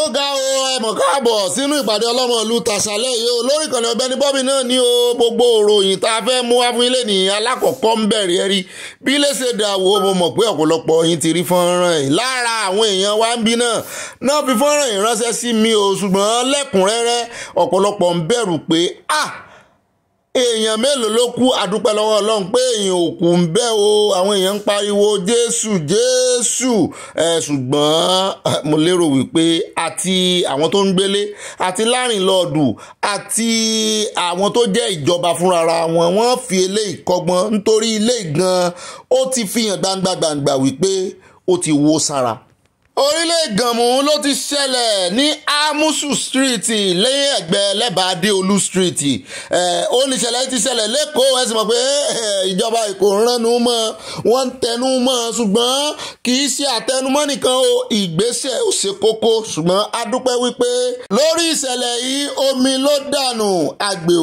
ó ga o ẹ mọ̀ káàbọ̀ sínú ìpàdé ọlọ́mọ ìlú tàṣálẹ̀ yìí o lórí ìkànnì Ọ̀gbẹ́ni Bobby náà ni o gbogbo òròyìn tá a fẹ́ mú wá fún ilé ní alákọ̀ọ́kọ́ ń bẹ̀rẹ̀ ẹ rí bí léṣe dà wò mo mọ̀ pé ọ̀pọ̀lọpọ̀ yín ti rí fọ́nrán ẹ̀ lára àwọn èèyàn wa ń bí náà náà fi fọ́nrán ìránṣẹ́ sí mi o ṣùgbọ́n lẹ́kùnrẹ́rẹ́ ọ̀pọ̀lọpọ̀ ń bẹ̀rù pé ah èèyàn mélòó ló kú àdúpẹ́ lọ́wọ́ ọlọ́run pé èèyàn ò ń bẹ́ o àwọn èèyàn ń pariwo jésù jésù ẹ ṣùgbọ́n eh, mo lérò wípé àti àwọn tó ń gbélé àti lárinlọ́ọ̀dù àti àwọn tó jẹ́ ìjọba fúnra wọn wọ́n fi eléyìí kọ́gbọ́n nítorí ilé gan ó ti fi hàn gbangba gbangba wípé ó ti wó sára orílẹ̀ ìgànmù ló ti ṣẹlẹ̀ ní amusu street lẹ́yìn ẹ̀gbẹ́ lẹ́bàá adéolú street ó ní ìṣẹ̀lẹ̀ ti ṣẹlẹ̀ lẹ́kọ̀ọ́ ẹ sì mọ̀ pé ìjọba èkó ránu mọ́ wọ́n ń tẹnu mọ́ ṣùgbọ́n kì í ṣe àtẹnumọ́ nìkan o ìgbésẹ̀ ò ṣe kókó ṣùgbọ́n a dúpẹ́ wípé lórí ìṣẹ̀lẹ̀ yìí omi ló dànù àgbè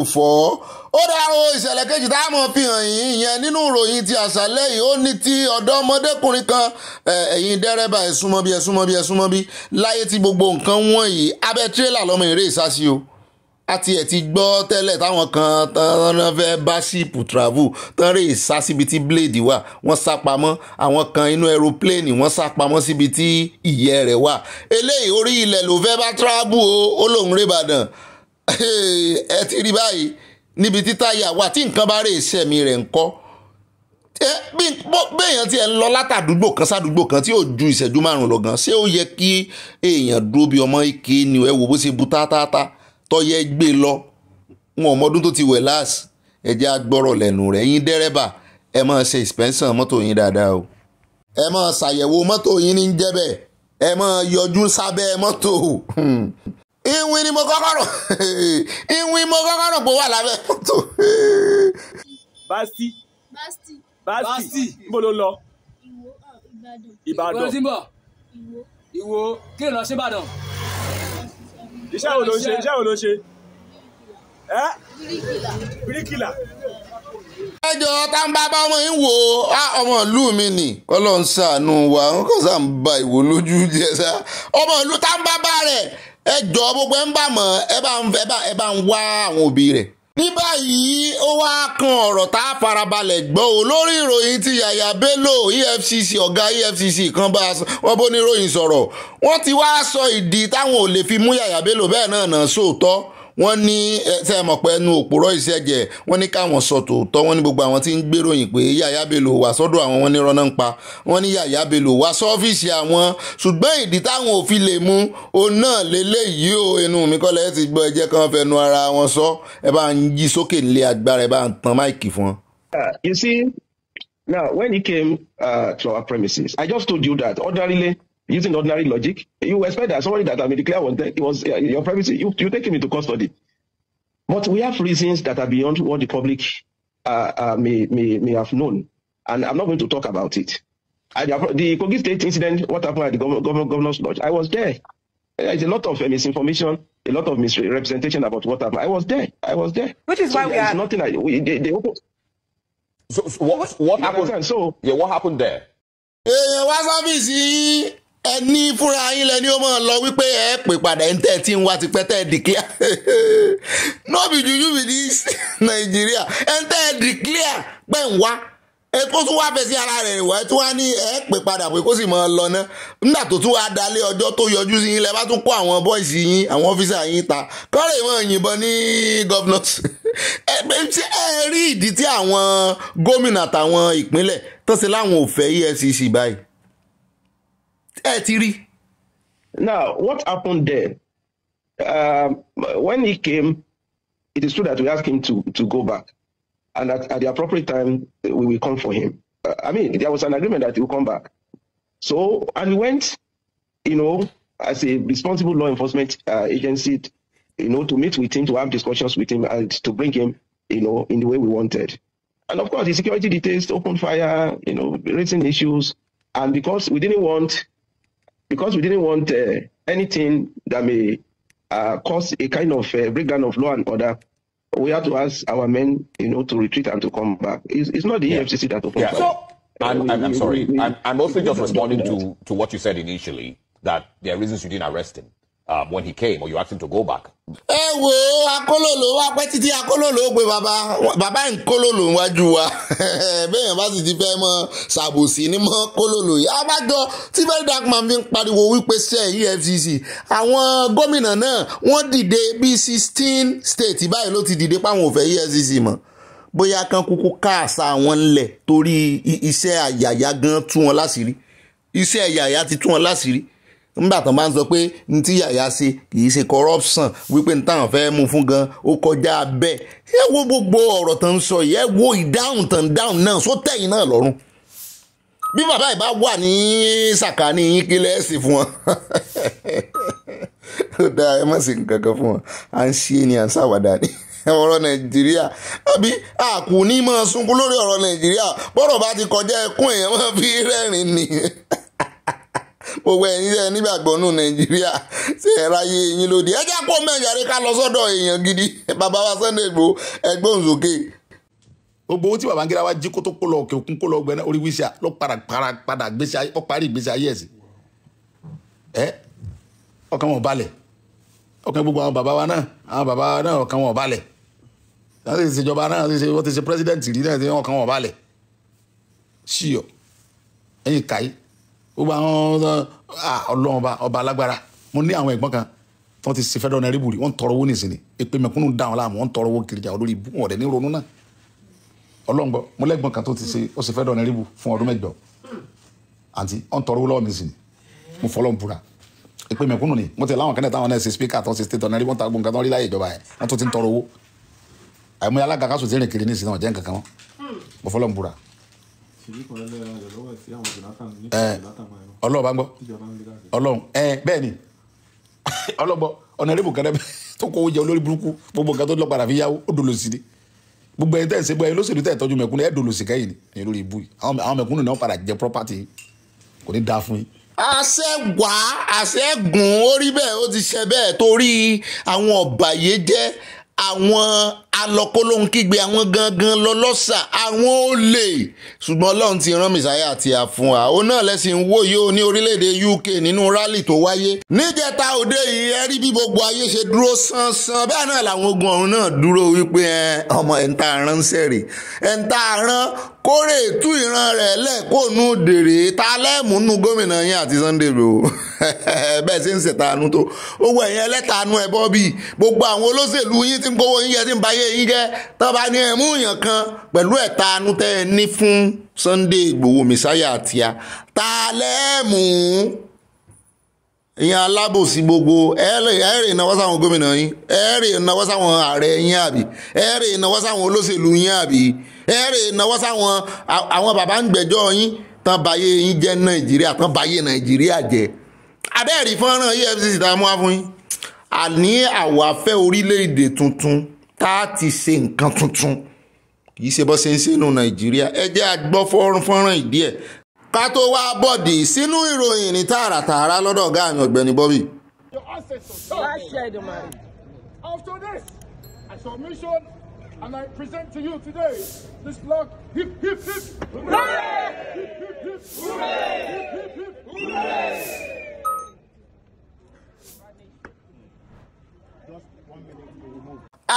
ó dáa o ìṣẹ̀lẹ̀ kejì tá a mọ̀ fi hàn yín ìyẹn nínú ìròyìn ti àṣálẹ́ yìí ó ní ti ọ̀dọ́mọdékùnrin kan ẹ̀yìn dẹ́rẹ́bà ẹ súnmọ́ bí ẹ súnmọ́ bí ẹ súnmọ́ bí láyé tí gbogbo nǹkan wọ̀nyí abẹ́ tírélà lọ́mọ eré ìsásí o àti ẹ̀ ti gbọ́ tẹ́lẹ̀ táwọn kan tán fẹ́ bá ṣíìpù travel tán rè sá síbi tí blade wà wọ́n sá pamọ́ àwọn kan inú aeroplane wọ́n sá pamọ́ síbi tí ìyẹ́ rẹ̀ wà eléyìí orí ilẹ̀ ló fẹ́ bá travel o ó lóun rè bàdàn ẹ ti rí báyìí níbi tí táyà wà tí nǹkan bá rè sẹ̀mí rẹ̀ ńkọ́ béèyàn tiẹ̀ ń lọ látàdúgbò kan sádùgbò kan tí ò ju ìṣẹ́jú márùn-ún lọ gan ṣé ó yẹ kí èèyàn dúró bí ọmọ ike ni ẹ wò bó ṣe bu tátátá tọ́yẹ gbé lọ wọn ò mọdún tó ti wẹ̀ láàsì ẹ agbọ́rọ̀ lẹ́nu rẹ̀ yín dẹ́rẹ́bà ẹ máa ṣe ìspẹ́nsàn mọ́tò yín dáadáa o ẹ máa ṣàyẹ̀wò mọ́tò yín ní jẹ́bẹ̀ ẹ máa yọjú sábẹ́ mọ́tò. Hmm ìwìn ni mo kọ́kọ́ rò ìwìn mo kọ́kọ́ rò pé wà lábẹ́ basti basti basti níbo ló lọ. ìbàdàn ìbàdàn ìwò kí ló ṣe ìbàdàn. iṣẹ́ wo ló ń ṣe iṣẹ́ wo ló ń ṣe. ẹ́ bíríkìlà. ẹjọ́ tá ń bá bá ọmọ yín wò ó ọmọ ìlú mi nì ọlọ́run ṣàánú wa wọn kàn ìwò lójú jẹ sá ọmọ ìlú tá rẹ̀ ẹ jọ gbogbo ẹ ń bà mọ́ ẹ bá ń ẹ bá ń wá àwọn òbí rẹ̀. ní báyìí ó wá kan ọ̀rọ̀ tá a farabalẹ̀ gbọ́ ò lórí ìròyìn ti Yàyà Bello EFCC ọ̀gá EFCC kan bá wọn bó ní ìròyìn sọ̀rọ̀ wọ́n ti wá sọ ìdí táwọn ò lè fi mú Yàyà Bello bẹ́ẹ̀ náà náà sóòótọ́ wọ́n ní ṣe mọ̀ pé ẹnu òpòrọ̀ iṣẹ́ wọ́n ní káwọn sọ tòótọ́ wọ́n ní gbogbo àwọn tí ń gbéròyìn pé Yahaya wà sọ́dọ̀ àwọn wọn ní rọ́nà ń pa wọ́n ní Yahaya wà sọ́fíìsì àwọn ṣùgbọ́n ìdí táwọn ò lè mú òun náà lélẹ́yìí o inú mi kọ́lẹ̀ ẹ ti gbọ́ ẹ jẹ́ fẹnu ara wọn sọ ẹ bá ń yí sókè nílé agbára ẹ bá ń tan máìkì fún uh, You see, now when he came uh, to our premises, I just told you that orderly. using ordinary logic, you expect that somebody that I may declare was, was your privacy, you, you take him into custody. But we have reasons that are beyond what the public uh, uh, may, may, may have known. And I'm not going to talk about it. I, the Kogi State incident, what happened at the governor, governor, governor's lodge, I was there. There's a lot of uh, misinformation, a lot of misrepresentation about what happened. I was there. I was there. Which is so why we are. nothing I. we, they, they open... so, so, what, what happened? So, yeah, what happened there? Hey, what's up, ẹni fúnra yín lẹni ó máa lọ wípé ẹ pè padà ń tẹ́ ẹ tí ń wá tipẹ́ tẹ́ ẹ declare no be juju be this Nàìjíríà ẹ ń tẹ́ ẹ declare pẹ́ ń wá ẹ tó tún wá fẹ́ sí ara rẹ̀ wá ẹ tún wá ní ẹ pè padà pé kó sì máa lọ ná nígbà tó tún wá dalé ọjọ́ tó yọjú sí yín lẹ bá tún kó àwọn bọ́ìsì yín àwọn ọ́fíìsà yín ta kọ́rẹ́ ìwọ̀n yìnbọn ní governors ẹ rí ìdí tí àwọn gómìnà àtàwọn ìpínlẹ̀ tó ṣe láwọn ò EFCC báyìí Hey, Tiri. Now, what happened there? Um, when he came, it is true that we asked him to, to go back. And at, at the appropriate time, we will come for him. Uh, I mean, there was an agreement that he will come back. So, and we went, you know, as a responsible law enforcement uh, agency, you know, to meet with him, to have discussions with him, and to bring him, you know, in the way we wanted. And of course, the security details, open fire, you know, raising issues. And because we didn't want because we didn't want uh, anything that may uh, cause a kind of uh, breakdown of law and order, we had to ask our men, you know, to retreat and to come back. It's, it's not the yeah. EFCC that opened yeah. So, uh, I'm, I'm, I'm, sorry. I'm, I'm mostly just responding to, to what you said initially, that there are reasons you didn't arrest him. um, when he came, or you asked him to go back? ẹ wo akólòlò wa pẹ́ títí akólòlò pé bàbá bàbá ń kólòlò wájú wa bẹ́ẹ̀ bá sì ti fẹ́ mọ ṣàbòsí ni mọ́ kólòlò yìí abájọ tí very dark man fi ń pariwo wípé sẹ́yìn EFCC àwọn gómìnà náà wọ́n dìde bíi sixteen state báyìí ló ti dìde páwọn ò EFCC mọ́ bóyá kan kúkú káàsà wọn ńlẹ̀ torí iṣẹ́ àyàyà gan tú wọn láṣìírí iṣẹ́ àyàyà ti tú wọn láṣìírí nígbà tán bá ń sọ pé ní tí yàyà ṣe kì í ṣe corruption wípé ní táwọn fẹ́ mú fún gan ó kọjá bẹ́ẹ̀ ẹ wo gbogbo ọ̀rọ̀ tán ń sọ yìí ẹ wo ìdáhùn tán dáhùn náà só tẹ̀yìn náà lọ́rùn bí bàbá ìbá wà ní sàkání yín kí lẹ́ẹ̀sì fún wọn ó dáa ẹ má sì nǹkan kan fún wọn à ń ṣe ni à ń ṣàwádà ni ọ̀rọ̀ nàìjíríà àbí àkùní máa sunkún lórí ọ̀rọ̀ nàìjíríà bọ́rọ̀ bá ti kọjá ẹkún èèyàn máa fi rẹ́rìn-ín ni. gbogbo ẹ̀yin ẹ̀ nígbàgbọ́ nù nàìjíríà ṣe ẹ̀ ráyé yín lóde ẹ jẹ́ kó mẹ́yàrí ká lọ sọ́dọ̀ èèyàn gidi bàbá wa Sunday Igboho ẹgbọ́n sókè. gbogbo owó tí Babangida wa jí kó tó kó lọ òkè òkun kó lọ gbẹ orí wíṣà ló padà gbèsè ayé ó parí ìgbésí ayé ẹ̀ sí. ẹ ọkàn wọn balẹ̀ ọkàn gbogbo àwọn bàbá wa náà àwọn bàbá wa náà ọkàn wọn balẹ̀ wọ́n ti ṣèjọba náà wọ́n ti ṣe pírẹ́sidẹ̀ntì rí náà ọkàn wọn balẹ̀ síyọ̀ ẹ̀yìn kàí gbogbo àwọn ọlọ́run ọba ọba alágbára mo ní àwọn ẹ̀gbọ́n kan tí wọ́n ti ṣe fẹ́dọ̀ náírà ìbùrí wọ́n ń tọrọ owó nìsín ni èpè mẹ̀kúnnù dá wọn láàmú wọ́n ń tọrọ owó kiri jà olórí ibú wọn ọ̀dẹ̀ ní ronú náà ọlọ́run gbọ́ mo lẹ́gbọ́n kan tó ti ṣe ó ṣe fẹ́dọ̀ náírà ìbù fún ọdún mẹ́jọ àǹtí wọ́n ń tọrọ owó lọ́wọ́ mi sí ni mo fọlọ́ ń búra èpè mẹ̀kúnnù ni mo ti láwọn kẹ́nẹ̀ kiri ní ìsìn náà jẹ́ nǹkan kan ọlọ́run bá ń gbọ́ ọlọ́run bẹ́ẹ̀ ni ọlọ́gbọ́ ọ̀nà kan rẹ́bẹ̀ tó kó oúnjẹ olórí burúkú gbogbo nǹkan tó lọ padà fi yáwó ó dolo sí ni gbogbo ẹni tẹ́ ẹ̀ ṣe gbogbo ẹni lóṣèlú tẹ́ ẹ̀ tọ́jú ẹ̀ dolo sí kẹ́yìn ni ẹ̀yin lórí ibú yìí àwọn mẹ̀kúnnù náà padà jẹ property kò ní dáa fún yín àṣẹ wá ó rí bẹ́ẹ̀ ó ti ṣe bẹ́ẹ̀ torí àwọn ọ̀bàyéjẹ́ àwọn alọ́kọ́lóhun kígbe àwọn gangan lọ lọ́sà àwọn olè ṣùgbọ́n ọlọ́run ti rán mìsáyà àti àfúnwà òun náà lẹ́sìn wò yóò ní orílẹ̀-èdè UK nínú rálì tó wáyé níjẹta òde yìí ẹ rí bí gbogbo ayé ṣe dúró sánsan bẹ́ẹ̀ náà làwọn ogun ọ̀run náà dúró wípé ọmọ ẹ̀ ń ta àrán ń sẹ̀rè ẹ̀ ń ta àrán kórè tú ìran rẹ̀ lẹ́ẹ̀kọ́nù dèrè ta lẹ́ẹ̀múnú gómìnà yín àti Sunday Igboho bẹ́ẹ̀ ṣe ń ṣètàánú tó owó ẹ̀yìn ẹlẹ́tàánú ẹ̀ bọ́ bíi gbogbo àwọn olóṣèlú yín ti ń kówó yín yẹ ti ń bayé láyé yín jẹ́ tó bá ní ẹ̀mú èèyàn kan pẹ̀lú ẹ̀ta anú tẹ́ ẹ ní fún Sunday Ìgbòho mẹsáyà àtìyà ta lẹ́ẹ̀mú ìyẹn alábòsí gbogbo ẹ̀rẹ̀ ìnáwó sáwọn gómìnà yín ẹ̀rẹ̀ ìnáwó sáwọn ààrẹ yín àbí ẹ̀rẹ̀ ìnáwó sáwọn olóṣèlú yín àbí ẹ̀rẹ̀ ìnáwó sáwọn àwọn bàbá ń gbẹ̀jọ́ yín tán báyé yín jẹ́ nàìjíríà tán báyé nàìjíríà jẹ́ abẹ́ẹ̀rí fọ́nrán EFCC tá a mú wá fún yín àní àwa fẹ́ orílẹ̀-èdè tuntun tá a ti ṣe nǹkan tuntun kì í ṣe bọ́ ṣe ń ṣe nàìjíríà ẹ jẹ́ àgbọ́ fọ́nrán ìdí ẹ̀ ká tó wá bọ̀dì sínú ìròyìn ní tààràtààrà lọ́dọ̀ ọ̀gá àmì ọ̀gbẹ́ni Bobby. After this, I submission and I present to you today this flag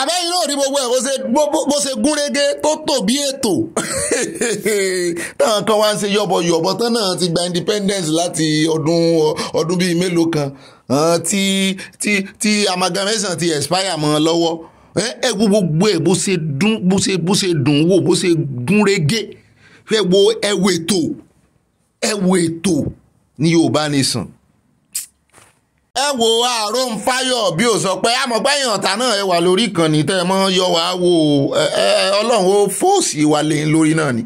àbẹ́yìn náà rí gbogbo ẹ̀ bó ṣe gúnrégé tó tò bí ètò táwọn kan wá ń ṣe yọ̀bọ̀yọ̀bọ̀ tán náà ti gba independence láti ọdún ọdún bíi mélòó kan eh, ti tí tí amalgamation ti expire mọ́ ọ lọ́wọ́ eh, ẹ gbogbo ẹ bó ṣe dùn bó ṣe bó ṣe dùn wò bó ṣe gúnrégé ẹ wo ẹ wo ètò ẹ wo ètò ní Yorùbá nation ẹ wo àárò ń fáyọ̀ bí ó sọ pé amọ̀gbẹ́yìn ọ̀tá náà ẹ wà lórí kan ní tẹ́ ẹ mọ́ yọ wá wo ọlọ́run ó fòsì wà lẹ́yìn lórí náà ni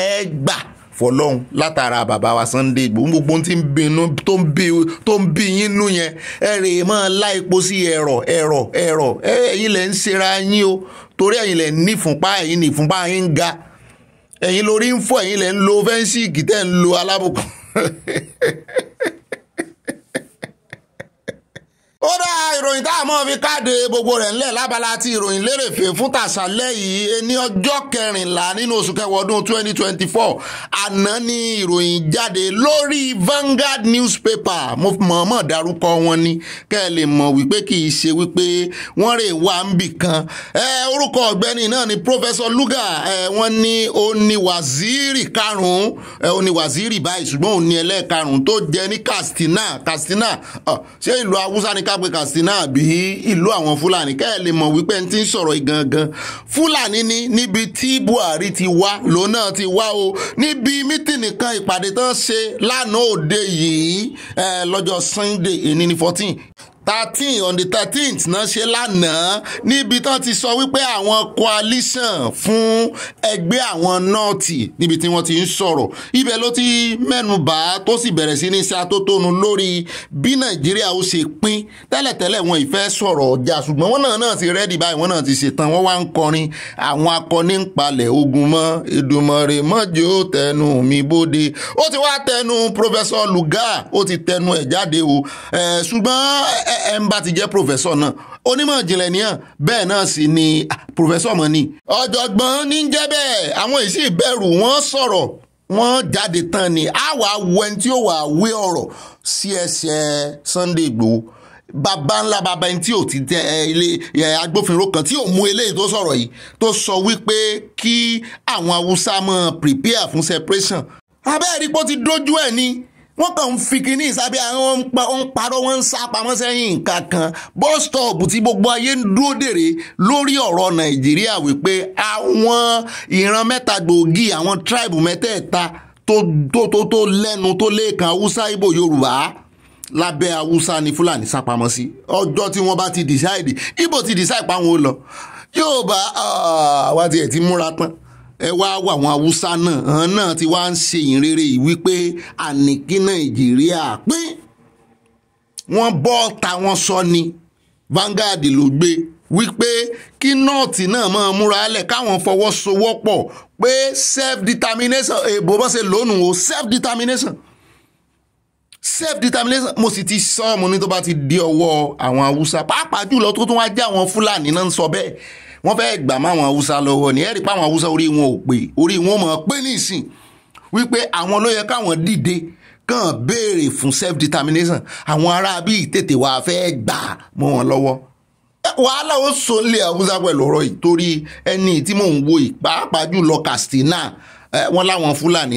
ẹ gbà fọlọ́run látara bàbá wa Sunday gbogbo tí ń bínú tó ń bí tó ń bí yín nú yẹn ẹ rè é máa lá epo sí ẹ̀rọ ẹ̀rọ ẹ̀rọ ẹ̀yin lẹ̀ ń ṣera yín o torí ẹ̀yin lẹ̀ ní ìfúnpá ẹ̀yin ní ìfúnpá yín ga ẹ̀yin lórí ń fọ́ ẹ̀yin lẹ̀ ń lo fẹ́ńsì kìtẹ́ ń lo alábùkún ó dá ìròyìn tá a mọ̀ fi káde gbogbo rẹ̀ ńlẹ̀ lábala ti ìròyìn lérèfé fún tàṣálẹ́ yìí ní ọjọ́ kẹrìnlá nínú oṣù kẹwàá ọdún 2024 àná ni ìròyìn jáde lórí Vanguard newspaper mo mọ̀ọ́mọ̀ darúkọ wọn ni kẹ́ ẹ lè mọ̀ wípé kì í ṣe wípé wọ́n rè wá ń bì kan orúkọ ọ̀gbẹ́ni náà ni Professor Luga ẹ wọ́n ní ó ní wàzírì karùn-ún ẹ ó ní wàzírì báyìí ṣùgbọ́n òun ní ẹlẹ́ẹ̀karùn-ún tó jẹ ní Katsina Katsina ṣé ìlú Haúsá ni ká pé Katsina àbí ìlú àwọn Fúlàní kẹ́ ẹ̀ lè mọ̀ wípé ẹni tí ń sọ̀rọ̀ gangan Fúlàní ni níbi tí Buhari ti wá lòun náà ti wá o níbi mítìnì kan ìpàdé tán ṣe lánàá òde yìí lọ́jọ́ Sunday èní ní fourteen thirteen on the thirteenth náà ṣe lánàá níbi tán ti sọ wípé àwọn coalition fún ẹgbẹ́ àwọn nọ́ọ̀tì níbi tí wọ́n ti ń sọ̀rọ̀ ibẹ̀ ló ti mẹ́nubà tó sì bẹ̀rẹ̀ sí ní ṣe atótónu lórí bí nàìjíríà ó ṣe pín tẹ́lẹ̀tẹ́lẹ̀ wọn ìfẹ́ sọ̀rọ̀ ọjà ṣùgbọ́n wọn náà náà ti rẹ́dì báyìí wọn náà ti ṣetán wọn wá ń kọrin àwọn akọni ń palẹ̀ ogun mọ́ Èdùmàrè mọ́jọ́ mi bóde ó ti professor Lugard ó ti tẹnu ẹ̀ o ṣùgbọ́n ẹ ń bá ti jẹ́ pòfẹ́sọ̀ náà onímọ̀ ìjìnlẹ̀ nìyàn bẹ́ẹ̀ náà sì ni ah, pòfẹ́sọ̀ mọ̀ ni. ọ̀jọ̀gbọ́n ní jẹ́ bẹ́ẹ̀ àwọn èsì ìbẹ̀rù wọ́n sọ̀rọ̀ wọ́n jáde tán ni a wà wọ ẹni tí ó wà wé ọ̀rọ̀ sí ẹsẹ̀ Sunday Igboho bàbá ńlá bàbá ẹni tí ò ti tẹ ilé agbófinró kan tí ò mú eléyìí tó sọ̀rọ̀ yìí tó sọ wípé kí àwọn haúsá máa prepare fún separation abẹ́ẹ̀rí pé ó ti dójú ẹ̀ ni wọ́n kàn ń fi kinní sábẹ́ àwọn ń parọ́ wọ́n ń sá pamọ́ sẹ́yìn nǹkan kan bọ́stọ̀ọ̀bù tí gbogbo ayé ń dúró dèrè lórí ọ̀rọ̀ nàìjíríà wípé àwọn ìran mẹ́ta gbòógì àwọn tribe mẹ́tẹ̀ẹ̀ta tó tó tó lẹ́nu tó lẹ́ẹ̀kan haúsá ìbò yorùbá lábẹ́ haúsá ni fúlàní sá pamọ́ sí ọjọ́ tí wọ́n bá ti decide ìbò ti decide pa wọn ó lọ yorùbá àwa ah, tiẹ̀ ti múra tán ẹ wá wà àwọn haúsá náà àwọn náà ti wá ń ṣe ìrere wípé àníkí nàìjíríà pín wọ́n bọ́ ta wọn sọ ni Vanguard ló gbé wípé kí nọ́ọ̀tì náà máa múra lẹ̀ káwọn fọwọ́sowọ́pọ̀ pé self determination èbó bọ́ ṣe lónìí o self determination self determination mo sì ti sọ ọmọ ní tó bá ti di ọwọ́ àwọn haúsá pàápàá jùlọ tó tún wá jẹ́ àwọn fúlàní náà ń sọ bẹ́ẹ̀ wọ́n fẹ́ gbà máwọn haúsá lọ́wọ́ ni ẹ̀rí páwọn haúsá orí wọn ò pé orí wọn mọ̀ pé nísìn wípé àwọn ló yẹ káwọn dìde kàn béèrè fún self determination àwọn ará bíi tètè wàá fẹ́ gbà mọ́ wọn lọ́wọ́ wàhálà ó so nílé haúsá pẹ̀lú ọ̀rọ̀ yìí torí ẹni tí mò ń wo pàápàá jùlọ Katsina wọn láwọn Fúlàní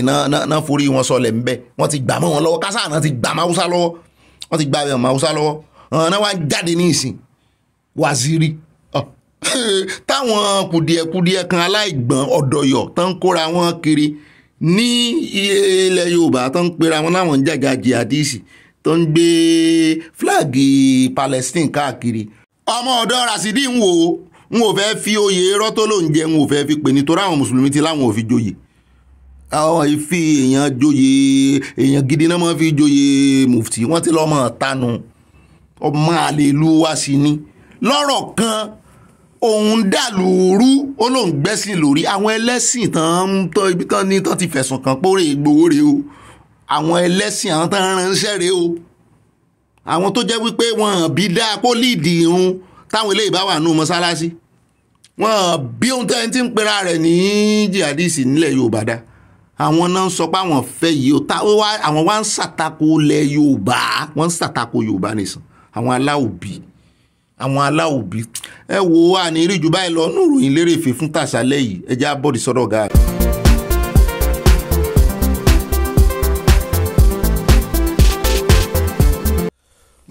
náà forí wọn sọlẹ̀ ńbẹ wọn ti gbà mọ́ wọn lọ́wọ́ kásá náà ti gbà mọ́ haúsá lọ́wọ́ wọn ti gbà mọ́ haúsá lọ́wọ́ ọ̀nà wa jáde ní ìsìn wàzírí táwọn kùdìẹ̀kùdìẹ̀ kan aláìgbọ̀n ọ̀dọ̀yọ̀ tó ń kóra wọn kiri ní ilẹ̀ yorùbá tó ń pera wọn láwọn jàgà jihadisi tó ń gbé fúlàgì palestine káàkiri ọmọ ọ̀dọ̀ rasidi ń wò ó n ò fẹ́ fi oyè irọ́ tó ló ń jẹ n ò fẹ́ fi pè nítorí àwọn mùsùlùmí ti láwọn ò joyè àwọn ìfi èèyàn joyè èèyàn gidi náà máa fi joyè mufti wọ́n ti lọ́mọ tanu ọmọ àlèlú wa sí ni lọ́rọ̀ kan òun dà lóoru ó lóun gbẹ́sìn lórí àwọn ẹlẹ́sìn tán ń tọ́ ibi tán ní tán ti fẹ̀sùn kàn póre ìgbowó rèé o àwọn ẹlẹ́sìn àwọn tán ránṣẹ́ rèé o àwọn tó jẹ́ wípé wọn bí dáa kó líìdì irun táwọn eléyìí bá wà nù mọ́sálásí wọn bí ohun tẹ́ni tí ń pera rẹ̀ ní jihadisi nílẹ̀ Yorùbá dá àwọn náà ń sọ pé àwọn fẹ́ yìí ó ta àwọn wá ń ṣàtakò lẹ̀ Yorùbá wọ́n ń ṣàtakò Yorùbá nìsan àwọn aláwọ̀ bíi àwọn aláòbí ẹ wo àní ìrìjú báyìí lọ nínú ìròyìn lérè èfè fún tàṣálẹ́ yìí ẹ já bọ́ọ̀dì sọ́dọ̀ ga.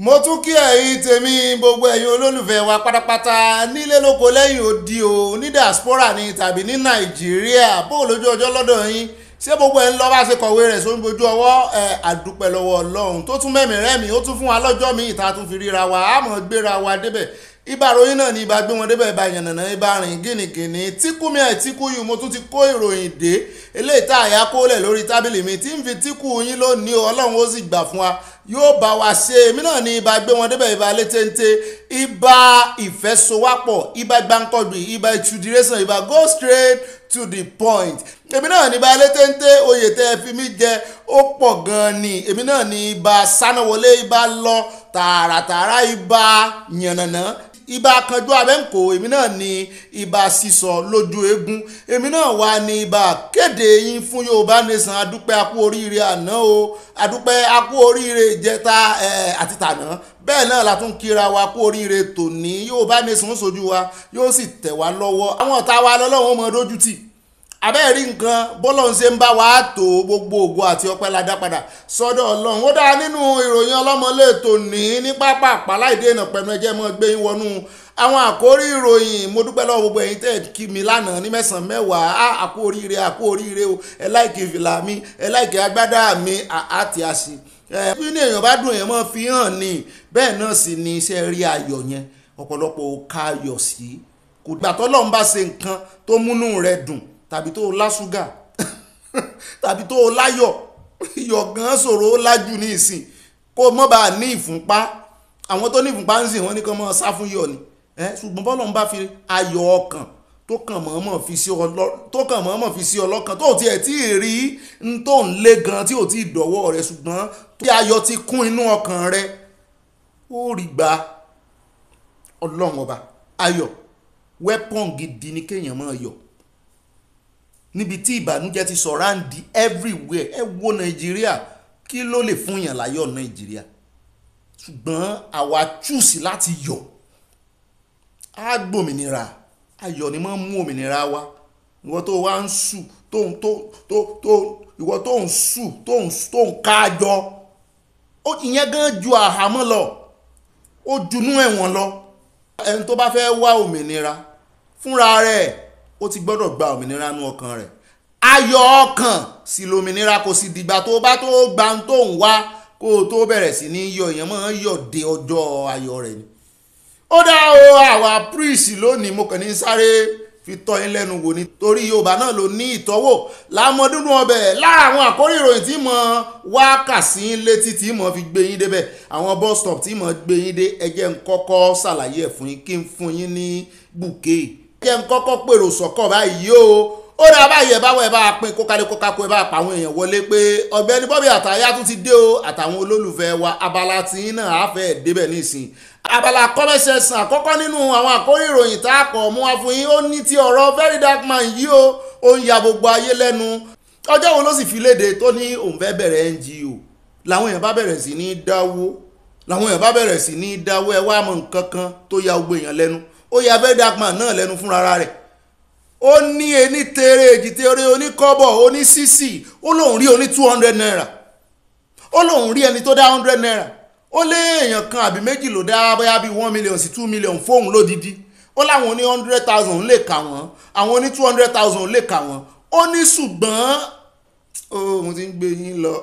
mo tún kí ẹ̀yin tèmi gbogbo ẹ̀yin olólùfẹ́ wa pátápátá nílé lóko lẹ́yìn odi o ní diaspora ni tàbí ní nàìjíríà bó lójú ọjọ́ lọ́dọ̀ yín ṣé gbogbo ẹ̀ ń lọ́ bá ṣe kọ̀wé rẹ̀ sórí bojú ọwọ́ ẹ̀ àdúpẹ́ lọ́wọ́ ọlọ́run tó tún mẹ́mí rẹ́mi ó tún fún wa lọ́jọ́ mi ìta tún fi ríra wa àmọ́ gbéra wa débẹ̀ ibà ròyìn náà ni ibà gbé wọn débẹ̀ ibà yànnànà ibà rìn gínìgínì tíkú mi ẹ̀ tíkú yìí mo tún ti kó ìròyìn dé eléyìí tá àyà kólẹ̀ lórí tábìlì mi tí ń fi tíkú yín lónìí ọlọ́run ó sì gbà fún wa yóò bá wa ṣe èmi náà ní ibà gbé wọn débẹ̀ ibà létéńté ibà ìfẹ́sowápọ̀ ibà gbáǹkọ̀gbì ibà ìtúdírẹ́sàn ibà go straight to the point èmi náà ní ibà létéńté oyè tẹ́ ẹ fi mí jẹ ó pọ̀ gan-an ni èmi náà ní ibà sánáwọlé ibà lọ tààràtààrà ibà yànnànà ibà kanjú abẹ́ǹkó èmi náà ni ibà sísọ lójú eégún èmi náà wà ní ibà kéde yín fún Yorùbá Nation adúpẹ́ akú oríire àná o adúpẹ́ akú oríire ìjẹta àti tàná bẹ́ẹ̀ náà la tún kíra wa kú oríire tòní Yorùbá Nation ń ṣojú wa yóò sì tẹ̀ wá lọ́wọ́ àwọn ọ̀tá wa lọ́lọ́run ó dójú tì abẹ́ẹ̀rí nǹkan bọ́lọ́n ṣe ń bá wa tó gbogbo ògo àti ọpẹ́ la dá padà sọ́dọ̀ ọlọ́run ó dáa nínú ìròyìn ọlọ́mọlé tó ní ní pápá àpáláìdé ìnà pẹ̀lú ẹjẹ́ mọ́ gbé yín wọnú àwọn àkórí ìròyìn mo dúpẹ́ lọ́wọ́ gbogbo ẹ̀yin tẹ́ kí mi lánàá ní mẹ́sàn-án mẹ́wàá á àkó oríire àkó oríire o ẹ láìkí fìlà mi ẹ láìkí agbádá mi àti àṣì ẹ ni bẹ́ẹ̀ náà sì ni iṣẹ́ rí ayọ̀ yẹn ọ̀pọ̀lọpọ̀ ká ayọ̀ sí tàbí tó o lásúgà tàbí tó o láyọ̀ iyọ̀ gan ṣòro ó lájú ní ìsìn kó o mọ́ bá a ní ìfúnpá àwọn tó ní ìfúnpá ń sìn wọ́n ní kàn mọ́ sá fún iyọ̀ ni ṣùgbọ́n bọ́lọ̀ ń bá fi ayọ̀ ọkàn tó kàn mọ̀ọ́mọ̀ fi sí ọ lọ́kàn tó tiẹ̀ tí ì rí n tó ń lé gan tí ò tí ì dọ̀wọ́ rẹ ṣùgbọ́n tí ayọ̀ ti kún inú ọkàn rẹ ó rí gba ọlọ́run ọba ayọ̀ wẹ́pọ̀n gidi ni kéèyàn máa yọ̀ níbi tí ìbànújẹ́ ti sọ̀ráǹdì everywhere ẹ wo nàìjíríà kí ló lè fún yàn láyọ̀ nàìjíríà ṣùgbọ́n àwa chúùsì láti yọ̀ á gbòmìnira ayọ̀ ni máa mú òmìnira wa ìwọ tó wá ń sù tó ń tó tó tó ìwọ tó ń sù tó ń tó ń kájọ ó ìyẹn gan ju àhámọ́ lọ ó junú ẹ̀wọ̀n lọ ẹni tó bá fẹ́ wá òmìnira fúnra rẹ̀ ó ti gbọ́dọ̀ gba òmìnira nú ọkàn rẹ̀ ayọ̀ ọkàn sì lòmìnira kò sì dìgbà tó bá tó gba ń tó ń wá kó o tó bẹ̀rẹ̀ sí ní yọ èèyàn máa ń yọ dé ọjọ́ ayọ̀ rẹ̀ ni. ó dá o àwa priest lónìí mo kàn ní sáré fi tọ́ yín lẹ́nu wò ni torí yorùbá náà ló ní ìtọ́wò lámọdúnú ọbẹ̀ lára àkórí ìròyìn tí mo wá kà sí létí tí mo fi gbé yín débẹ̀ àwọn bus stop tí mo gbé yín dé ẹ jẹ́ n kọ́kọ́ ṣàlàyé ẹ̀ fún yín kí n fún yín ní bouquet kí ẹ ń kọ́kọ́ pèrò sọ́kọ̀ báyìí o ó dáa báyìí ẹ bá wọ ẹ bá pín kókalẹ kókakó ẹ bá pa àwọn èèyàn wọlé pé ọ̀gbẹ́ni Bobby Ataye tún ti dé o àtàwọn olólùfẹ́ wa abala tí náà á fẹ́ débẹ̀ nísìnyí abala kọ́mẹ́sẹ̀sán àkọ́kọ́ nínú àwọn àkórí ìròyìn tá a kọ̀ mú wa fún yín ó ní ti ọ̀rọ̀ very dark man yìí o ó ń ya gbogbo ayé lẹ́nu ọjọ́ wo ló sì fi léde tó ní òun fẹ́ bẹ̀rẹ̀ NGO làwọn èèyàn bá bẹ̀rẹ̀ sí ní dáwó làwọn èèyàn bá bẹ̀rẹ̀ sí ní dáwó ẹ wá mọ nǹkan kan tó ya gbogbo èèyàn lẹ́nu ó yà fẹ́ dapman náà lẹ́nu fúnra rẹ̀ ó ní ení tere èjì tere oníkọ́bọ̀ onísìsì ó lóun rí oní two hundred naira ó lóun rí ẹni tó dá hundred naira ó lé èèyàn kan àbí méjì ló dá bóyá bíi one million sí two million fóun lódìdí ó láwọn ní hundred thousand lè kà wọ́n àwọn ní two hundred thousand lè kà wọ́n ó ní ṣùgbọ́n ó mo ti ń gbé yín lọ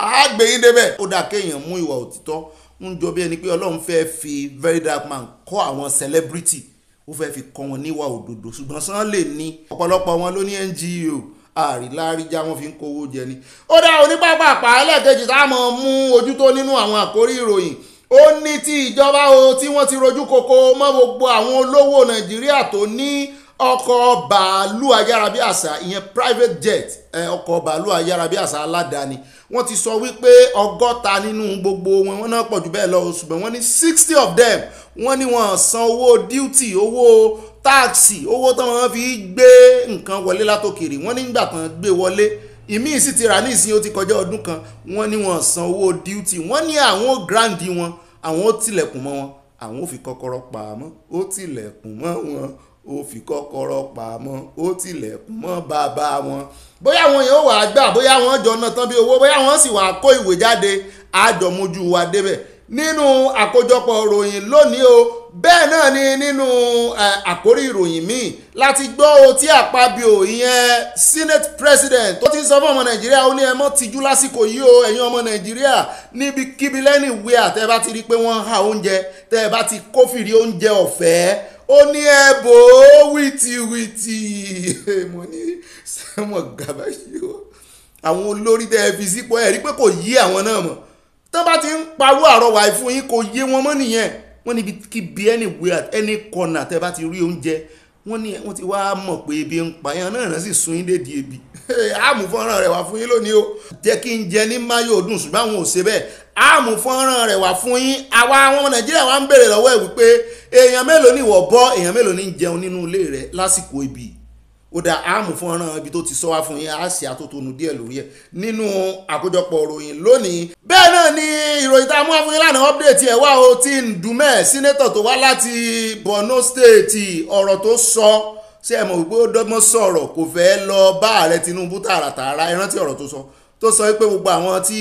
àá gbé yín débẹ̀ ó dà kéèyàn mú ìwà òtítọ́ ń jọ bí ẹni pé ọlọ́run fẹ́ fi very dark man kọ́ àwọn celebrity ó fẹ́ fi kọ́ wọn níwà òdodo ṣùgbọ́n sàn lè ní ọ̀pọ̀lọpọ̀ wọn ló ní NGO àríláríjá wọn fi ń kówó jẹ ni. ó dá onípàpà pàálẹ̀ kejì tá a mọ̀ mú ojú tó nínú àwọn àkórí ìròyìn ó ní ti ìjọba o tí wọ́n ti rojú koko mọ́ gbogbo àwọn olówó nàìjíríà tó ní ọkọ̀ bàálù ayárabíàṣá ìyẹn private jet ọkọ̀ bàálù ayárabíàṣá aládàáni wọ́n ti sọ wípé ọgọ́ta nínú gbogbo wọn wọ́n náà pọ̀ jù bẹ́ẹ̀ lọ ṣùgbọ́n wọ́n ní sixty of them wọ́n ní wọ́n san owó duty owó táàksì owó tí wọ́n fi gbé nǹkan wọlé látòkèrè wọ́n nígbà kan gbé wọlé ìmíì sì ti rà ní ìsìn ó ti kọjá ọdún kan wọ́n ní wọ́n san owó duty wọ́n ní àwọn ó grandi wọn àwọn ó tilẹ̀kùn mọ́ wọn àwọn ò fi kọ́kọ́rọ́ pa mọ́ ó tilẹ̀kùn mọ́ wọn ó fi kọ́kọ́rọ́ pa mọ́ ó tilẹ̀kùn mọ́ bàbá wọn bóyá àwọn èèyàn wà á gbà bóyá wọ́n jọ ọ̀nà tán bí owó bóyá wọ́n sì wà kó ìwé jáde àjọmójú wa débẹ̀ nínú àkójọpọ̀ ìròyìn lónìí o bẹ́ẹ̀ náà ni nínú àkórí ìròyìn míì láti gbọ́ o àpabio ìyẹn senate president tó ti sọ fún ọmọ nàìjíríà ó ní ẹ mọ́ tijú lásìkò yìí o ẹ̀yin ọmọ nàìjíríà níbikíbi lẹ́nìwé àtẹ́ bá ti rí i pé wọ́n ń ha oúnjẹ tẹ́ bá ti kófìrí oúnjẹ ọ̀fẹ́ ó ní ẹ̀bò wìtìwìtì mo ní sẹ́wọ̀n gàbá yìí o àwọn olórí tẹ́ ẹ fi sípò ẹ̀ rí pé kò yí àwọn náà mọ̀ tó bá ti ń pawó àrọwà ìfún yín kò yé wọn mọ́ nìyẹn wọ́n níbi kí bí anywhere at any corner tẹ́ bá ti rí oúnjẹ wọ́n ní wọ́n ti wá mọ̀ pé ebi ń pa yẹn náà sì sun yín dédìí ebi. àmú fọ́nrán rẹ̀ wá fún yín lónìí o jẹ́ kí n jẹ ní máyò dùn ṣùgbọ́n àwọn ò ṣe bẹ́ẹ̀ àmú fọ́nrán rẹ̀ wá fún yín àwa àwọn nàìjíríà wa ń béèrè lọ́wọ́ ẹ̀ wípé èèyàn mélòó ni ìwọ bọ́ èèyàn mélòó ni ń jẹun nínú ilé rẹ̀ lásìkò ibi ó dá àmú fọ́nrán ibi tó ti sọ wá fún yín á ṣe àtótónu díẹ̀ lórí ẹ̀ nínú àkójọpọ̀ ìròyìn lónìí bẹ́ẹ̀ náà ni ìròyìn tá a mú wá fún yín lánàá ọ́pdẹ̀tì ẹ̀ wá o ti ń dùmẹ̀ sínétọ̀ tó wá láti Borno State ọ̀rọ̀ tó sọ ṣé ẹ mọ̀ wípé ó dọ́gbọ́n sọ̀rọ̀ kò fẹ́ lọ bá ààrẹ Tinubu tààràtààrà ẹ rántí ọ̀rọ̀ tó sọ tó sọ pé gbogbo àwọn tí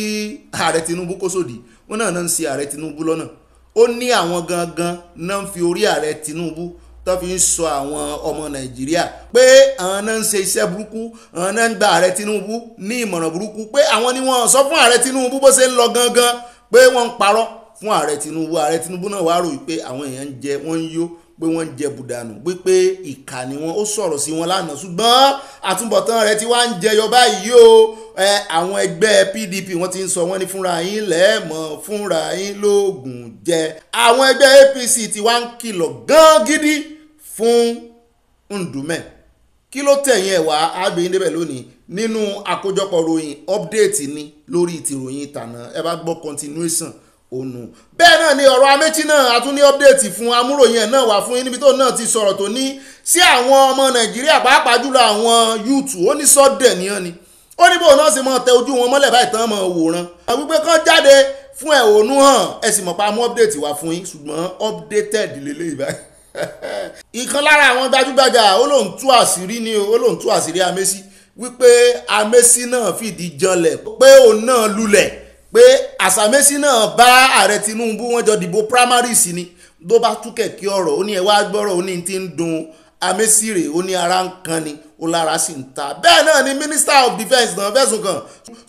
ààrẹ Tinubu kó sòdì wọn náà náà ń ṣe ààrẹ Tinubu lọ́nà ó ní àwọn gangan náà ń fi orí ààrẹ Tinubu tó fi ń sọ àwọn ọmọ Nàìjíríà pé àwọn náà ń ṣe iṣẹ́ burúkú àwọn náà ń gba ààrẹ Tinubu ní ìmọ̀ràn burúkú pé àwọn ni wọ́n sọ fún ààrẹ Tinubu bó ṣe ń lọ gangan pé wọ́n ń parọ́ fún ààrẹ Tinubu ààrẹ Tinubu náà wá rò wípé àwọn èèyàn ń jẹ wọ́n ń yó pé wọ́n ń jẹ bùdànù wípé ìkà ni wọ́n ó sọ̀rọ̀ sí wọn lánàá ṣùgbọ́n àtúbọ̀tán rẹ̀ ti wá ń jẹyọ báyìí o àwọn ẹgbẹ́ PDP wọ́n ti ń sọ wọ́n ní fúnra yín lẹ́ẹ̀mọ́ fúnra yín lóògùn jẹ àwọn ẹgbẹ́ APC ti wá ń kìlọ̀ gan gidi fún Ndùmẹ̀ kí ló tẹ̀yìn ẹ̀ wá àgbẹ̀yìn débẹ̀ lónìí nínú àkójọpọ̀ ròyìn update ni lórí ti ròyìn ìtànà ẹ bá gbọ́ continuation ònu bẹ́ẹ̀ náà ni ọ̀rọ̀ amétí náà a tún ní ọ́pdẹ́ẹ̀tì fún amúròyìn ẹ̀ náà wà fún yín níbi tó náà ti sọ̀rọ̀ tó ní sí àwọn ọmọ nàìjíríà pàápàá jùlọ àwọn yúùtù ó ní sọ́dẹ̀ níyàn ni ó ní bóun náà sì máa tẹ ojú wọn mọ́lẹ̀ báyìí tán máa wòran wípé kán jáde fún ẹ̀hónú hàn ẹ sì mọ̀ pa mú ọ́pdẹ́ẹ̀tì wá fún yín ṣùgbọ́n ọ́pdẹ́tẹ̀d lélẹ́yìí báyìí ìkan lára àwọn gbajúgbajà ó lóun tú àṣírí ni ó lóun tú àṣírí amésí wípé amésí náà fìdí janlẹ̀ pé òun náà lulẹ̀ pé àsàmẹ́sí náà bá ààrẹ Tinubu wọ́n jọ dìbò primaries ni ló bá tú kẹ̀kẹ́ ọ̀rọ̀ ó ní ẹ wá gbọ́rọ̀ ó ní ti ń dun amẹ́sí rẹ̀ ó ní ara ń kan ni ó lára sì ń ta bẹ́ẹ̀ náà ni minister of defence náà fẹ̀sùn kàn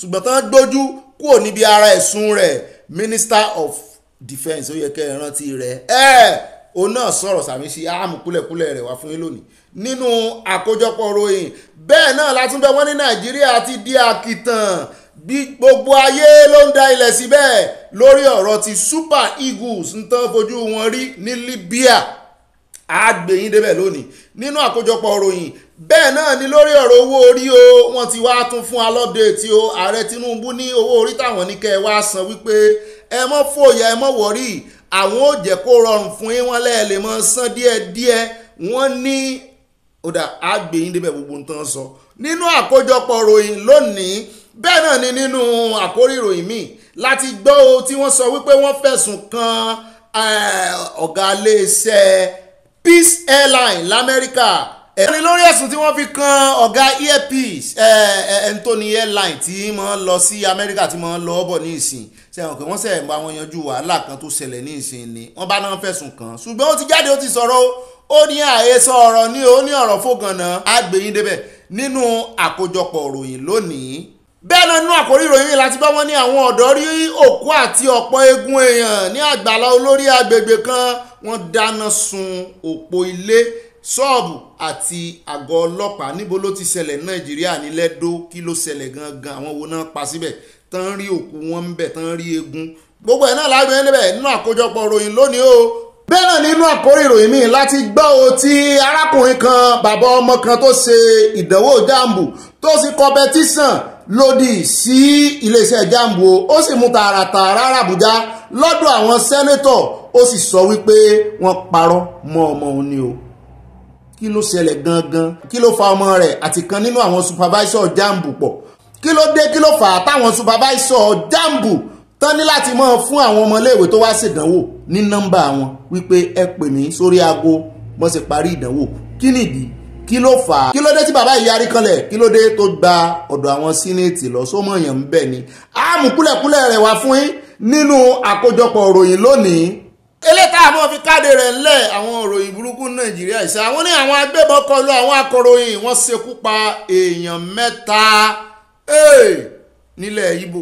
ṣùgbọ́n tán gbójú kúrò níbi ara ẹ̀sùn rẹ̀ minister of defence ó yẹ kẹ́ ẹ rántí rẹ̀ ẹ̀ òun náà sọ̀rọ̀ sàmísí àmú kúlẹ̀kúlẹ̀ rẹ̀ wá fún yín lónìí nínú àkójọpọ̀ ròyìn bẹ́ẹ̀ náà látúndọ̀ wọ́n ní Nàìjíríà ti di àkìtàn bí gbogbo ayé ló ń da ilẹ̀ síbẹ̀ lórí ọ̀rọ̀ ti Super Eagles ń tán fojú wọn rí ní Libya àgbẹ̀yìn débẹ̀ lónìí nínú àkójọpọ̀ òròyìn bẹ́ẹ̀ náà ni lórí ọ̀rọ̀ owó orí o wọ́n ti wá tún fún alọ́dẹ tí o ààrẹ Tinubu ní owó orí táwọn ní kẹ́ ẹ wá san wípé ẹ mọ́ fòyà ẹ mọ́ wọ̀rí àwọn ò jẹ́ kó rọrùn fún yín wọ́n lẹ́ẹ̀lẹ́ mọ́ san díẹ̀díẹ̀ wọ́n ní ọ̀dà àgbẹ̀yìn débẹ̀ gbogbo nǹkan sọ nínú àkójọpọ̀ òròyìn lónìí bẹ́ẹ̀ náà ni nínú àkórí ìròyìn míì láti gbọ́ o tí wọ́n sọ wípé wọ́n fẹ̀sùn kan eh, ọ̀gá iléeṣẹ́ Peace Airline lamẹ́ríkà ẹ̀rí lórí ẹ̀sùn tí wọ́n fi kan ọ̀gá earpiece eh, eh, Anthony airline tí mo ń lọ sí amẹ́ríkà tí mo ń lọ bọ̀ ní ìsìn sẹ́wọ̀n pé wọ́n sẹ̀ ń bá wọn yanjú wàhálà kan tó ṣẹlẹ̀ ní ìsìn ni wọ́n bá náà fẹ̀sùn kan ṣùgbọ́n ó ti jáde ó ti sọ̀rọ̀ ó ní àhesọ ọ̀rọ̀ ní ó ní ọ̀rọ̀ fògànà á gbé yín débẹ̀ nínú àkójọpọ̀ ìròyìn lónìí bẹ́ẹ̀ náà nínú àkórí ìròyìn yìí láti bá wọn ní àwọn ọ̀dọ́ rí òkú àti ọ̀pọ̀ eegun èèyàn ní àgbàlá olórí agbègbè kan wọ́n dáná sun òpó ilé ṣọ́ọ̀bù àti àgọ́ ọlọ́pàá níbo ló ti ṣẹlẹ̀ nàìjíríà ní lẹ́dó kí ló ṣẹlẹ̀ gangan àwọn wo náà pa síbẹ̀ tán rí òkú wọn ń bẹ̀ tán rí eegun gbogbo ẹ̀ náà lágbèrè níbẹ̀ nínú àkójọpọ̀ ìròyìn lónìí o bẹ́ẹ̀ náà nínú àkórí ìròyìn míì láti gbọ́ o ti arákùnrin kan bàbá ọmọ kan tó ṣe ìdánwò jáàmbù tó sì kọ̀mpẹ́tíṣàn lòdì sí iléeṣẹ́ jambo ó sì mú tààràtààrà àràbùjá lọ́dọ̀ àwọn sẹ́nẹ́tọ̀ ó sì sọ wípé wọ́n parọ́ mọ́ ọmọ òun ni o kí ló ṣẹlẹ̀ gangan kí ló fa ọmọ rẹ̀ àti kan nínú àwọn supervisor jambo pọ̀ kí ló dé kí ló fà á táwọn supervisor jambo tán ní láti máa fún àwọn ọmọléèwé tó wá ṣèdánwò ní nọ́mbà wọn wípé ẹ pè mí sórí aago mo sì parí ìdánwò kí nìdí kí ló fà á kí ló dé tí bàbá yìí yarí kanlẹ̀ kí ló dé tó gba ọ̀dọ̀ àwọn sínéètì lọ sómọ̀yàn ń bẹ̀ ni a mú kúlẹ̀kúlẹ̀ rẹ̀ wá fún yín nínú àkójọpọ̀ òròyìn lónìí eléta àwọn fi káde rẹ̀ ńlẹ̀ àwọn òròyìn burúkú nàìjíríà ìṣe àwọn ní àwọn agbébọn kọlu àwọn akọ̀ròyìn wọ́n ṣekú pa èèyàn mẹ́ta nílẹ̀ ibo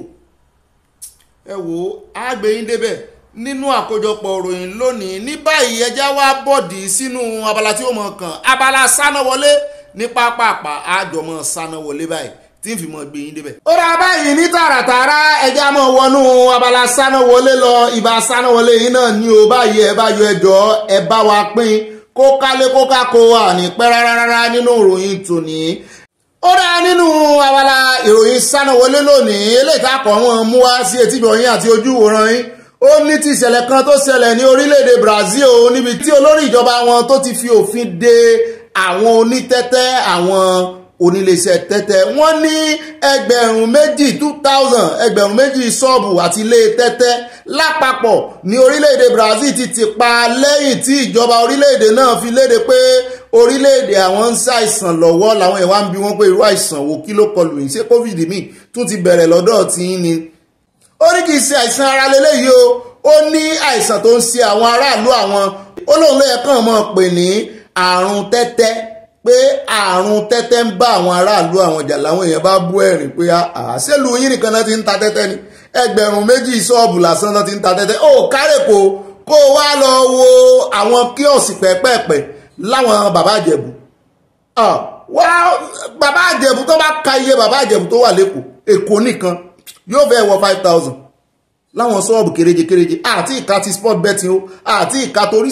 ẹ wò á débẹ̀ nínú àkójọpọ̀ ìròyìn lónìí ní báyìí ẹja wá bọ̀dì sínú abala tí ó mọ̀ kàn abala sánáwọlé ní pápápá àjọmọ̀ sánáwọlé báyìí tí n fi mọ gbé yín débẹ̀. ó ra báyìí ní tààràtààrà ẹja mọ̀ wọnú abala sánáwọlé lọ ìbá sánáwọlé yìí náà ní o báyìí ẹ bá yọ ẹjọ́ ẹ bá wa pín kó kálé kó kákó àní pẹ́ rárá nínú ìròyìn tòní ó dá nínú abala ìròyìn sánáwọlé lónìí eléyìí ó ní ti ìṣẹ̀lẹ̀ kan tó ṣẹlẹ̀ ní orílẹ̀-èdè Brazil o níbi tí olórí ìjọba wọn tó ti fi òfin de àwọn onítẹ́tẹ́ àwọn oníléeṣẹ́ tẹ́tẹ́ wọ́n ní ẹgbẹ̀rún méjì two thousand ẹgbẹ̀rún méjì ṣọ́ọ̀bù àti ilé tẹ́tẹ́ lápapọ̀ ní orílẹ̀-èdè Brazil ti ti pa lẹ́yìn tí ìjọba orílẹ̀-èdè náà fi léde pé orílẹ̀-èdè àwọn ń ṣàìsàn lọ́wọ́ làwọn èèyàn wá ń bi wọ́n pé irú àìsàn wo kí ló kọlù yìí ṣé covid mi tún ti bẹ̀rẹ̀ lọ́dọ̀ tí ń ni ó ní kì í ṣe àìsàn ara lélẹ́yìí o ó ní àìsàn tó ń ṣe àwọn aráàlú àwọn ó lóun ló yẹ kàn mọ́ pè ní àrùn tẹ́tẹ́ pé àrùn tẹ́tẹ́ ń bá àwọn aráàlú àwọn jà láwọn èèyàn bá bú ẹ̀rín pé àṣẹlù ah, ah, yín nìkan náà ti ń ta tẹ́tẹ́ ni ẹgbẹ̀rún méjì ṣọ́ọ̀bù lásán náà ti ń ta tẹ́tẹ́ ó kárẹ̀ kó kó wá lọ wo àwọn kíọ̀sì pẹ́pẹ́pẹ́ láwọn bàbá àjẹ̀bù ah, wá bàbá àjẹ̀bù tó bá ka iye bàbá àjẹ̀bù tó wà lẹ́kọ̀ọ́ èkó nìkan yóò fẹ́ wọ five thousand láwọn ṣọ́ọ̀bù kéréje kéréje àti ìka ti sport betting o àti ìka torí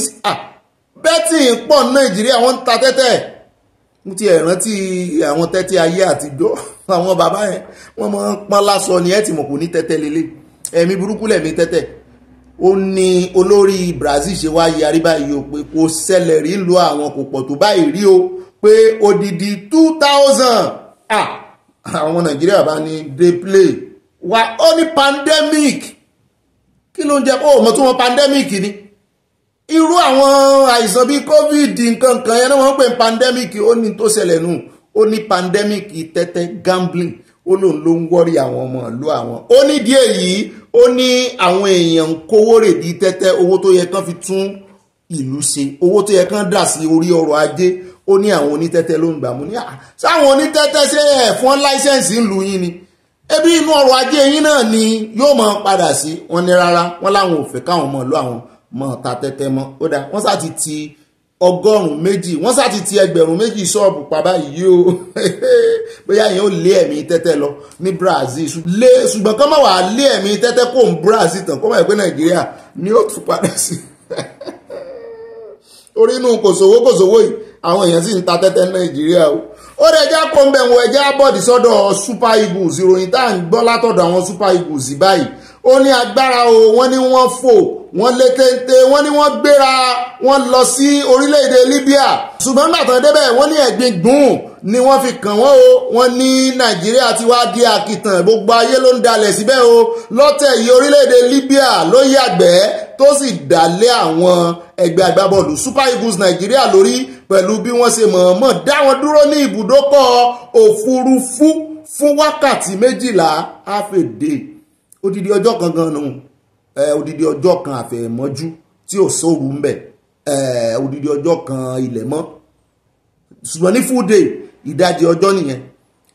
betting pọ̀ ní nàìjíríà wọ́n ń ta tẹ́tẹ́ mo ti ẹ̀ rántí àwọn tẹ́tẹ́ ayé àtijọ́ àwọn bàbá yẹn wọ́n máa ń pọ́n lásọ ni ẹ̀ tì mọ̀ kò ní tẹ́tẹ́ lélẹ̀ ẹ̀mí burúkú lẹ̀mí tẹ́tẹ́ ó ní olórí Brazil ṣe wá yarí báyìí o pé kò ṣẹlẹ̀ rí lu àwọn kò pọ̀ tó báyìí rí o pé odidi two thousand àwọn nàìjíríà bá ní dey play wà ó ní pandemic kí ló ń jẹ́ ó mọ̀ tó wọn pandemic ni irú àwọn àìsàn bíi covid nǹkan kan yẹn náà wọ́n pè ní pandemic ó ní tó ṣẹlẹ̀ nù ó ní pandemic tẹ́tẹ́ gambling ó lóun ló ń wọ́rí àwọn ọmọ ìlú àwọn ó nídìí èyí ó ní àwọn èèyàn ń kówó rèdí tẹ́tẹ́ owó tó yẹ kán fi tún ìlú ṣe owó tó yẹ kán dà sí orí ọrọ̀ ajé ó ní àwọn onítẹ́tẹ́ ló ń gbà mú ní à onítẹ́tẹ́ ṣe ẹ̀ fún láísẹ̀nsì ńlú yín ni ebi inú ọrọ̀ ajé yín náà ni yóò máa padà sí wọn ní rárá wọn láwọn ò fẹ́ káwọn mọ̀ lọ àwọn mọ̀ ta tẹ́tẹ́ mọ́ ó dá wọ́n sá ti ti ọgọ́rùn-ún méjì wọ́n sá ti ti ẹgbẹ̀rún méjì ṣọ́ọ̀bù pàbá yìí o bóyá yẹn ó lé ẹ̀mí tẹ́tẹ́ lọ ní Brazil lé ṣùgbọ́n kọ́ máa wà lé ẹ̀mí tẹ́tẹ́ kò ń Brazil tán kọ́ máa pé Nàìjíríà ni ó tún padà sí orí inú kòsòwò kòsòwò yìí àwọn èèyàn sì ń ta tẹ́tẹ́ Nàìjíríà o ó rẹjá kó ń bẹ̀ wọ ẹjẹ́ sọ́dọ̀ super eagles ìròyìn tá à ń gbọ́ látọ̀dọ̀ àwọn super eagles báyìí ó ní agbára o wọ́n ní wọ́n fò wọ́n lé téńté wọ́n ní wọ́n gbéra wọ́n lọ sí orílẹ̀-èdè libya ṣùgbọ́n gbàtàn débẹ̀ wọ́n ní ẹ̀gbin gbùn ni wọ́n fi kàn wọ́n o wọ́n ní nàìjíríà ti wá di àkìtàn gbogbo ayé ló ń dalẹ̀ síbẹ̀ o lọ́tẹ̀ yìí orílẹ̀-èdè libya ló yàgbẹ́ tó sì dálé àwọn ẹgbẹ́ agbábọ́ọ̀lù super eagles nàìjíríà lórí pẹ̀lú bí wọ́n ṣe mọ̀ọ́mọ̀ dá wọn dúró ní ibùdókọ̀ òfurufú fún wákàtí méjìlá àfẹ̀dé odidi ọjọ́ kan gan nù odidi ọjọ́ kan àfẹ̀mọ́jú tí ò sóoru ń bẹ̀ odidi ọjọ́ kan ilẹ̀ mọ́ ṣùgbọ́n ní full day ìdajì ọjọ́ nìyẹn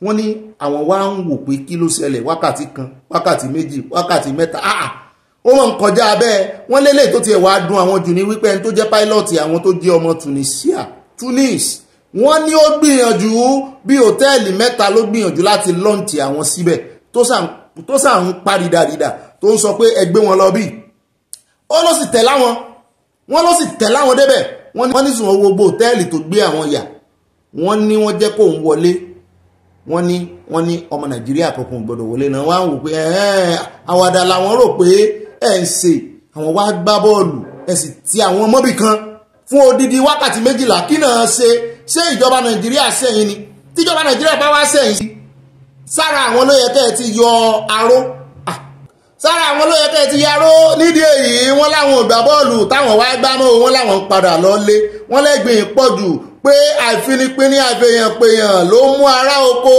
wọ́n ní àwọn wá ń wò pé kí ló ṣẹlẹ̀ wákàtí kan wákàtí méjì wákàtí mẹ́ta áà ah, ah, ó mọ̀ ń kọjá abẹ́ wọ́n lélẹ̀ tó tiẹ̀ wá dùn àwọn jù ní wípé ẹni tó jẹ́ pílọ́ọ̀tì àwọn tó jẹ́ ọmọ Tunisia Tunis wọ́n ní ó gbìyànjú bí òtẹ́ẹ̀lì mẹ́ta ló gbìyànjú láti lọ́ǹtì àwọn síbẹ̀ tó sàn ń parídàrídà tó ń sọ pé ẹgbẹ́ wọn lọ bí ó ló sì tẹ̀lá wọn wọ́n ló sì tẹ̀lá wọn débẹ̀ wọ́n ní sùn gbogbo òtẹ́ẹ̀lì tó gbé àwọn yà wọ́n ní wọ́n jẹ́ kó ń wọlé wọ́n ní wọ́n ní ọmọ nàìjíríà kankan gbọ́dọ̀ wọlé náà wọ́n á wò pé àwàdà làwọn rò pé ẹ̀ ń ṣe àwọn wá gbá bọ́ọ̀lù ẹ̀ sì ti àwọn mọ́bì kan fún odidi wákàtí méjìlá kí náà ṣe ṣé ìjọba nàìjíríà sẹ́yìn ni tíjọba nàìjíríà bá wá sẹ́yìn sí sára àwọn olóyè tẹ́ ẹ ti yọ aró sára àwọn olóyè tẹ́ ẹ ti yaró nídìí èyí wọ́n láwọn ò gbá bọ́ọ̀lù táwọn wá gbá mọ́ wọn láwọn padà lọ́lé wọ́n lẹ́gbìn pọ̀ jù pé àìfinipinni àfẹ̀yànpẹ̀yàn ló mú ará oko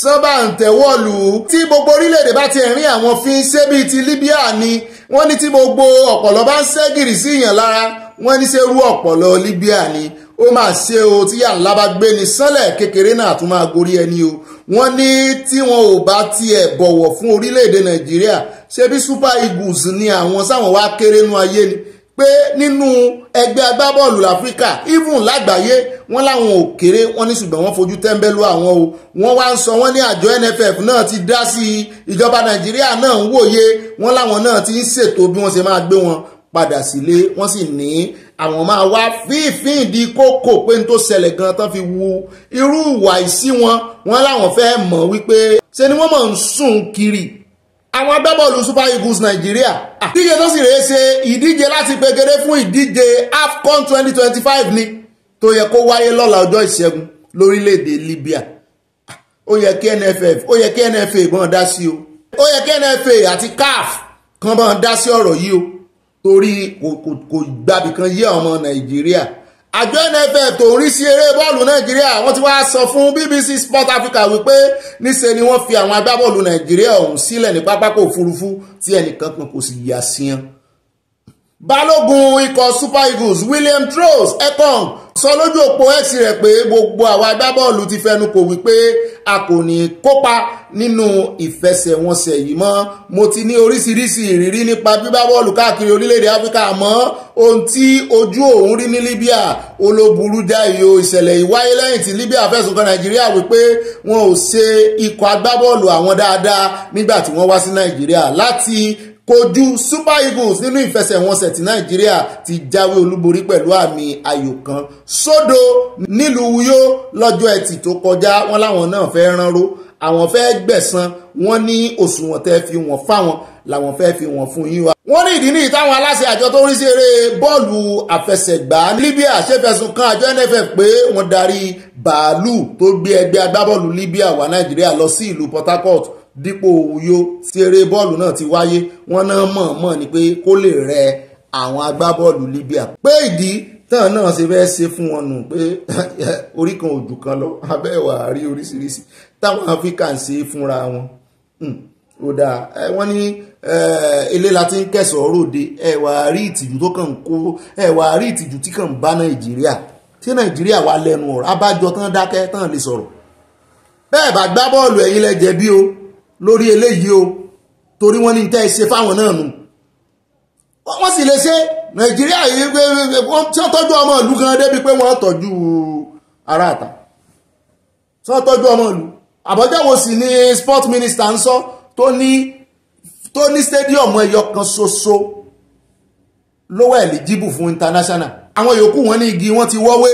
sábàǹtẹ̀wọ̀lù tí gbogbo orílẹ̀-èdè bá ti ẹ̀rín àwọn fi ń bíi ti Libya ni wọ́n ní tí gbogbo ọ̀pọ̀lọ́ bá ń ṣẹ́gìrì sí ìyàn lára wọ́n ní sẹ́rú ọ̀pọ̀lọ́ Libya ni ó máa ṣe o tí yàrá bá gbé ni sánlẹ̀ kékeré náà tún máa gorí ẹni o wọ́n ní tí wọn ò bá tiẹ̀ bọ̀wọ̀ fún orílẹ̀-èdè Nàìjíríà ṣebí Super Eagles ni àwọn sáwọn wá kéré nú ayé ni pé nínú ẹgbẹ́ agbábọ́ọ̀lù láfíríkà even lágbàáyé wọ́n láwọn ò kéré wọ́n ní ṣùgbọ́n wọ́n fojú tẹ́ńbẹ́lú àwọn o wọ́n wá ń sọ wọ́n ní àjọ NFF náà ti dá sí i ìjọba nàìjíríà náà ń wòye wọ́n láwọn náà ti ń ṣètò bí wọ́n ṣe máa gbé wọn padà sílé wọ́n sì ní àwọn máa wá fífín ìdí kókò pé n tó ṣẹlẹ̀ gan tán fi wu irú ìwà ìsí wọn wọ́n láwọn fẹ́ mọ̀ wípé ṣe ni wọ́n mọ̀ ń sùn kiri àwọn agbábọ́ọ̀lù super eagles nàìjíríà díje tó sì rèé ṣe ìdíje láti pegere fún ìdíje afcon twenty twenty five ni tó yẹ kó wáyé lọ́la ọjọ́ ìṣẹ́gun lórílẹ̀‐èdè libya ó yẹ kí nff ó yẹ kí nfa ìbọn dá sí o ó yẹ kí nfa àti caf kan bọ́n dá sí ọ̀rọ̀ yìí o torí kò gbàbí kan yé ọmọ nàìjíríà àjọ nff tó ń rí sí eré bọ́ọ̀lù nàìjíríà wọ́n ti wá sọ fún bbc sport africa wípé níṣe ni wọ́n fi àwọn agbábọ́ọ̀lù nàìjíríà ọ̀hún sílẹ̀ ní pápákọ̀ òfurufú tí ẹnìkan kan kò sì yà sí wọn balógun ikọ̀ super eagles william troost ekong sọ lójú òpó x rẹ̀ pé gbogbo àwọn agbábọ́ọ̀lù ti fẹnu kò wípé a kò ní kópa nínú ìfẹsẹ̀wọnsẹ̀ yìí mọ́ mo ti ní oríṣiríṣi ìrírí nípa bíbá bọ́ọ̀lù káàkiri orílẹ̀-èdè áfíríkà àmọ́ ohun tí ojú òun rí ní libya olóburú dáìyó ìṣẹ̀lẹ̀ ìwáyé lẹ́yìn tí libya fẹ̀sùn kan nàìjíríà wípé wọn ò ṣe ikọ̀ agbábọ́ọ̀lù àwọn dáadáa nígbà tí wọ́n wá sí nàìjíríà láti kojú super eagles nínú ìfẹsẹ̀wọnsẹ̀ tí nàìjíríà ti jáwé olúborí pẹ̀lú àmì ayò kan sódò nílùú uyo lọ́jọ́ ẹtì tó kọjá wọn láwọn náà fẹ́ ránró àwọn fẹ́ gbẹ̀san wọn ní òṣùwọ̀n tẹ́ fi wọ́n fáwọn làwọn fẹ́ fi wọ́n fún yín wa. wọ́n ní ìdí nìyí táwọn aláṣẹ àjọ tó ń rí sí bọ́ọ̀lù àfẹsẹ̀gbá libya ṣe fẹ̀sùn kan àjọ nff pé wọ́n darí bàálù tó gbé ẹgbẹ́ agbábọ́ọ̀lù libya wá nàìjíríà lọ sí ìlú port harcourt dípò òwúyó tí eré bọ́ọ̀lù náà ti wáyé wọ́n náà mọ̀ọ́mọ̀ ni pé kó lè rẹ àwọn agbábọ́ọ̀lù Libya pé ìdí tán náà ṣe fẹ́ ṣe fún wọn nù pé orí kan òjò kan lọ abẹ́wà rí oríṣiríṣi táwọn Áfíríkà ń ṣe fúnra wọn hmm, ó dáa wọ́n ní ilé la ti ń kẹsàn-án ròde ẹ̀wà rí ìtìjú tó kàn ń kó ẹ̀wà rí ìtìjú tí kàn ń bá Nàìjíríà tí Nàìjíríà wà lẹ́nu ọ̀rọ̀ abájọ tán dákẹ́ tán lè sọ̀rọ̀ bẹ́ẹ̀ bá gbá bọ́ọ̀lù ẹ̀yin lẹ́jẹ̀ bí o lórí eléyìí o torí wọ́n ní tẹ́ ẹ ṣe fáwọn náà nù wọ́n sì lè ṣe nàìjíríà yìí pé tí wọ́n tọ́jú ọmọ ìlú gan débi pé wọ́n tọ́jú ara àta tí wọ́n tọ́jú ọmọ ìlú àbọ̀jáwo sì ni sport minister ń sọ tó ní tó ní stadium ẹyọ kan ṣoṣo lówó eligible fún international àwọn yòókù wọn ní igi wọn ti wọ́wé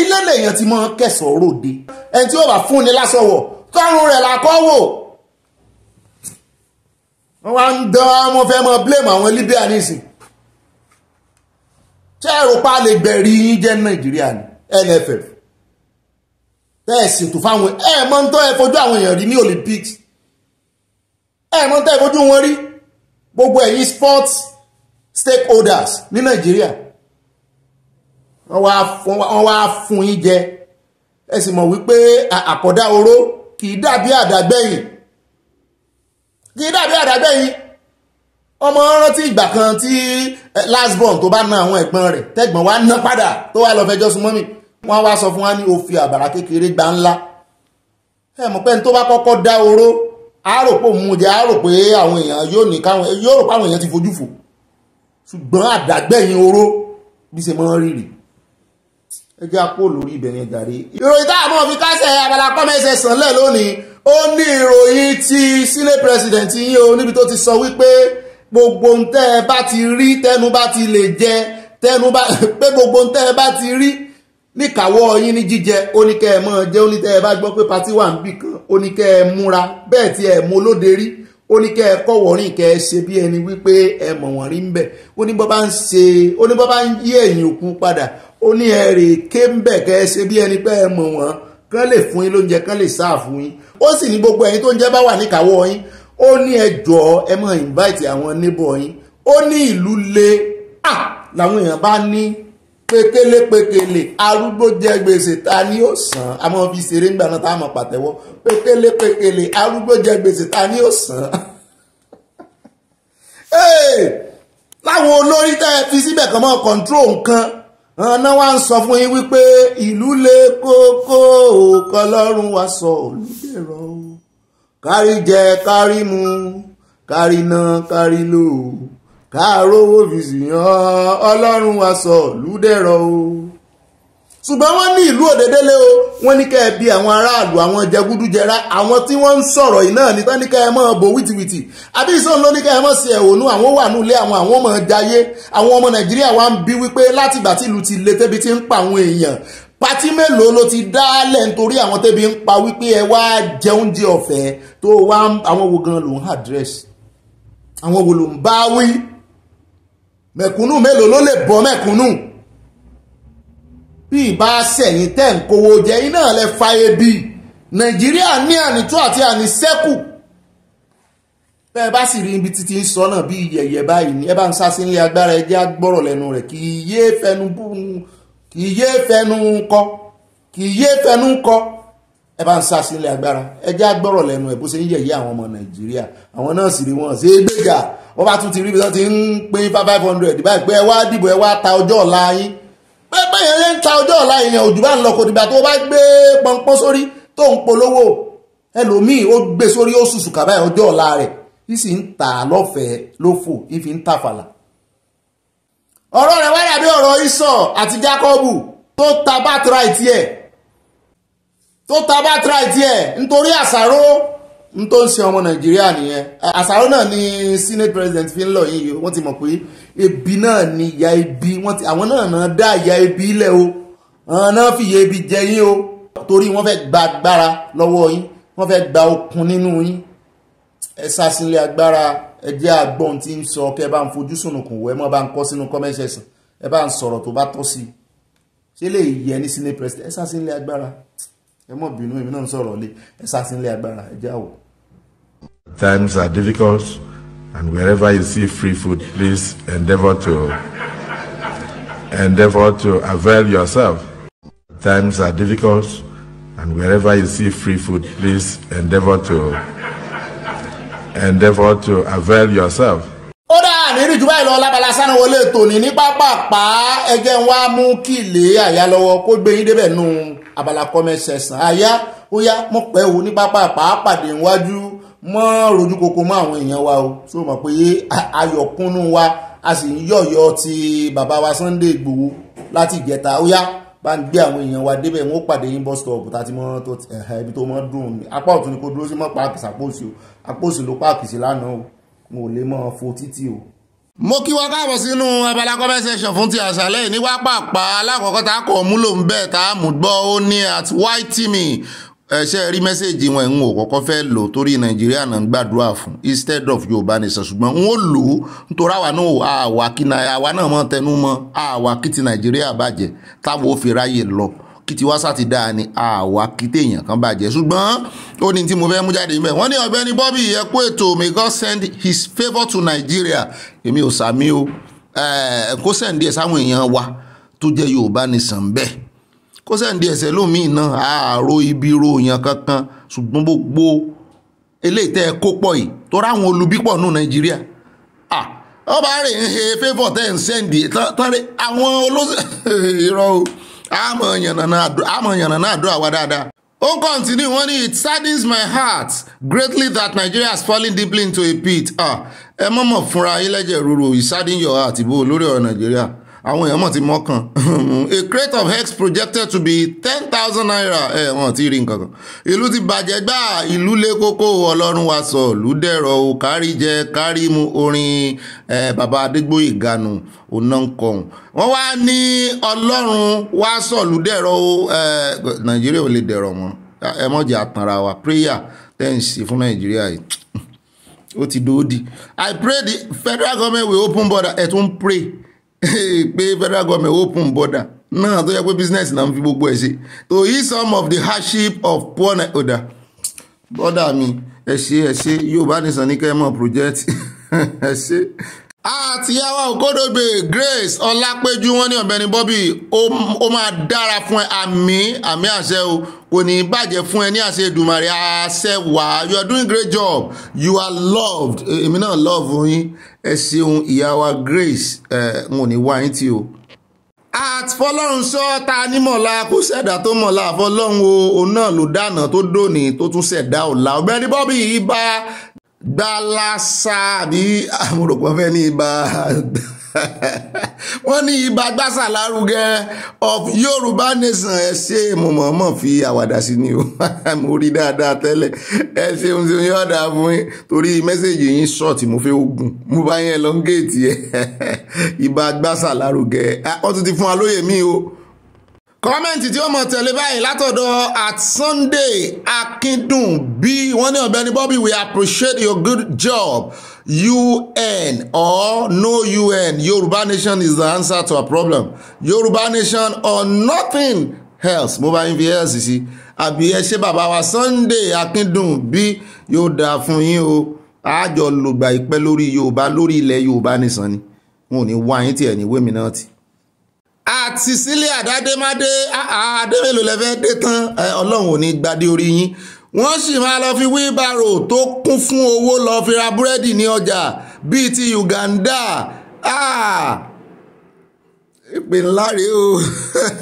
ilé lèèyàn ti máa kẹsàn-án ròde ẹni tí ó bá fún ni lásọ̀wọ̀ kọ́run rẹ̀ là kọ́ wò wọ́n wá ń dán wọ́n fẹ́ mọ blame àwọn Libya nísìn ṣé ẹ̀rù pa lè gbẹ̀rí yín jẹ́ Nàìjíríà ní NFF tẹ́ẹ̀sì tó fáwọn ẹ̀ mọ́ ń tọ́ ẹ fojú àwọn èèyàn rí ní Olympics ẹ̀ mọ́ ń tọ́ ẹ fojú wọn rí gbogbo ẹ̀yin sports stakeholders ní Nàìjíríà wọ́n wá fún yín jẹ ẹ sì mọ̀ wípé àkọ́dá oró kì í dàbí àdàgbẹ̀yìn kì í dàbí àdàgbẹ̀yìn ọmọ rántí ìgbà kan tí last born tó bá na àwọn ẹ̀gbọ́n rẹ̀ tẹ́gbọ́n wá ná padà tó wá lọ fẹjọ́ sùn mọ́mì wọ́n wá sọ fún wa ní òfin àbàrà kékeré gbà ńlá ẹ mọ̀ pẹ́ni tó bá kọ́kọ́ dá oró àáròpò mú jẹ àáròpò àwọn èèyàn yóò ní káwọn yóò rò pé àwọn èèyàn ti fojú fò ṣùgbọ́n àdàgbẹ̀yìn oró bí ṣe mọ́ rírì ẹ jẹ́ apó lórí ibẹ̀ yẹn gàrí. ìròyìn táwọn ọmọ fi kásẹ̀ abala pọ́mẹ́sẹ̀ lónìí ó ní ìròyìn ti sílé pírẹsidẹ̀ntì yín o níbi tó ti sọ wípé gbogbo ń tẹ́ ẹ bá ti rí tẹnu bá ti lè jẹ tẹnu bá pé gbogbo ń tẹ́ ẹ bá ti rí níkàwọ́ yín ní jíjẹ ó ní kẹ́ ẹ mọ́ ọ jẹ́ ó ní tẹ́ ẹ bá gbọ́ pé patí wà ń bì kan ó ní kẹ́ ẹ múra bẹ́ẹ̀ tí ẹ mú olóde rí ó ní kẹ́ ẹ kọ́ wọ̀rìn kẹ́ ẹ ṣe bí ẹni wípé ẹ mọ̀ wọ̀n rí ń bẹ̀ ó ní bọ́ bá ń ṣe ó ní bọ́ bá ń yí ẹ̀yìn òkú padà ó ní ẹ̀rì ké ń bẹ̀ kẹ́ ẹ ṣe bí ẹni pé ẹ mọ̀ wọ́n kán lè fún yín lóúnjẹ kán lè sáàfù yín ó sì ní gbogbo ẹ̀yin tó ń jẹ bá wà níkàáwọ́ yín ó ní ẹ ẹ máa invite àwọn níbọ̀ yín ó ní ìlú le làwọn èèyàn bá ní pekele pekele arúgbó jẹ gbèsè ta ni ó san a máa fi ṣeré ńgbà náà tá pàtẹ́wọ́ pekele pekele arúgbó jẹ gbèsè ta ni ó san láwọn olórí tá ẹ fi síbẹ̀ kàn máa control nǹkan ọ̀nà wa ń sọ fún yín wípé ìlú le kókó kọlọ́run wa sọ olùdẹ̀rọ̀ o kárí jẹ kárí mu kárí ná kárí lò káàró owó fi ọlọ́run wa sọ olùdẹ̀rọ̀ o ṣùgbọ́n wọ́n ní ìlú òdedele o wọ́n ní kẹ́ ẹ bí àwọn aráàlú àwọn jẹgúdújẹrá àwọn tí wọ́n ń sọ̀rọ̀ yìí náà ní tání kẹ́ ẹ mọ́ bò wìtìwìtì àbí ìsọ̀n ló ní kẹ́ ẹ mọ́ sí ẹ̀hónú àwọn wà nílé àwọn àwọn ọmọ jayé àwọn ọmọ nàìjíríà wa ń bí wípé látìgbà tí ìlú ti le tẹ́bi ti ń pa àwọn èèyàn pati mélòó ló ti dálẹ̀ nítorí àwọn tẹ́bi ń pa wípé ẹ wá jẹ oúnjẹ ọ̀fẹ́ bí ìbá sẹ̀yìn tẹ̀ ń kówó jẹ iná lẹ fa ebi nàìjíríà ní ànító àti àníṣẹ́kù bẹ́ẹ̀ bá sì rí ibi títí ń sọ náà bí yẹ̀yẹ̀ báyìí ni ẹ bá ń sá sí ilé agbára ẹjẹ́ agbọ́rọ̀ lẹ́nu rẹ̀ kì í yé fẹnu bú kì í yé fẹnu kọ kì í yé fẹnu kọ ẹ bá ń sá sí ilé agbára ẹjẹ́ agbọ́rọ̀ lẹ́nu ẹ̀ bó ṣe ń yẹ̀yẹ́ àwọn ọmọ nàìjíríà àwọn náà sì rí wọn ṣe é gbéga wọ́n bá tún ti rí ibi tí wọ́n ti ń pín five hundred báyìí pé ẹ wá dìbò ẹ wá ta ọjọ́ ọ̀la yín pẹ́pẹ́ yẹn lè ń ta ọjọ́ ọ̀la ìyẹn òjò bá ń lọ kò dìgbà tó bá gbé pọnpọ́n sórí tó ń polówó ẹlòmíì ó gbé sórí ó sùsù kàbáyé ọjọ́ ọ̀la rẹ̀ yìí sì ń tà lọ́fẹ̀ẹ́ lófò yìí fi ń tàfàlà. ọ̀rọ̀ rẹ̀ wáyà bí ọ̀rọ̀ isọ̀ àti jacob tó ta bátìrà ìtì ẹ̀ tó ta bátìrà ìtì ẹ̀ nítorí àṣàrò n tó ń ṣe ọmọ nàìjíríà nìyẹn àṣàrò náà ni senate president fi ń lọ yìí wọ́n ti mọ̀ pé ebi náà ni ìyà ebi wọ́n ti àwọn náà náà dá ìyà ebi lẹ̀ o àwọn náà fìyà ebi jẹ yín o torí wọ́n fẹ́ gba agbára lọ́wọ́ yín wọ́n fẹ́ gba okun nínú yín ẹ sásílẹ̀ agbára ẹ jẹ́ àgbọ̀n tí ń sọ kẹ́ ẹ bá ń fojú sùnùkùn wọ ẹ mọ́ bá ń kọ́ sínú comment section ẹ bá ń sọ̀rọ̀ tó bá tọ́ sí ṣé lè yẹ ní senate president ẹ sásílẹ̀ agbára ẹ mọ̀ bínú èmi náà ń sọ̀rọ̀ lé ẹ sásílẹ̀ agbára ẹ àwọ̀. Times are difficult, and wherever you see free food, please endeavor to endeavor to avail yourself. Times are difficult, and wherever you see free food, please endeavor to endeavor to avail yourself. ó dáa nínú ìjùbá ìlọ ọlábàlá sánáwọlé tòní ní pápápá ẹjẹ ń wá mú kí ilé àyà lọ́wọ́ kó gbé débẹ̀ nù abala kọmẹsẹsàn àyà ó yá mọpẹ wo ní pápápá pàdé wájú mọ́ rojú koko mọ́ àwọn èèyàn wa o so mọ̀ pé ayọ̀kúnnú wa a sì ń yọ̀yọ̀ ti bàbá wa Sunday Igboho láti ìjẹta ó yá bá ń gbé àwọn èèyàn wa débẹ̀ wọn ó pàdé yín bus stop tá a ti mọ tó mọ dùn ní apá ọ̀tún ni kò dúró sí mọ́ páàkì sàpòsì o àpòsì ló páàkì sí lánàá o n ò lè mọ́ fo títì o mo kí wa káàbọ̀ sínú abala conversation section fún ti àṣálẹ́ ní wápàpá alákọ̀ọ́kọ́ tá a kọ̀ mú lòún bẹ́ẹ̀ tá a mú gbọ́ ó ní at ytimi e ṣe rí mẹ́sẹ̀gì wọn ń wò kọ́kọ́ fẹ́ lò torí nàìjíríà náà ń gbàdúrà fún instead of yorùbá nation ṣùgbọ́n n ó lò ó nítorí àwa náà àwa kí àwa náà mọ́ tẹnu mọ́ àwa kí ti nàìjíríà bàjẹ́ táwọn ò fi ráyè lọ kí tiwa sáti dáa ni àwa kí téèyàn kan bàjẹ́ ṣùgbọ́n ó ní tí mo fẹ́ mú jáde níbẹ̀ wọ́n ní ọ̀gbẹ́ni Bobby ẹ kú ètò may God send his favour to Nigeria èmi ò sàmí o kó sẹ́ǹdí ẹ̀ sáwọn èèyàn wa tó jẹ́ yorùbá nation bẹ́ẹ̀ kó sẹ́ǹdí ẹ̀sẹ̀ lómìn náà àárò ibi ròyìn kankan ṣùgbọ́n gbogbo eléyìí tẹ́ ẹ kó pọ̀ yìí tó ráwọn olùbípọ̀ nù nàìjíríà ń he favour tẹ́ ń sẹ́ǹdì àwọn olóṣèlú náà àdúrà dáadáa. ní it saddens my heart greatly that Nigeria is falling deeply into a pit ẹ mọ̀mọ̀ fúnra yín lẹ́jẹ̀ rúru it saddens your àwọn èèyàn mọ̀ ti mọ́kàn a crate of hex projected to be ten thousand naira ẹ̀ wọ́n ti rí nǹkan kan ìlú ti bàjẹ́ gbà ìlú lé kókó ọlọ́run wa sọ ìlú dẹ̀rọ̀ o kárí jẹ kárí mu orin bàbá adégbòye ganu onankọ̀hún wọ́n wá ní ọlọ́run wa sọ ìlú dẹ̀rọ̀ o ẹ̀ nàìjíríà ò lè dẹ̀rọ̀ mọ́ ẹ mọ̀jẹ̀ àtàrà wa prayer tẹ́ ń fún nàìjíríà yìí ó ti dòódì I pray the federal government will open border ẹ̀ tún pray. pé federal government open border náà tó yẹ pé business náà ń fi gbogbo ẹ̀ ṣe to ease some of the hardship of poor naija Border mi ẹ ṣe ẹ ṣe Yorùbá Nation ní kẹ́mọ̀ project ẹ ṣe. àtìyáwá òkòdògbè Grace Ọlápéjú wọn ní Ọ̀gbẹ́ni Bobby ó máa dára fún ẹ àmì àmì àṣẹ o kò ní bàjẹ́ fún ẹ ní àṣẹ Èdùmàrè àṣẹ wà you are doing great job you are loved èmi náà love yín ẹ ṣeun ìyá Grace ẹ n ò ní wá yín tí o at fọlọ́run sọ ta ní mọ̀lá kò ṣẹ̀dá tó mọ̀lá fọlọ́run o òun náà ló dáná tó dòní tó tún ṣẹ̀dá ọ̀la ọ̀gbẹ́ni Bobby ibà gbalasa àbí amúrògbọ́n ah, fẹ́ ní ibà wọ́n ní ibà gbàsà lárugẹ of yorùbá nation ẹ ṣe mọ̀mọ́mọ́ fi àwàdà sí ni o mo rí dáadáa tẹ́lẹ̀ ẹ ṣeun ṣeun yóò dáa fún yín torí mẹ́sẹ̀gì yín ṣọ́ọ̀tì mo fẹ́ ogun mo bá yẹn lọ́ngẹ̀ẹ́tì ẹ ibà gbàsà lárugẹ ah, wọ́n tún ti fún wa mi o kọ́mẹ́ǹtì tí ó mọ̀ tẹ̀lé báyìí látọ̀dọ̀ at Sunday Akindun bí wọ́n ní ọ̀gbẹ́ni Bobby we appreciate your good job UN or no UN Yorùbá nation is the answer to our problem Yorùbá nation or nothing else mo bá yín fi else sí àbí ẹ ṣe bàbá wa Sunday Akindun bí yóò dáa fún yín o àjọ lògbà ìpẹ́ lórí Yorùbá lórí ilẹ̀ Yorùbá nìsan ni wọn ò ní wá yín tiẹ̀ ní wémi náà tì àti sílẹ̀ àdádémádé àdémélòó lẹ́fẹ́ dé tán ọlọ́run ò ní gbadé orí yín wọ́n sì máa lọ fi wíbàrò tó kún fún owó lọ fi ra búrẹ́dì ní ọjà bíi ti Uganda èpè ńlá rèé o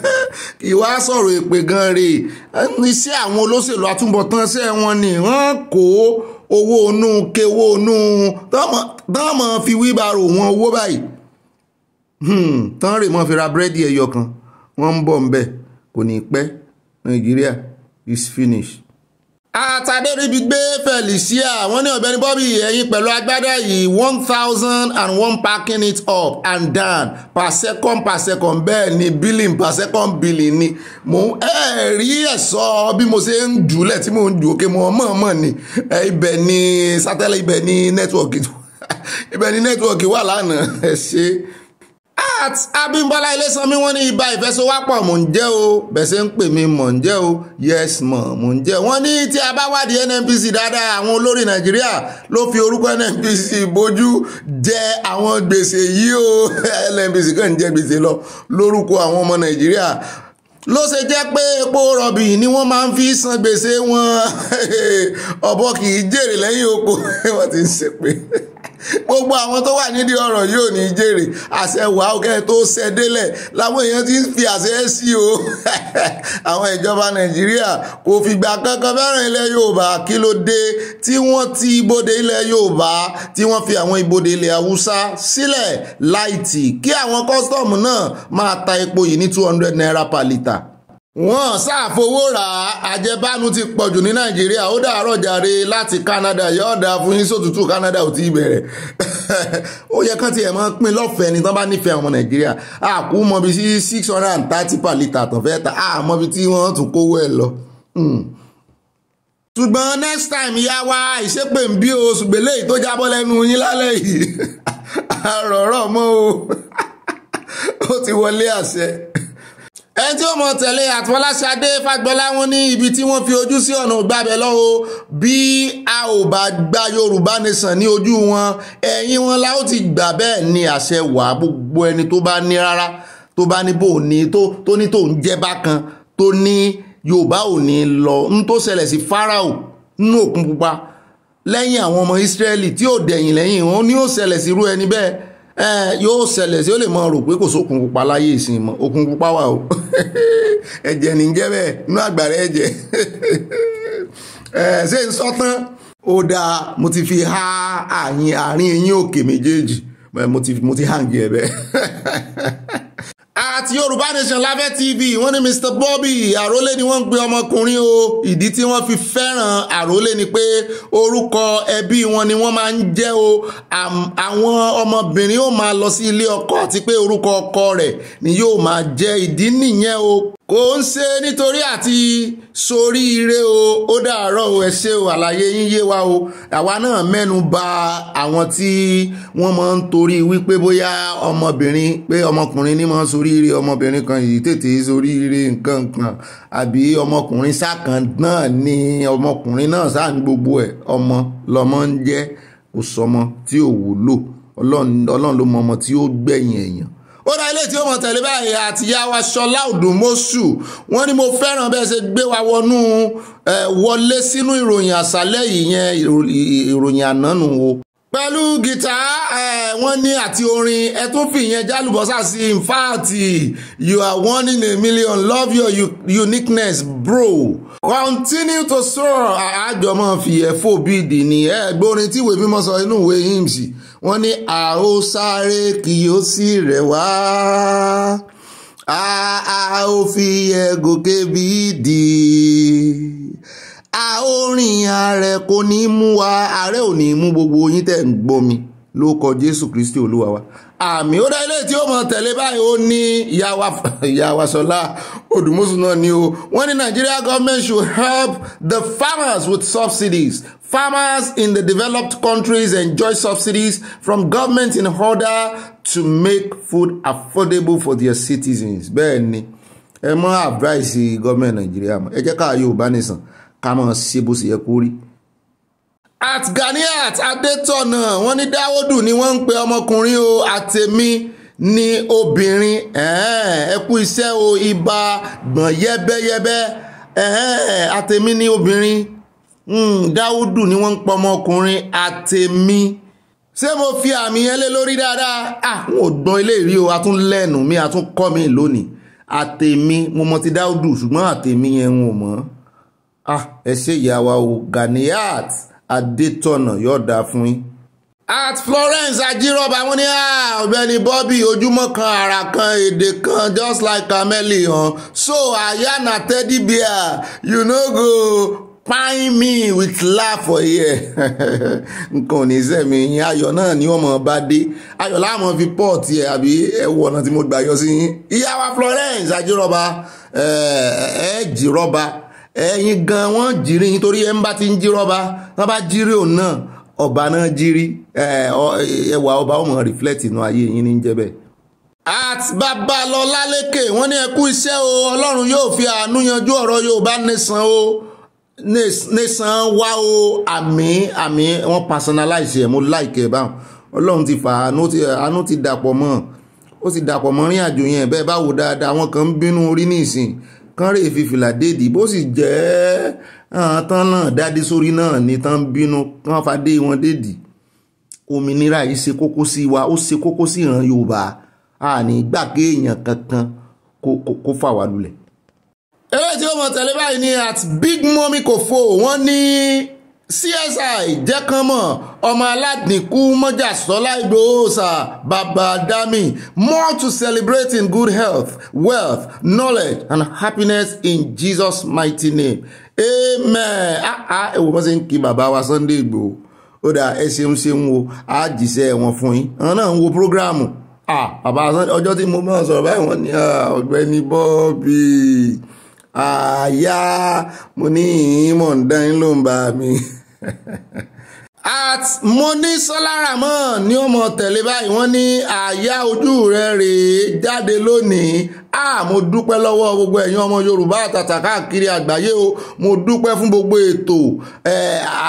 ìwà sọ̀rọ̀ èpè gan rèé iṣẹ́ àwọn olóṣèlú àtúbọ̀tán ṣẹ́ wọn ni wọ́n kó owó inú kewó inú tọ́mọ̀ fi wíbàrò wọn owó báyìí Hmm, tán rè mọ́ fi ra búrẹ́dì ẹyọ kan wọ́n ń bọ̀ ń bẹ̀ kò ní pẹ́ nàìjíríà is finished. àtàdé ríbi gbé felicia wọ́n ní ọ̀gbẹ́ni bobby ẹ̀yìn pẹ̀lú agbádá yìí one thousand and one packing it up and down per second per second bẹ́ẹ̀ ni billing per second billing ni Mo ń ẹ̀ rí ẹ̀sọ́ bí mo ṣe ń jùlẹ̀ tí mò ń jù òkè mọ́ mọ̀ọ́mọ̀ ni ibẹ̀ ni satellite ibẹ̀ ni network ibẹ̀ ni network wà lánàá ẹ̀ ṣe at abimbola ilésanmi wọ́n ní ibà ìfẹsowápọ̀ mò ń jẹ́ o bẹ̀sẹ̀ ń pè mí mò ń jẹ́ o yes mọ̀ mò ń jẹ́ wọ́n ní tí a bá wádìí nnpc dáadáa àwọn olórí nàìjíríà ló fi orúkọ nnpc bójú jẹ àwọn gbèsè yìí o nnpc kàn ń jẹ gbèsè lọ lórúkọ àwọn ọmọ nàìjíríà ló ṣe jẹ́ pé epo rọ̀bì ni wọ́n máa ń fi san gbèsè wọn ọ̀bọ kì í jèrè lẹ́yìn oko wọ́n ti ń ṣe pé gbogbo àwọn tó wà nídìí ọ̀rọ̀ yóò ní jèrè àṣẹ wàhálà tó ṣẹ délẹ̀ làwọn èèyàn ti ń fi àṣẹ sí o àwọn ìjọba nàìjíríà kò fìgbà kankan fẹ́ràn ilẹ̀ yorùbá kí ló dé tí wọ́n ti ibodè ilẹ̀ yorùbá tí wọ́n fi àwọn ibodè ilẹ̀ haúsá sílẹ̀ láìtì kí àwọn kọ́sítọ́ọ̀mù náà máa ta epo yìí ní two hundred naira per litre wọ́n ṣàfowó ra àjẹbánu ti pọ̀jù ní nàìjíríà ó dàárọ̀ jàre láti canada yóò dáa fún yín sótútù canada ò tí ì bẹ̀rẹ̀ ó yẹ kán tiẹ̀ máa pín lọ́fẹ̀ẹ́ ni tán bá nífẹ̀ẹ́ ọmọ nàìjíríà àkú mọbi sí six hundred and thirty per litre tán fẹ́ ta àmọ́bi tí wọ́n tún kówó ẹ̀ lọ. Hmm. ṣùgbọ́n next time yá wa ìṣépè ń bí o ṣùgbọ́n eléyìí tó jábọ́ lẹ́nu yín lálẹ́ yìí àrọ̀rọ̀ mọ́ o ó ti wọlé àṣẹ ẹni tí ó mọ̀ tẹ̀lé àtúnfọláṣadé fagbọ́lá wọn ní ibi tí wọ́n fi ojú sí ọ̀nà gbàbẹ̀ lọ́wọ́ bí a ò bá gba yorùbá nation ní ojú wọn ẹ̀yìn wọn la ó ti gbà bẹ́ẹ̀ ni àṣẹ wà gbogbo ẹni tó bá ní rárá tó bá ní bò ní tó ní tó ń jẹ́ bákan tó ní yorùbá ò ní lọ ń tó ṣẹlẹ̀ sí Fáráò nínú Òkun Pupa lẹ́yìn àwọn ọmọ Ísírẹ́lì tí ò dẹ̀yìn lẹ́yìn wọn ni ó ṣẹlẹ̀ sí irú ẹni bẹ́ẹ̀ yóò ṣẹlẹ̀ sí ó lè mọ rò pé kò sókun pupa láyé ìsìn mọ́ okun pupa wà o ẹ̀jẹ̀ ní jẹ́ bẹ́ẹ̀ inú àgbàrá ẹ̀jẹ̀ ṣé n sọ tán ó dáa mo ti fi há àyín àárín eyín òkè méjèèjì mo ti hàn jẹ́ bẹ́ẹ̀. àti yorùbá nation láfẹ́ tv wọ́n ní mr bobby àrólé ni wọ́n ń pe ọmọkùnrin o ìdí tí wọ́n fi fẹ́ràn àrólé ni pé orúkọ ẹbí wọn ni wọ́n máa ń jẹ́ o àwọn ọmọbìnrin ó máa lọ sí ilé ọkọ àti pé orúkọ ọkọ rẹ̀ ni yóò máa jẹ́ ìdí nìyẹn o kò ń ṣe nítorí àti soríire o ó dàárọ̀ o ẹ ṣé o àlàyé yín yé wa o àwa náà mẹ́nu bà àwọn tí wọ́n máa ń torí wípé bóyá ọmọbìnrin pé ọmọkùnrin ní máa ń soríire ọmọbìnrin kan yìí tètè soríire nǹkan kan àbí ọmọkùnrin sákan náà ni ọmọkùnrin náà sáà ní gbogbo ẹ̀ ọmọ lọmọ ń jẹ́ òsọmọ tí ò wúlò ọlọ́run ló mọ ọmọ tí ó gbẹ̀yìn èèyàn ó dá ilé tí ó mọ̀ tẹ̀lé báyìí àtìyá ṣọlá òdùmọ́sù wọ́n ní mo fẹ́ràn bẹ́ẹ̀ ṣe gbé wa wọnú wọlé sínú ìròyìn àṣálẹ́ yìí yẹn ìròyìn àná nù pẹ̀lú gìtá ẹ̀ wọ́n ní àti orin ẹ tún fi ìyẹn jálùbọ́sà sí in fact you are one in a million love your uniqueness bro continue to soar àjọmọ́ fìyẹ́ fò bídì ni ẹ gbórin tí ìwé mímọ́ sọ inú ìwé hymns wọ́n ní a ó sáré kí ó sì rẹ̀ wá a ó fi yẹ gòkè bí a ó rìn ààrẹ kò ní mú wa ààrẹ ò ní mú gbogbo yín tẹ̀ ń gbọ́ mi ló kọ Jésù Kristi Olúwa wa àmì ó dá ilé tí ó mọ tẹ̀lé báyìí ó ní ìyáwá Ṣọlá Odùmọ̀ṣù náà ni o wọ́n ní Nigeria government should help the farmers with subsidies Farmers in the developed countries enjoy subsidies from governments in order to make food affordable for their citizens. Bẹ́ẹ̀ ni, ẹ mọ advice gọ́ọ̀mẹ̀ntì Nàìjíríà mọ̀, ẹ jẹ́ ká Yorùbá nìsàn ká mọ̀ ṣe bó ṣe yẹ kó rí. At Ganiat Adétọ̀nà wọ́n ní Dáwọ́dù ni wọ́n ń pe ọmọkùnrin o àtẹ̀mí ni obìnrin ẹ kú iṣẹ́ o ibà gbọ̀n yẹ́bẹ́yẹ́bẹ́ àtẹ̀mí ni obìnrin. Hmm, dáúdù ni wọ́n ń pọ ọmọkùnrin àtẹ̀mí ṣé mo fi àmì yẹn lé lórí dáadáa àwọn ò gbọ́n eléyìí o atún lẹ́nu mi atún kọ́ mi lónìí àtẹ̀mí mo mọ ti dáúdù ṣùgbọ́n àtẹ̀mí yẹn ń wò mọ́ ẹ ṣe ìyàwó o Ganiyat Adétọ̀nà yóò dáa fún yín at Florence Ajírọ̀bà wọn ní ọ̀gbẹ́ni Bobby ojúmọ́ kan ara kan èdè kan just like Chameleon so aya na teddy bear you no go pine me with laugh for here nǹkan ò ní sẹ́mi yín ayọ̀ náà ni wọ́n mọ̀ bá dé ayọ̀ láwọn fi pọ́ọ̀tì ẹ̀ àbí ẹ̀wọ̀ ọ̀nà tí mo gbà yọ sí yín ìyá Florence ajírọ́ba ẹ̀ jírọ́ba ẹ̀yin gan wọ́n jírí yín torí ẹ̀ ń bá ti ń jírọ́ba wọ́n bá jírí òun náà ọba náà jírí ẹwà ọba ọmọ reflect inú ayé yín ní jẹ́ at Babalọlá Lékè ní ẹ iṣẹ́ o Ọlọ́run yóò fi àánú yanjú ọ̀rọ̀ Yorùbá nation o nẹ̀sán wá o àmì àmì wọ́n personalize ẹ̀ mo like ẹ̀ báwọn ọlọ́run ti fà àánú ti dàpọ̀ mọ́ ó ti dàpọ̀ mọ́ rìn àjò yẹn bẹ́ẹ̀ bá wò dáadáa àwọn kan ń bínú orí nísìn kán rè fi fìlà déèdì bó sì jẹ́ tán náà dádé sórí náà ni tán ń bínú kán fa dé wọn déèdì òmìnira yìí ṣe kókó sí wa ó ṣe kókó sí ìran Yorùbá a ní gbà kankan kó fà wá lulẹ̀ eléyìí tí ó mọ̀ tẹ̀lé báyìí ni at big mommy kòfo wọ́n ní CSI jẹ́kànmọ̀ ọmọ aládìkú mọ́jàsọ́lá ìgbòhósà bàbá dami more to celebrate in good health wealth knowledge and happiness in Jesus mighty name amen Ah, ah ewu mọ́sẹ̀ ń kí bàbá wa Sunday Igboho ó dà ẹ ṣeun ṣeun o á jìṣẹ́ wọn fún yín àwọn náà ń wo programu ah bàbá ọjọ́ tí mo máa sọ̀rọ̀ báyìí wọ́n ní ah, ọ̀gbẹ́ni bọ́ọ̀bì àyà mo ní ìyìn mọ̀ ń dán ló ń bá mi. at monisola ramon ní ọmọ tẹ̀lé báyìí wọ́n ní àyà ojú rẹ̀ rèé jáde lónìí a mo dúpẹ́ lọ́wọ́ gbogbo ẹ̀yin ọmọ Yorùbá àtàtà káàkiri àgbáyé o mo dúpẹ́ fún gbogbo ètò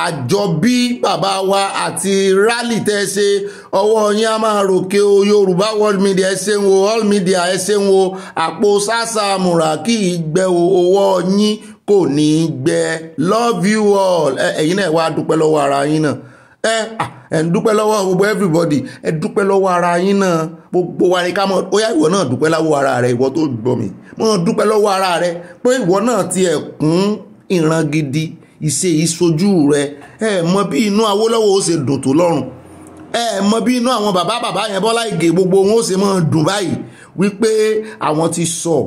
àjọbí bàbá wa àti rally tẹ́ ẹ ṣe ọwọ́ yín a máa ròkè o Yorùbá world media ẹ ṣeun o all media ẹ ṣeun o àpò sásà mùrà kì í yín kò ní í gbẹ love you all ẹ̀yin náà wá dúpẹ́ lọ́wọ́ ara yín náà ẹ ẹ ń dúpẹ́ lọ́wọ́ gbogbo everybody ẹ dúpẹ́ lọ́wọ́ ara yín náà gbogbo wa ni ká mọ̀ ó yá ìwọ náà dúpẹ́ lọ́wọ́ ara rẹ ìwọ tó gbọ́ mi mo náà dúpẹ́ lọ́wọ́ ara rẹ pé ìwọ náà ti ẹ̀ kún ìran gidi ìṣe ìṣojú rẹ ẹ mọ bí inú Awólọ́wọ̀ ó ṣe dùn tó lọ́rùn ẹ mọ bí inú àwọn bàbá bàbá yẹn Bọ́lá Ìgè gbogbo wọn ó ṣe máa dùn báyìí wípé àwọn ti sọ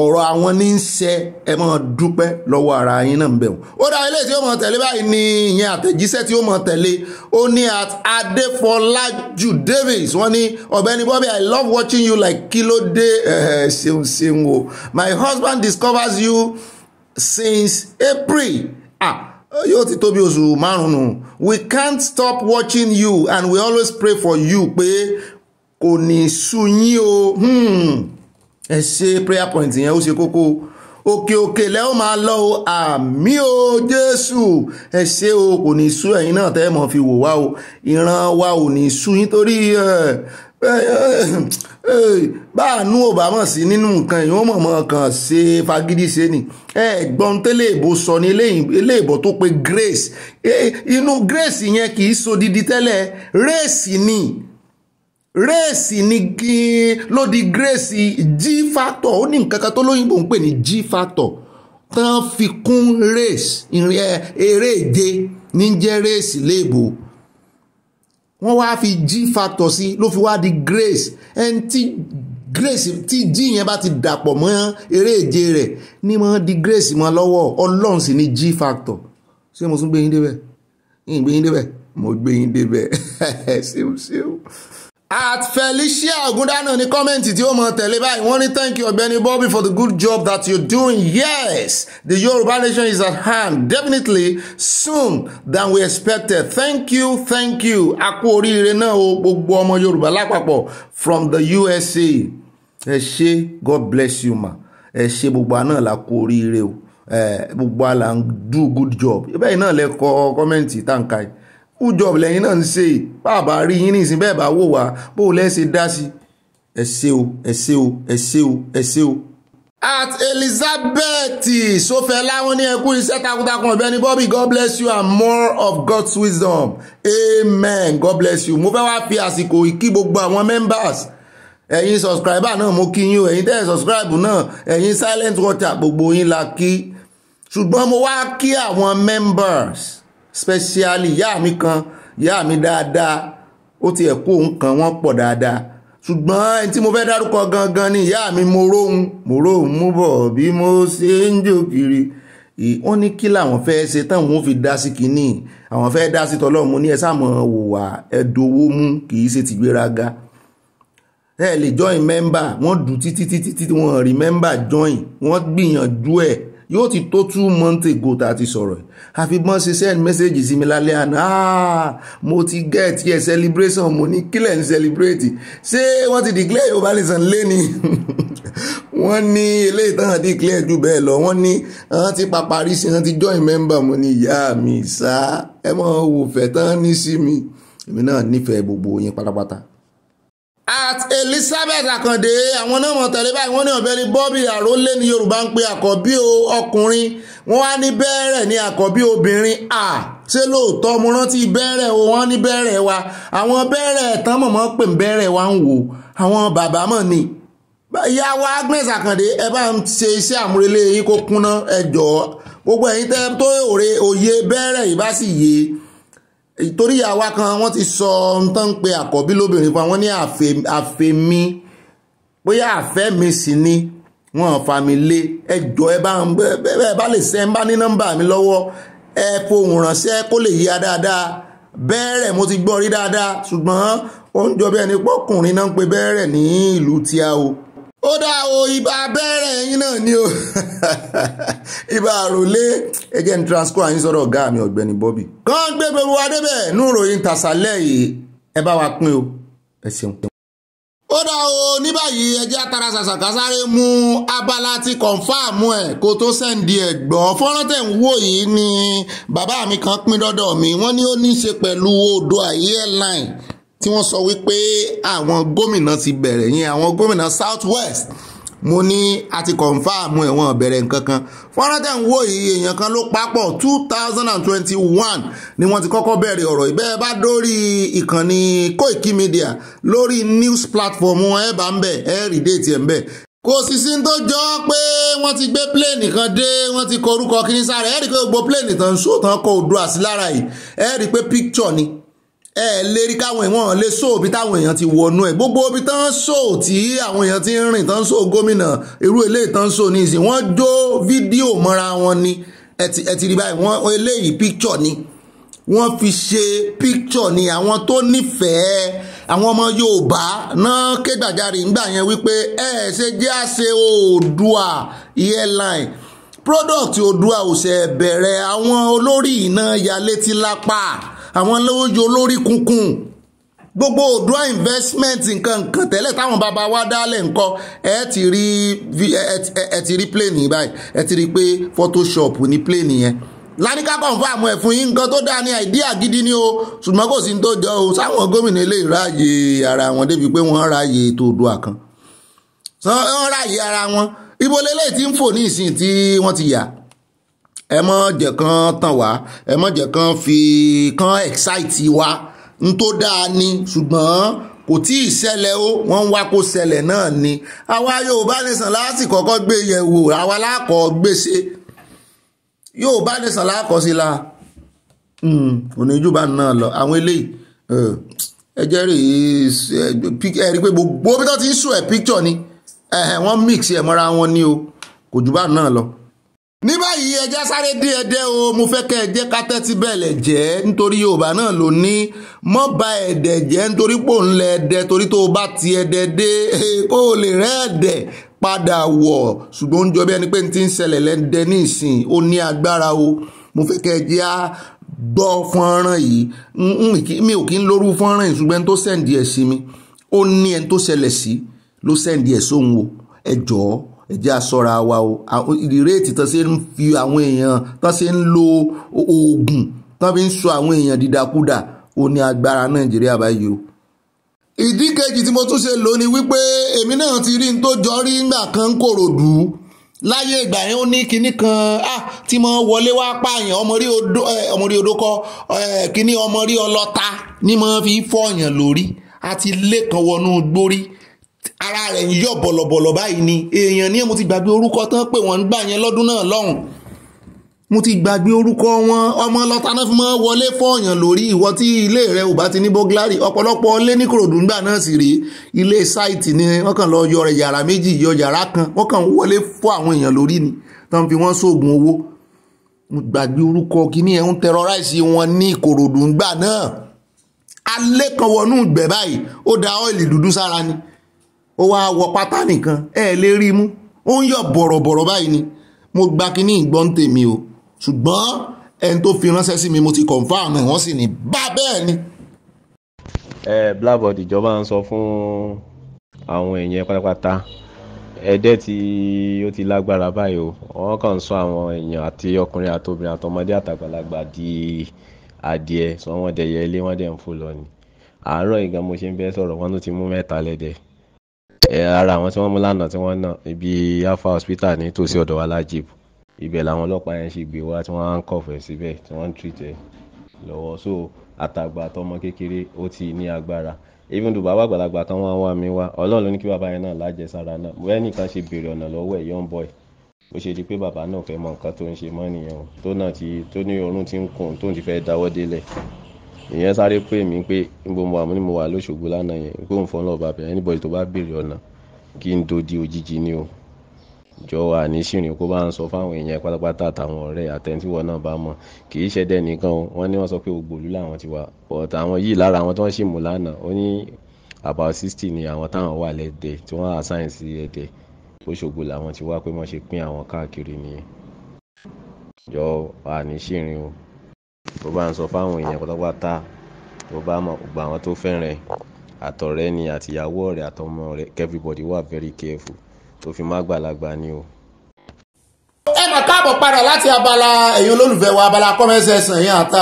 ọ̀rọ̀ àwọn ní ń ṣe ẹ máa dúpẹ́ lọ́wọ́ ara yín náà ń bẹ̀ wọ́n. ó dá ilé tí ó mọ̀ tẹ̀lé báyìí ní ìyẹn àtẹ̀jíṣẹ́ tí ó mọ̀ tẹ̀lé ó ní at adéfọlájú davis wọ́n ní ọ̀gbẹ́ni bobby i love watching you like kilo de ṣeun ṣeun o my husband discovers you since april ah yóò ti tó bí oṣù márùn-ún we can't stop watching you and we always pray for you pé kò ní sú yín o. Hmm ẹ ṣe prayer point yẹn ó ṣe kókó òkè òkè lẹ́ ó máa lọ o àmì o jésù ẹ ṣe o kò ní sú ẹ̀yin náà tẹ́ ẹ mọ̀ fi wò wá o ìran wa ò ní sú yín torí báànú ò bá mọ̀ sí nínú nǹkan èyí ó mọ̀mọ́ kan ṣe fagídí ṣe ni ẹ gbọ́n tẹ́lẹ̀ èbó sọ ni ilé tó pe grace inú grace yẹn kì í so didi tẹ́lẹ̀ race ni rẹ́ẹ̀sì ni gíín ló di gírèsì g factor ó ní nǹkan kan tó lóyìnbó ń pè ní g factor tán fi kún rẹ́ẹ̀sì eh, eré èje ní jẹ́ rẹ́ẹ̀sì léèbó wọ́n wá fi g factor sí ló fi wá di grace ẹni tí grace tí g yẹn bá ti dàpọ̀ mọ́ eré èje rẹ̀ ní mọ́ di grace mọ́ lọ́wọ́ ọlọ́run sì ni g factor ṣé mo tún gbé yín débẹ̀ yín gbé yín débẹ̀ mo gbé yín débẹ̀ ṣeun ṣeun at felicia ogundana ní kọ́mẹ́ǹtì tí ó mọ tẹ̀lé báyìí wọ́n ní thank you ọ̀gbẹ́ni bobby for the good job that you're doing yes the yoruba nation is at hand definitely soon than we expected thank you thank you a kú oríire náà o gbogbo ọmọ yorùbá lápapọ̀ from the usa ẹ ṣé god bless you ma ẹ ṣé gbogbo àná la kú oríire o gbogbo àlà do good job bẹ́ẹ̀ náà lẹ kọ kọ́mẹ́ǹtì tá n yìí good job lẹ́yìn náà ń ṣe pàbá rí yín nìsín bẹ́ẹ̀ bá wò wá bó lẹ́sẹ̀ dá sí ẹ ṣé o ẹ ṣé o ẹ ṣé o ẹ ṣé o at elizabeth sofela wọn ní ẹkú iṣẹ́ takuntakun ọ̀gbẹ́ni bobby god bless you and more of god's wisdom amen god bless you mo fẹ́ wá fi àsìkò ìkí gbogbo àwọn members ẹ̀yin subscriber náà mo kí yín o ẹ̀yin tẹ́ subscribe náà ẹ̀yin silent water gbogbo yín la kí ṣùgbọ́n mo wá kí àwọn members specially ìyá mi kan ìyá mi dáadáa ó ti ẹ̀kú òun kan wọ́n pọ̀ dáadáa ṣùgbọ́n ẹni tí mo fẹ́ dárúkọ gangan ni ìyá mi mo róhun mo róhun mú bọ̀ bí mo ṣe ń jò kiri wọ́n ní kí làwọn fẹ́ ṣe táwọn ò fi dá sí kínní àwọn fẹ́ dá sí tọ́lọ́ mo ní ẹ sáà mọ̀ ẹ̀dọ́wọ́ mú kì í ṣe tìgbéraga ẹ lè join member wọ́n dùn títí títí tí wọ́n rí member join wọ́n gbìyànjú ẹ̀ yóò ti tó two months ago tá a ti sọ̀rọ̀ ẹ̀ àfibọ́n ṣe send message sí mi lálẹ́ àná ah, mo ti get yẹ celebration mo ní kílẹ̀ ń celebrate ṣé wọ́n ti declare Yorùbá Nation lé ni wọ́n ní eléyìí tán àti declare jù bẹ́ẹ̀ lọ wọ́n ní àwọn ti papari sí wọn ti join member mo ní ìyá mi sá ẹ mọ̀ wò fẹ́ tán ní sí mi èmi náà nífẹ̀ẹ́ gbogbo yín pátápátá at Elizabeth Akande àwọn náà mọ̀ tẹ̀lé báyìí wọ́n ní ọ̀bẹ́ni Bobby Arole ní Yorùbá ń pe àkọ́bí ọkùnrin wọ́n wá ní bẹ́ẹ̀rẹ̀ ní àkọ́bí obìnrin à ṣé lóòótọ́ mo rántí bẹ́ẹ̀rẹ̀ o wọ́n ní bẹ́ẹ̀rẹ̀ wa àwọn bẹ́ẹ̀rẹ̀ tán mọ̀mọ́ pè ń bẹ́ẹ̀rẹ̀ wa ń wò àwọn bàbá mọ̀ ni ìyá wa Agnes Akande ẹ bá ń ṣe iṣẹ́ àmúrelé yín kó kúnná ẹ jọ̀ọ́ gbogbo ẹ̀yin tẹ́ tó òye bẹ́ẹ̀rẹ̀ yìí sì yé torí àwa kan wọ́n ti sọ tán ń pe àkọ́bí lóbìnrin fún wọn ní àfẹ́mi bóyá àfẹ́mi sì ni wọn fa mi lé ẹjọ́ ẹ bá ẹ bá lè ṣe ẹ bá ní nọ́mbà mi lọ́wọ́ ẹ fohùn ránṣẹ́ kó lè yíya dáadáa bẹ́ẹ̀rẹ̀ mo ti gbọ́ rí dáadáa ṣùgbọ́n ó ń jọ bí ẹni pọ́kùnrin náà ń pe bẹ́ẹ̀rẹ̀ ní ìlú tíá o ó dá o ibà abẹ́rẹ́ yín náà ni o ibà àròlé ẹjẹ́ ní transcola yín sọ́dọ̀ ọ̀gá mi ọ̀gbẹ́ni Bobby. kàn gbé gbogbo wa débẹ̀ nú ìròyìn tàṣálẹ̀ yìí ẹ bá wa pín o ẹ ṣeun. ó dá o ní báyìí ẹjẹ́ atara ṣàṣàkásáré mú abala ti kọ̀ǹfàmù ẹ̀ kó tó sẹ́ǹdì ẹ̀ gbọ́n fọ́nrán tẹ̀ ń wò yìí ni bàbá mi kan pín dọ́dọ̀ mi wọ́n ní ó ní í ṣe pẹ̀lú Oòduà airline tí wọ́n sọ wípé àwọn gómìnà ti bẹ̀rẹ̀ yẹn àwọn gómìnà south west mo ní a ti kọ̀nfàmù ẹ̀wọ̀n bẹ̀rẹ̀ nǹkan kan fọ́nrán tẹ̀ ń wò yìí èèyàn kan ló papọ̀ two thousand and twenty one ni wọ́n ti kọ́kọ́ bẹ̀rẹ̀ ọ̀rọ̀ ìbẹ́ẹ̀ bá dórí ìkànnì Koiki Media lórí news platform wọn ẹ̀ bá ń bẹ̀ ẹ̀ rí déètì ẹ̀ ń bẹ̀ kò sì sí tó jọ pé wọ́n ti gbé pléènì kan dé wọ́n ti kọ orúkọ kìíní sára ẹ̀ rí pé gbogbo pléènì tán ń sòtàn kọ Oòduà sí lára yìí ẹ̀ rí pé píkṣọ̀ ni ẹ lè rí káwọn ìwọ̀n lè sọ òbí táwọn èèyàn ti wọnú ẹ̀ gbogbo òbí tán sọ tí àwọn èèyàn ti ń rìn tán sọ gómìnà irú eléyìí tán sọ ní ìsìn wọ́n jó fídíò mọ́ra wọn ni ẹ ti rí báyìí wọ́n eléyìí píkṣọ̀ ni wọ́n fi ṣe píkṣọ̀ ni àwọn tó nífẹ̀ẹ́ àwọn ọmọ Yorùbá náà ké gbàjarì ńgbà yẹn wípé ẹ ṣe jẹ́ àṣe Oòduà airline product Oòduà ò ṣe bẹ̀rẹ̀ àwọn olórí iná yalétí lápá àwọn lówó ju olórí kunkun gbogbo Oòduà investment nǹkan nǹkan tẹ́lẹ̀ táwọn bàbá wa dálẹ̀ ńkọ́ ẹ ti rí ẹ ti rí plane báyìí ẹ ti rí pé photoshop ní plane yẹn láníká kọ̀ǹfàmù ẹ̀ fún yín nǹkan tó dáa ní àìdíà gidi ni o ṣùgbọ́n kò sí ní tó jọ o sáwọn gómìnà ilé ìráàyè ara wọn débi pé wọ́n ráàyè ètò Oòduà kan wọ́n ráàyè ara wọn ibo lélẹ́yìí ti ń fò ní ìsìn tí wọ́n ti yà ẹ má jẹ́ kán tàn wá ẹ má jẹ́ kán fi kán excite wa n tó dáa ni ṣùgbọ́n kò tí ì ṣẹlẹ̀ o wọ́n ń wá kó ṣẹlẹ̀ náà ni àwa Yorùbá Nation láti kọ́kọ́ gbé yẹ̀ wò àwa lákọ̀ gbèsè Yorùbá Nation lákọ̀ sí la oníjúbà hmm, náà lọ àwọn eléyìí eh, ẹ jẹ́ rí eh, ẹ rí pé gbogbo bí wọ́n ti ń sùn ẹ̀ picture ni wọ́n mix ẹ̀ mọ́ra wọn ni o kò jù bá náà lọ ní báyìí ẹja sáré dé ẹdẹ o mo fẹ́ kẹ́ ẹ jẹ́ ká tẹ́tí bẹ̀lẹ̀ jẹ́ nítorí yorùbá náà ló ní mọ́ ba ẹ̀dẹ̀ jẹ́ nítorí pò ń lẹ ẹdẹ torí tó o bá ti ẹdẹ dé kó o lè rẹ́ ẹ̀dẹ̀ padà wọ̀ ṣùgbọ́n oúnjẹ bí ẹni pé ti ń ṣẹlẹ̀ lẹ́dẹ ní ìsìn ó ní agbára o mo fẹ́ kẹ́ ẹ á gbọ́ fọ́nrán yìí mi ò kí ń lórú fọ́nrán yìí ṣùgbọ́n tó sẹ̀ǹdì ẹ̀ sí mi ó ní ẹni tó ṣẹlẹ̀ sí ló sẹ̀ǹdì ẹ̀ sóhun o ẹ jọ̀ọ́ ẹ jẹ́ wa o ìrètí tán ṣe ń fi àwọn èèyàn tán ṣe ń lo oògùn tán fi ń sọ àwọn èèyàn dídakúdà ó ní agbára nàìjíríà báyìí o. ìdí kejì tí mo tún ṣe lò ní wípé èmi náà ti rí n tó jọ rí ngbà kan ń kòròdú láyé ìgbà yẹn ó ní kinní kan ah tí mo wọlé wá pààyàn ọmọ rí odó ọmọ rí odó kọ kinní ọmọ rí ọlọ́ta ni mo fi fọyàn lórí àti lẹ́kàn wọnú gbórí ara rẹ̀ ń yọ̀ bọ̀lọ̀bọ̀lọ̀ báyìí ni èèyàn ní mo ti gbàgbé orúkọ tán pé wọ́n ń gbà yẹn lọ́dún náà lọ́hùn mo ti gbàgbé orúkọ wọn ọmọ lọ́ta náà fi wọlé fọ́ọ̀yàn lórí ìwọ tí ilé rẹ ò bá ti ní bọ́gláàrì ọ̀pọ̀lọpọ̀ lé ní kòròdú ńgbà náà sì rèé ilé sáìtì ni wọ́n kàn lọ yọ rẹ̀ yàrá méjì yọ yàrá kan wọ́n kàn wọlé fọ́ àwọn èèyàn lórí ni tán fi wọ́n sóògùn owó mo gbàgbé orúkọ kíní ẹ̀ ń wọn ní kòròdú ńgbà náà alẹ́ kan wọnú ìgbẹ́ báyìí ó da ọ́ìlì dúdú sára ni ó wá wọ pátá nìkan ẹ lè rí i mú ó ń yọ bọ̀rọ̀bọ̀rọ̀ báyìí ni mo gba kínní ìgbọ́n tèmi o ṣùgbọ́n ẹni tó fi ránṣẹ́ sí mi mo ti confam wọ́n sì ní bá bẹ́ẹ̀ ni. ẹ blackboard ìjọba ń sọ fún àwọn èèyàn pátápátá ẹdẹ tí ó ti lágbára báyìí o wọ́n kàn ń sọ àwọn èèyàn àti ọkùnrin àtobìnrin àtọmọdé àtàgbàlagbà di adìẹ sọ wọ́n dẹyẹ ilé wọ́n dẹ ń fò lọ ni àárọ̀ ìgbà mo ṣe ń bẹ sọ̀rọ̀ wọ́n ló ti mú mẹ́ta lẹ́dẹ̀ẹ́ ara àwọn tí wọ́n mú lánàá tí wọ́n ná ibi alpha hospital ní tòsí ọ̀dọ̀ wa lájib ibẹ̀ làwọn ọlọ́pàá yẹn ṣì gbé wá tí wọ́n á ń kọ̀fẹ́ síbẹ̀ tí wọ́n ń tìrìtẹ̀ lọ́wọ́ so àtàgbà àtọmọ kékeré ó ti ní agbára even though bàbá àgbàlagbà kan wá wá mi wá ọlọ́run ló ní kí bàbá yẹn náà lájẹsára náà wẹ́ẹ́ nìkan ṣe béèrè ọ̀nà lọ́wọ́ ẹ̀ young boy ó ṣe di pé bàbá náà fẹ́ mọ nǹkan tó ń ṣe mọ́ nìyẹn o tó náà ti tó ní ọrùn ti ń kùn tóun ti fẹ́ dáwọ́ délẹ̀ ìyẹn sáré pè mí pé níbo mo wà mo ní mo wà lóṣogbo lánàá yẹn pé òun fọ́n lọ́ọ́ bàbẹ̀ anybody tó bá béèrè ọ̀nà kí n dodi òjijì ni o jọ wà ní ṣìrìn kó bá ń sọ fáwọn èèyàn pátápátá àtàwọn ọ̀rẹ́ àtẹ̀ntíwọ̀ náà bá mọ̀ kì í ṣẹ̀dẹ̀ nìkan wọ́n ní wọ́n sọ pé ògbòlú làwọn ti wà ọ̀tà àwọn yìí lára àwọn tó ń ṣì mú lánàá ó ní about sixty ni àwọn táwọn wà lẹ́dẹ̀ tí wọ́n assign sí ẹ̀dẹ̀ Òṣogbo làwọn ti wá pé wọ́n ṣe pín àwọn káàkiri nìyẹn jọ wà ní ṣìrìn o. Mo bá ń sọ fáwọn èèyàn pátápátá, mo bá mọ̀ gbogbo àwọn tó fẹ́ràn ẹ, àtọ̀rẹ́ ni àti rẹ̀ àtọmọ rẹ̀. Everybody wà very careful tó fi má gbàlagbà ni o. Ẹ máa káàbọ̀ padà láti abala ẹ̀yin olólùfẹ́ wa, abala comment section ẹ̀yin àti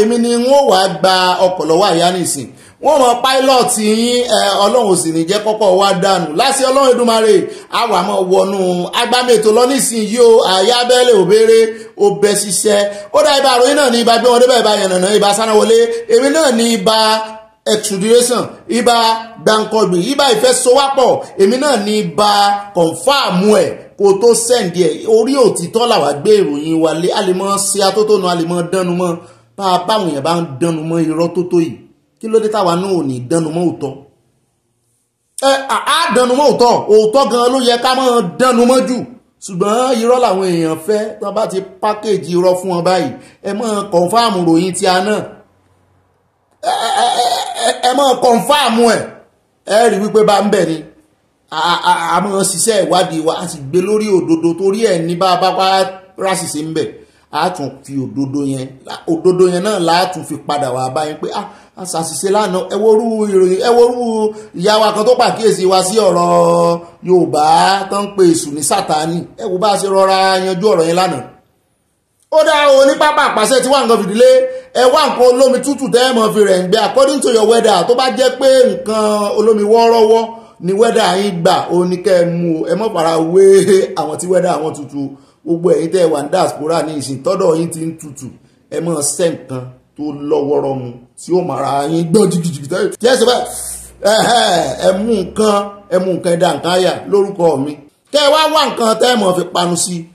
Èmi ni n ó wá gba ọkọ̀ lọ́wọ́ àyà nísìnyí wọ́n mọ pilot yín ọlọ́run ò sì ní jẹ́ kọ́kọ́ wá dànù láti ọlọ́run Èdùmàrè àwa mọ̀ wọnú agbámẹ́tò lọ́nísìnyí o àyà abẹ́lẹ̀ òbèrè ó bẹ́ ṣiṣẹ́ ó dá ibà àròyìn náà ní ibà gbé wọn débẹ̀ ibà yànnàná ibà sánáwọlé èmi náà ní ibà extrudation ibà gbàǹkọ̀gbìn ibà ìfẹ́sowápọ̀ èmi náà ní ibà kọ̀ǹfàmù ẹ̀ kó tó sẹ́ǹdì ẹ̀ orí òtítọ́ làwà gbé ìròyìn wálé a lè mọ̀ ṣe atótónu a lè mọ̀ dánu mọ́ bá a báwọn èèyàn bá ń dánu mọ́ irọ́ tó yìí kí ló dé táwa náà ò ní dánumọ́ òótọ́ ẹ àá dánumọ́ òótọ́ òótọ́ gan ló yẹ ká máa dánumọ́ jù ṣùgbọ́n irọ́ làwọn èèyàn fẹ́ tó bá ti pákéjì irọ́ fún wọn báyìí ẹ máa kọ̀ǹfàmù ròyìn tí a náà ẹ máa kọ̀ǹfàmù ẹ̀ ẹ rí wípé bá ń bẹ̀ ni àmọ́ ṣiṣẹ́ ìwádìí wa a sì gbé lórí òdodo torí ẹ̀ ní bá a bá wá rásìsì ń bẹ̀ a tún fi òdodo yẹn òdodo yẹn náà la tún fi padà wá báyìí pé ah àṣàṣìṣe lánàá ẹ worú ìròyìn ẹ worú ìyá wa kan tó pàkíyèsí wa sí ọ̀rọ̀ Yorùbá tó ń pe èṣù ní Sátánì ẹ wò bá a ṣe rọra yanjú ọ̀rọ̀ yẹn lánàá ó dá o ní pápá àpàṣẹ tí wà nǹkan fìdílé ẹ wá nǹkan olómi tútù tẹ́ ẹ mọ̀ fi rẹ̀ ń gbé according to your weather tó bá jẹ́ pé nǹkan olómi wọ́ọ́rọ́wọ́ ni weather yín gbà ó ní kẹ́ ẹ mú o ẹ mọ̀ fara wé àwọn tí weather àwọn tútù gbogbo ẹ̀yin tẹ́ wà ní diaspora ní ìsìn tọ́dọ̀ yín ti ń tutù ẹ mọ̀ ṣẹ́ nǹkan tó lọ́wọ́rọ́ mu tí ó mara yín gbọ́n jìgìjìgì tẹ́lẹ̀ tí ẹ ṣe bẹ́ẹ̀ ẹ mú nǹkan ẹ mú nǹkan ẹ dá nǹkan yà lórúkọ mi kẹ́ ẹ wá wá nǹkan tẹ́ ẹ mọ̀ fi panu sí i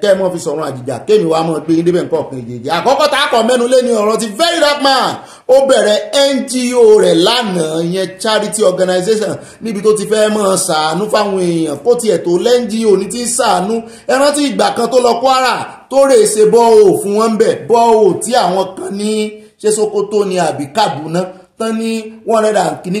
kẹ́ ẹ mọ́ fi sọ̀rọ̀ àjìjà kémi wa mọ́ gbé yín débẹ̀ nǹkan ọ̀kan ìjèjì àkọ́kọ́ tá a kọ̀ mẹ́nu lé ní ọ̀rọ̀ ti very dark man ó bẹ̀rẹ̀ NGO rẹ̀ lánàá yẹn charity organization níbi tó ti fẹ́ mọ́ ṣàánú fáwọn èèyàn kó tiẹ̀ tó lẹ́ńGO ní ti ṣàánú ẹ rántí ìgbà kan tó lọ Kwara tó rè ṣe bọ́ọ̀ fún wọn bẹ̀ bọ́ọ̀ tí àwọn kan ní ṣé Sokoto ni àbí Kaduna tán ní one hundred and kìíní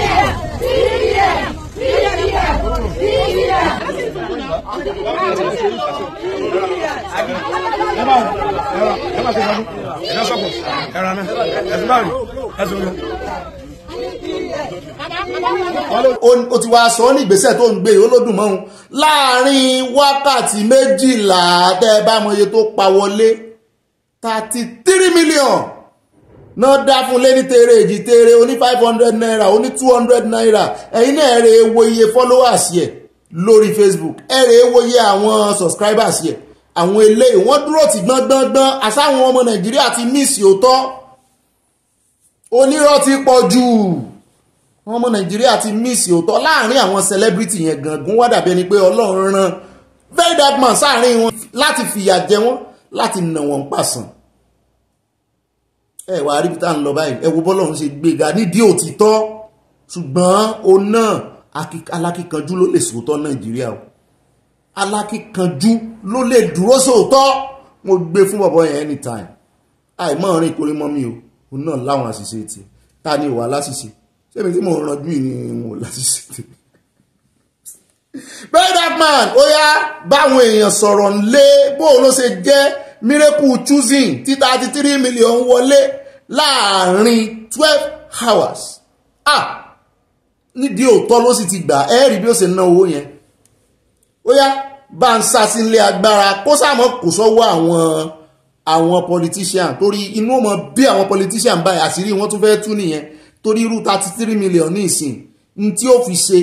ó ti wá sọ ní ìgbésẹ̀ tó ń gbé olódùn mọ́hun láàrin wákàtí méjìlá tẹ́ ẹ bá mọ iye tó pa wọlé thirty three million náà dá fún lé ní tèrè èjì tèrè oní five hundred naira oní two hundred naira ẹ̀yin náà rè é wo iye followers yẹ̀ lórí Facebook ẹ rèé wòye àwọn subscribers yẹ àwọn eléyìí wọ́n dúró ti gbọ́ngbọ́ngbọ́n àsáwọn ọmọ Nàìjíríà ti mísì òótọ́ onírọ́ ti pọ̀ jù àwọn ọmọ Nàìjíríà ti mísì òótọ́ láàrin àwọn celebrity yẹn gangan wá dàbí ẹni pé Ọlọ́run rán very dark man sáàrin wọn láti fìyà jẹ wọ́n láti nà wọ́n pàṣán ẹ wàá rí bí tá à ń lọ báyìí ẹ wo bọ́lọ́run ṣe gbéga nídìí òtítọ́ ṣùgbọ́n o náà alákìkanjú ló lè sòótọ́ nàìjíríà o alákìkanjú ló lè dúró sòótọ́ mo gbé fún bọ̀bọ̀ yẹn anytime àìmọ́ rìn mọ́ mi o òun náà láwọn àṣìṣe ti ta ni ìwà láṣìṣe sẹ́mi tí mo rànjú yìí ni láṣìṣe ti. bernard man ó yá báwọn èèyàn sọ̀rọ̀ ńlé bóun ló ṣe jẹ́ miracle choosing tí thirty three million wọlé láàárín twelve hours. ah nídìí òótọ́ ló sì ti gbà ẹ́ rí bí ó ṣe ná owó yẹn ó yá bá ń sá sí ilé agbára kó sáàmọ́ kò sọ́wọ́ àwọn àwọn politician torí inú ọmọ bí àwọn politician báyìí àṣírí wọn tún fẹ́ tú nìyẹn torí irú thirty three million ní ìsìn ní tí ó fi ṣe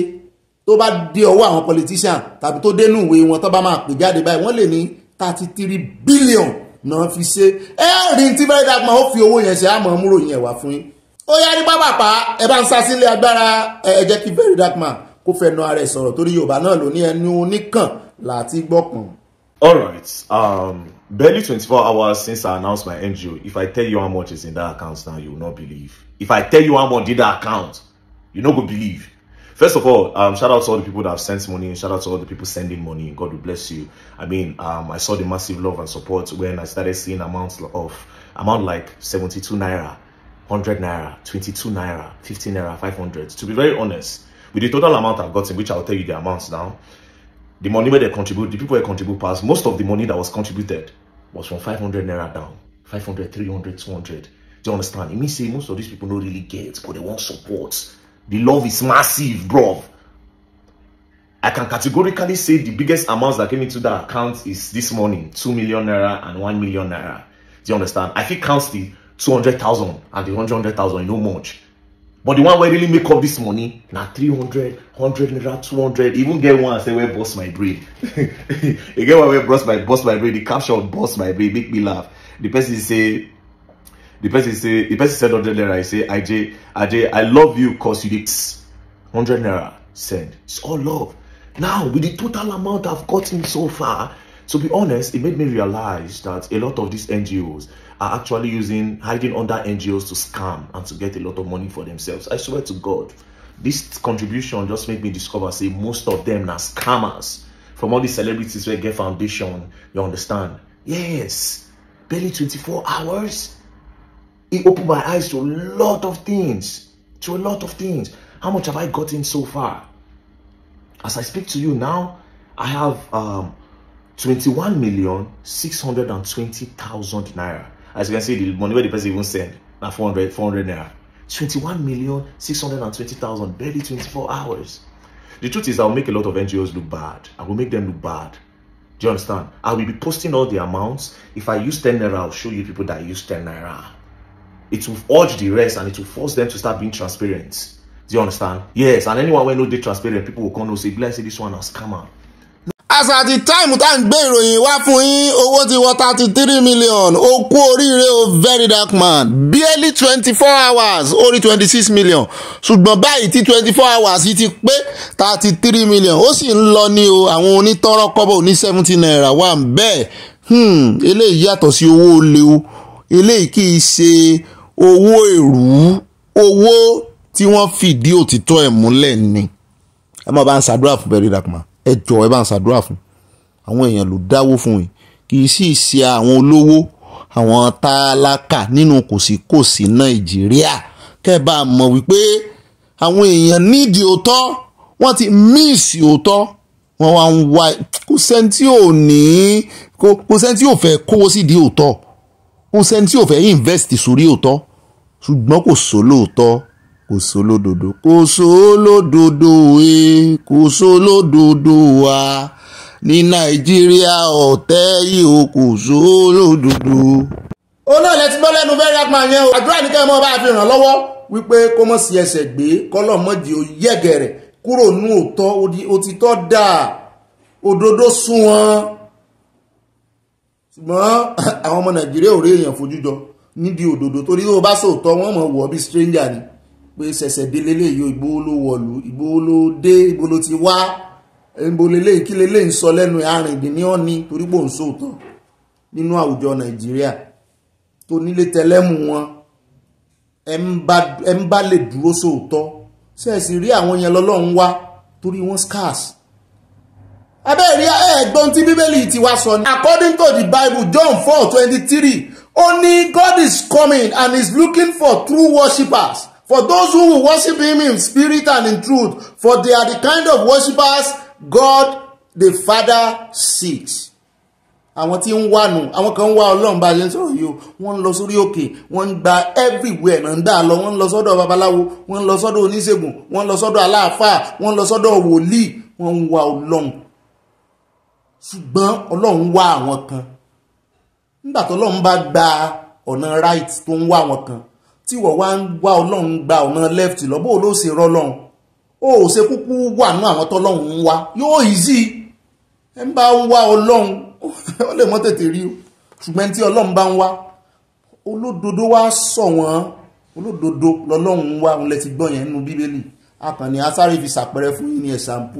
tó bá dé ọwọ́ àwọn politician tàbí tó dénú ìwé wọn tó bá máa pè jáde báyìí wọ́n lè ní thirty three billion náà fi ṣe ẹ́ẹ̀rí tí fẹ́ẹ́ dàgbà ó fi owó yẹn ṣe àmọ́ múròyìn ẹ̀wà fún yín ó yá pápápá ẹ bá ń sá sílé agbára ẹ jẹ́ kí very dark man kó fẹ́ nu ara ẹ̀ sọ̀rọ̀ torí yorùbá náà ló ní ẹnu oníkàn láti gbọ́pọ̀n. all right um, barely twenty-four hours since i announced my ngo if i tell you how much is in that account now you will not believe if i tell you how much dey that account you no go believe First of all, um, shout out to all the people that have sent money. Shout out to all the people sending money. God will bless you. I mean, um, I saw the massive love and support when I started seeing amounts of amount like 72 naira 100 naira, 22 naira, 15 naira, 500. To be very honest, with the total amount I've gotten, which I'll tell you the amounts now, the money where they contribute, the people who contribute past, most of the money that was contributed was from 500 naira down, 500, 300, 200. Do you understand? It means say most of these people don't really get, but they want support. The love is massive, bro. I can categorically say the biggest amounts that came into that account is this morning, 2 million naira and 1 million naira. Do you understand? I think counts the 200,000 and the 100,000, you know much. But the one where really make up this money, now 300, 100 naira, 200. Even get one and say, where boss my brain. you get one where boss my boss my brain. The caption boss my brain make me laugh. The person say, the person say, the person said 100 naira. I say, IJ, IJ, I love you cause you did 100 naira. Send. It's all love. Now with the total amount I've gotten so far, to be honest, it made me realize that a lot of these NGOs are actually using hiding under NGOs to scam and to get a lot of money for themselves. I swear to God, this contribution just made me discover say most of them are scammers from all the celebrities where get foundation. You understand? Yes, barely 24 hours. It opened my eyes to a lot of things. To a lot of things. How much have I gotten so far? As I speak to you now, I have um, 21 million 620,000 naira. As you can see, the money where the person even sent, now 400, 400 naira. 21 million 620,000, barely 24 hours. The truth is, I'll make a lot of NGOs look bad. I will make them look bad. Do you understand? I will be posting all the amounts. If I use 10 naira, I'll show you people that use 10 naira. It will urge the rest and it will force them to start being transparent. Do you understand? Yes, and anyone when no they transparent, people will come and say, bless this one a scammer. as at the time tá à ń gbé ìròyìn wá fún yín owó ti wọ thirty three million ó kú oríire o very dark man barely twenty four hours ó twenty six million ṣùgbọ́n báyìí tí twenty four hours yìí ti pé thirty three million ó sì ń lọ ní o àwọn onítọ́rọ́ kọ́bọ̀ oní seventy naira wà ń bẹ́ẹ̀ hmm, eléyìí yàtọ̀ sí owó olè o eléyìí kì í ṣe owó èrú owó tí wọ́n fìdí òtítọ́ ẹ̀ múlẹ̀ ni ẹ máa bá ń ṣàdúrà fún very dark man ẹ jọ ẹ bá ń ṣàdúrà fún àwọn èèyàn ló dáwó fún yìí kì í sì ṣe àwọn olówó àwọn tálákà nínú kòsíkòsí nàìjíríà kẹ́ bá mọ̀ wípé àwọn èèyàn nídìí òótọ́ wọ́n ti míìsì òótọ́ wọ́n wá ń wá kò sẹ́ni tí ò ní kò sẹ́ni tí ò fẹ́ kówó sídìí òótọ́ kò sẹ́ni tí ò fẹ́ invest sórí òótọ́ ṣùgbọ́n kò sólóòótọ́ kò sólódodo kò sólódodo e kò sólódodo wa ní nàìjíríà ọ̀tẹ̀ yìí o kò sólódodo. òun náà lè ti gbọ́ lẹ́nu bẹ́ẹ̀rẹ̀ apá yẹn o àdúrà ní kẹ́hìn mọ́ bá fi ràn lọ́wọ́ wípé kó mọ̀ sí ẹsẹ̀ gbé kọ́lọ̀ mọ́jì ó yẹ̀gẹ̀rẹ̀ kúrò nú òótọ́ òtítọ́ dà òdodo sún wọn. ṣùgbọ́n àwọn ọmọ nàìjíríà ò rí èèyàn fojú jọ nídìí òdodo torí ó bá sòótọ́ wọ́n mọ̀ wọ́ bí stranger ni pé ṣẹ̀ṣẹ̀ dé leléyìí Ìgbòho ló wọ̀lú Ìgbòho ló dé Ìgbòho ló ti wá Ìgbòho leléyìí kí leléyìí ń sọ lẹ́nu arìndínníọ́ ni torí pò ń sòótọ́ nínú àwùjọ Nàìjíríà tó nílé tẹlẹ́mù wọn ẹ ń bá lè dúró sóòótọ́ ṣẹ̀ṣì rí àwọn yẹn lọ́lọ́run wá torí wọ́n scarce abẹ́ rí ẹ̀gbọ́n tí bíbélì ti wá sọ ní. according to the bible john four twenty three ó ní god is coming and is looking for true worshippers For those who will worship him in spirit and in truth, for they are the kind of worshippers God the Father seeks. Àwọn tí ń wá nù, àwọn kan ń wá Ọlọ́run bá ṣe ń sọ̀rọ̀ yìí o, wọ́n ń lọ sórí òkè, wọ́n ń gba everywhere náà ń dà lọ, wọ́n ń lọ sọ́dọ̀ babaláwo, wọ́n ń lọ sọ́dọ̀ oníṣègùn, wọ́n ń lọ sọ́dọ̀ aláàfáà, wọ́n ń lọ sọ́dọ̀ wòlíì, wọ́n ń wá Ọlọ́run. Ṣùgbọ́n Ọlọ́run wá àwọn kan. Nígbà tó Ọlọ́run bá gba ọ̀nà right tó ń wá àwọn kan, tí wọ́n wá ń wá ọlọ́run gba ọ̀nà left lọ bó ló ṣe rọlọ́run ó ṣe kúkú wà ní àwọn tọ́lọ́run ń wá yóò easy ẹ ń bá ń wá ọlọ́run ó lè mọ́ tètè rí o ṣùgbọ́n tí ọlọ́run bá ń wá olódodo wá sọ wọ́n olódodo lọ́lọ́run ń wá òun lẹ ti gbọ́ yẹn nínú bíbélì akànnì asáré fi ṣàpẹrẹ fún yín ní ẹ̀sàmpù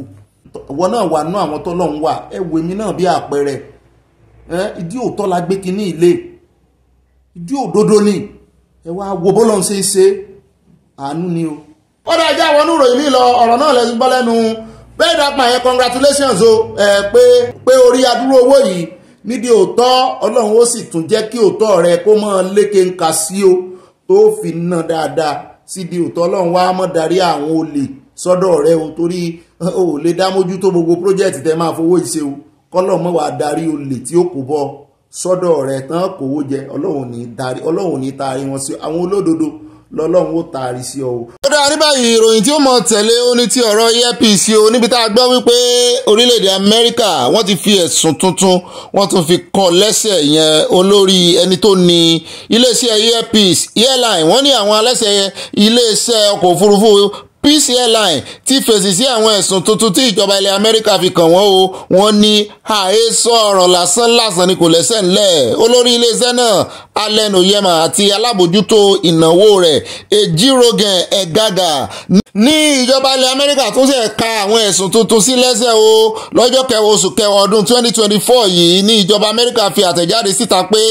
ìwọ náà wà ní àwọn tọ́lọ́run wà ẹ wo èmi náà bí àpẹrẹ ìdí òótọ́ la gbé kinní ilé ìdí òdodo ni ẹ wá wo bó lọ́n ṣe àánú ni o. ó dáa já wọnú ìròyìn mi lọ ọ̀rọ̀ náà lẹ́nu gbọ́ lẹ́nu bẹ́ẹ̀ dàpọ̀ yẹn congratulations o ẹ pé pé orí adúrú owó yìí níbi òótọ́ ọlọ́run ó sì tún jẹ́ kí òótọ́ rẹ kó mọ́ lékè ń kà sí o tó fi ná dáadáa síbi òótọ́ ọlọ́run wá mọ́ darí àwọn olè sọ́dọ̀ rẹ o torí o ò lè dá mójútó gbogbo project tẹ máa fowó ìṣe o kọ́lọ́ mọ́ wàá darí olè tí ó kò bọ́ sọ́dọ̀ rẹ̀ tán kówó jẹ ọlọ́run ní taari ọlọ́run ní taari wọn sí àwọn olódodo lọ́lọ́run ó taari sí ọ. ó dáa ní ìròyìn tí ó mọ tẹ̀lé ó ní ti ọ̀rọ̀ earpiece o níbi tá a gbọ́ wípé orílẹ̀-èdè amẹ́ríkà wọ́n ti fi ẹ̀sùn tuntun wọ́n tún fi kàn lẹ́sẹ̀ yẹn olórí ẹni tó ní iléeṣẹ́ earpiece airline wọ́n ní àwọn alẹ́sẹ̀ iléeṣẹ́ ọkọ̀ òfurufú PCLI, airline ti fèsì sí àwọn ẹ̀sùn tuntun tí ìjọba ilẹ̀ amẹ́ríkà fi kàn wọ́n o wọ́n ní àhesọ ọ̀rọ̀ lásán lásán ni kò lẹ́sẹ̀ ńlẹ̀ olórí iléeṣẹ́ náà allen oyema àti alábòjútó ìnáwó rẹ̀ ejirogen egaga ní ìjọba ilẹ̀ amẹ́ríkà tún ṣe ka àwọn ẹ̀sùn tuntun sí lẹ́sẹ̀ o lọ́jọ́ kẹwàá oṣù kẹwàá ọdún 2024 yìí ní ìjọba amẹ́ríkà fi àtẹ̀jáde síta pé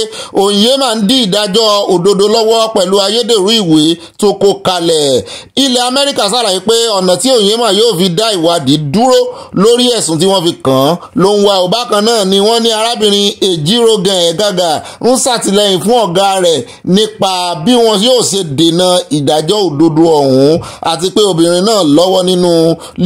oyema ń dí ìdájọ́ òdodo lọ́wọ́ pẹ̀lú ayédèrú ìwé tó kó kalẹ̀ ilẹ̀ amẹ́ríkà sá ṣàlàyé pé ọ̀nà tí Onyema yóò fi dá ìwádìí dúró lórí ẹ̀sùn tí wọ́n fi kàn án ló ń wá ò náà ni wọ́n ní arábìnrin Ejirogan Egaga ń ṣàtìlẹ́yìn fún ọ̀gá rẹ̀ nípa bí wọn yóò ṣe dènà ìdájọ́ òdodo ọ̀hún àti pé obìnrin náà lọ́wọ́ nínú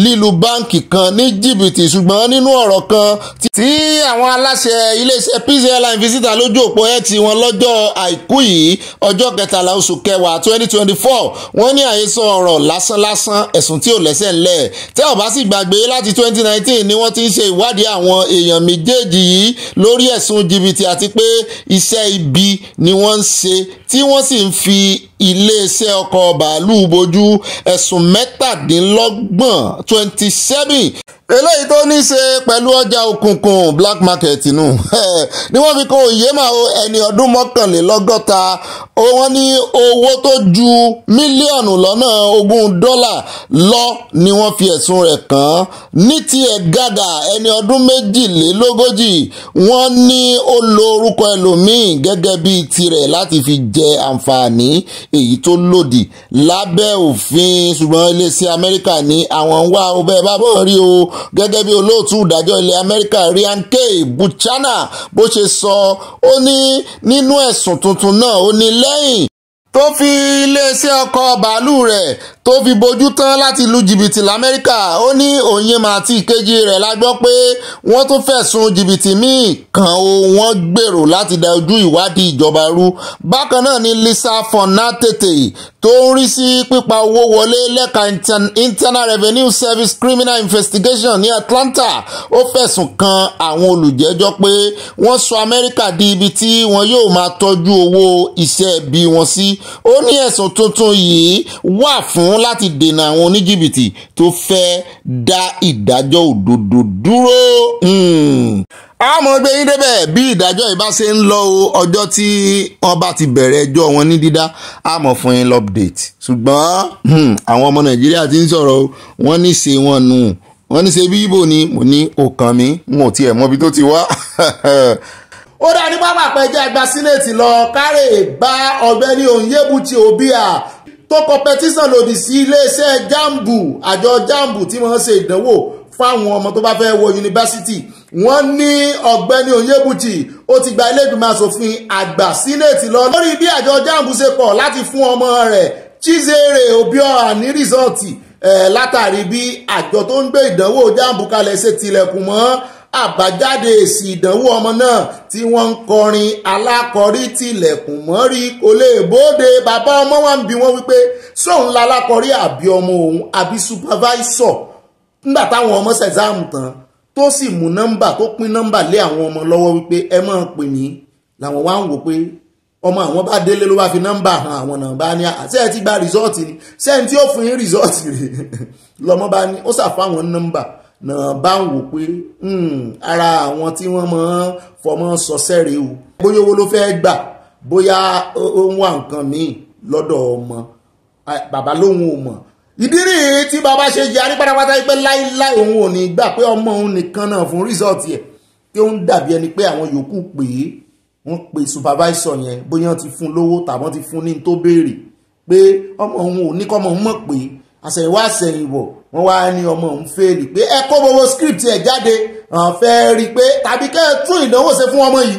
lílu báǹkì kan ní jìbìtì ṣùgbọ́n nínú ọ̀rọ̀ kan tí àwọn aláṣẹ iléeṣẹ́ Peace Airline fi síta lójú òpó x wọn lọ́jọ́ àìkú yìí ọjọ́ kẹtàlá oṣù kẹwàá twenty twenty ní àhesọ ọ̀rọ̀ lásánlásán lásán ẹ̀sùn tí ò lẹ́sẹ̀ ńlẹ̀ tẹ́ ò sì gbàgbé láti 2019 ni wọ́n ti ń ṣe ìwádìí àwọn èèyàn méjèèjì yìí lórí ẹ̀sùn jìbìtì àti pé iṣẹ́ ibi ni wọ́n ń ṣe tí wọ́n sì ń fi iléeṣẹ́ ọkọ̀ bàálù bojú ẹ̀sùn mẹ́tàdínlọ́gbọ̀n twenty seven eléyìí tó ní í ṣe pẹ̀lú ọjà òkùnkùn black market nù ni wọ́n fi kó òye máa ẹni ọdún mọ́kànlélọ́gọ́ta wọ́n ní owó tó ju mílíọ̀nù lọ́nà ogún dọ́là lọ ni wọ́n fi ẹ̀sùn rẹ̀ kàn án ní tiẹ̀ gàgà ẹni ọdún méjìlélógójì wọ́n ní ó lo orúkọ ẹlòmíì gẹ́gẹ́ bíi tirẹ̀ láti fi jẹ àǹfààní èyí tó lòdì lábẹ́ òfin ṣùgbọ́n iléeṣẹ́ amẹ́ríkà ní àwọn ń wá ọbẹ̀ bábọ̀ rí o gẹ́gẹ́ bí olóòtú ìdájọ́ ilẹ̀ amẹ́ríkà rianke buchana bó ṣe sọ ó ní nínú ẹ̀sùn tuntun náà ó ní lẹ́yìn tó fi iléeṣẹ́ ọkọ̀ bàálù rẹ̀ tó fi bójú tán láti lu jìbìtì lamẹ́ríkà ó ní Onyema àti ìkejì rẹ̀ la gbọ́ pé wọ́n tún fẹ̀sùn jìbìtì míì kan o wọ́n gbèrò láti da ojú ìwádìí ìjọba rú bákan náà ni Lisa Fonatete tó ń rí sí pípa owó wọlé lẹ́ka Internal Revenue Service Criminal Investigation ní Atlanta ó fẹ̀sùn kan àwọn olùjẹ́jọ́ pé wọ́n sọ Amẹ́ríkà di ibi tí wọn yóò máa tọ́jú owó iṣẹ́ bí wọn sí. Si ó ní ẹ̀sùn tuntun yìí wà fún láti dènà àwọn oníjìbìtì tó fẹ́ dá ìdájọ́ òdodo dúró. àmọ́ hmm. gbé yín débẹ̀ bí ìdájọ́ yìí bá ṣe ń lọ o ọjọ́ tí wọ́n bá ti bẹ̀rẹ̀ ẹjọ́ wọn ní dídá àmọ́ fún yín lọ́pdẹ̀tì ṣùgbọ́n hmm, àwọn ọmọ nàìjíríà ti ń sọ̀rọ̀ wọ́n ní ṣe wọn nù wọ́n ní ṣe bí ni mo ní òkàn mi n ò tiẹ̀ mọ ibi tó ti wá ó dá ní pápá pẹ́jẹ́ àgbà sínéètì lọ kárè bá ọ̀gbẹ́ni Onyebuchi Obia tó kọ pẹtísàn lòdì sí iléeṣẹ́ jambu àjọ jambu tí wọ́n ṣe ìdánwò fáwọn ọmọ tó bá fẹ́ wọ yunifásitì wọ́n ní ọ̀gbẹ́ni Onyebuchi ó ti gba ilégbìmọ̀ asòfin àgbà sínéètì lọ lórí bí àjọ jambu ṣe kọ̀ láti fún ọmọ rẹ̀ Chizere Obioha ní rìsọ́ọ̀tì eh, látàrí bí àjọ tó ń gbé ìdánwò jambu kalẹ̀ ṣe tilẹ̀kùn mọ́ àbájáde èsì ìdánwò ọmọ náà tí wọ́n ń kọrin alákọ̀rí tilẹ̀kùn mọ́rí kò lè bóde bàbá ọmọ wa ń bi wọ́n wípé sóun lalákọ̀rí àbí ọmọ òun àbí supervisor nígbà táwọn ọmọ ṣẹ̀záàmù tán tó sì mú nọ́mbà tó pín nọ́mbà lé àwọn ọmọ lọ́wọ́ wípé ẹ máa pè mí làwọn wá ń wò pé ọmọ àwọn bá délé ló bá fi nọ́mbà hàn àwọn náà bá ní àti ẹ ti gba rìsọ́ọ̀tì ni sẹ́ni tí ó fún yín rìsọ́ọ̀tì rè lọ́mọ bá ní ó ṣàfáwọn nọ́mbà náà bá ń wò pé hmm, ara àwọn tí wọ́n mọ̀ ń fọmọ́ sọsẹ́ rèé o bóyá owó ló fẹ́ẹ́ gbà bóyá ó ń wá nǹkan míì lọ́dọ̀ ọmọ bàbá lóhun ò mọ̀ ìdí rèé tí bàbá ṣe jẹ́ arípátápátá pé láíláí òun ò ní gbà pé ọmọ òun nìkan náà fún rìsọ́ọ̀tì ẹ̀ tí ó ń dàbí ẹni pé àwọn yòókù pè é wọ́n pe supervisor yẹn bóyá ti fún lówó tàbọ́n ti fún ní tó béèrè pé ọmọ òun ò ní kọ́mọ òun mọ̀ pé àṣẹ̀yìnwá àṣẹ̀yìnbọ̀ wọ́n wá ní ọmọ òun fẹ́ẹ̀lì pé ẹ kó gbogbo script ẹ̀ jáde hàn fẹ́ rí i pé tàbí kẹ́ ẹ tún ìdánwò ṣe fún ọmọ yìí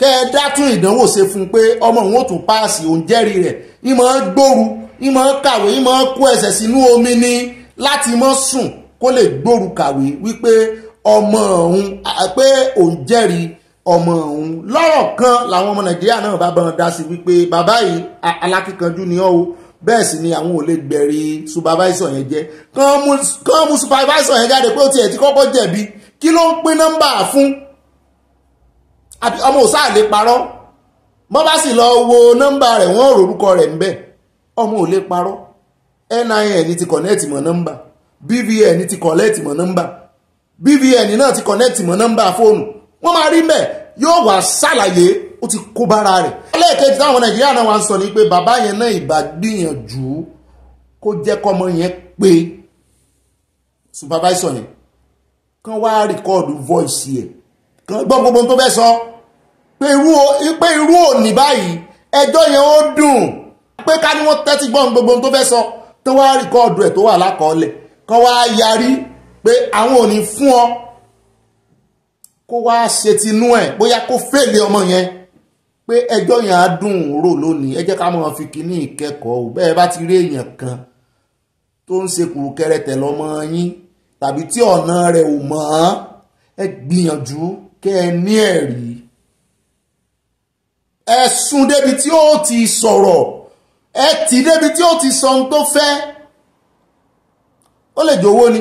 kẹ́ ẹ dá tún ìdánwò ṣe fún un pé ọmọ òun ó tún páàsì òun jẹ́rìí rẹ̀ ìmọ̀ gbòòrú ìmọ̀ kàwé ìmọ̀ kó ẹsẹ̀ sínú omi ni láti mọ́ sùn kó lè gbòòrú kàwé wípé ọmọ òun pé òun jẹ́rìí ọmọ òun lọ́rọ̀ kan làwọn ọmọ nàìjíríà náà bá bọ́n dá sí wípé bàbá yìí alákìkanjú ni ọ́ o bẹ́ẹ̀ sì ni àwọn ò lè gbẹ̀rí supervisor yẹn jẹ́ kán mú supervisor yẹn jáde pé ó tiẹ̀ ti kọ́kọ́ jẹ̀bi kí ló ń pín nọ́mbà fún ọmọ òsà lè parọ́ mọ́ bá sì lọ wo nọ́mbà rẹ̀ wọ́n rorúkọ rẹ̀ ńbẹ̀ ọmọ ò lè parọ́ NIN ti kọ̀nẹ́ẹ̀tì mọ́ nọ́mbà BVN ti kọ̀nẹ́ẹ̀tì mọ́ nọ́mbà BVN náà ti kọ̀nẹ́ẹ̀tì mọ́ nọ́mbà fóònù wọ́n máa rí mẹ́ yóò wá ṣàlàyé ó ti kó bára rẹ̀. ẹlẹ́ẹ̀kejì táwọn nàìjíríà náà wà ń sọ ni pé bàbá yẹn náà ìbá gbìyànjú kó jẹ́ kọ́mọ yẹn pé supervisor yẹn kán wá rìkọ́ọ̀dù voice yẹn kán gbọ́ gbogbo tó fẹ́ sọ pé irú òní báyìí ẹjọ́ yẹn ó dùn pé ká ní wọ́n tẹ́tí gbọ́n gbogbo tó fẹ́ sọ tó wá rìkọ́ọ̀dù ẹ̀ tó wà lákọọ́lẹ̀ kán wá yarí pé àwọn ò fún ọ kó wá ṣe tinú ẹ̀ bóyá kó fèlè ọmọ yẹn pé ẹjọ́ yẹn á dùn rò lónìí ẹ jẹ́ ká máa fi kíní ìkẹ́kọ̀ọ́ ò bẹ́ẹ̀ bá ti rí èèyàn kan tó ń ṣe kùrù kẹrẹtẹ lọ́mọ yín tàbí tí ọ̀nà rẹ̀ ò mọ̀ ọ́n ẹ gbìyànjú kẹ́ ẹ ní ẹ̀rí ẹ sún débi tí ó ti sọ̀rọ̀ ẹ tì débi tí ó ti sọ ohun tó fẹ́ ó lè jówó ni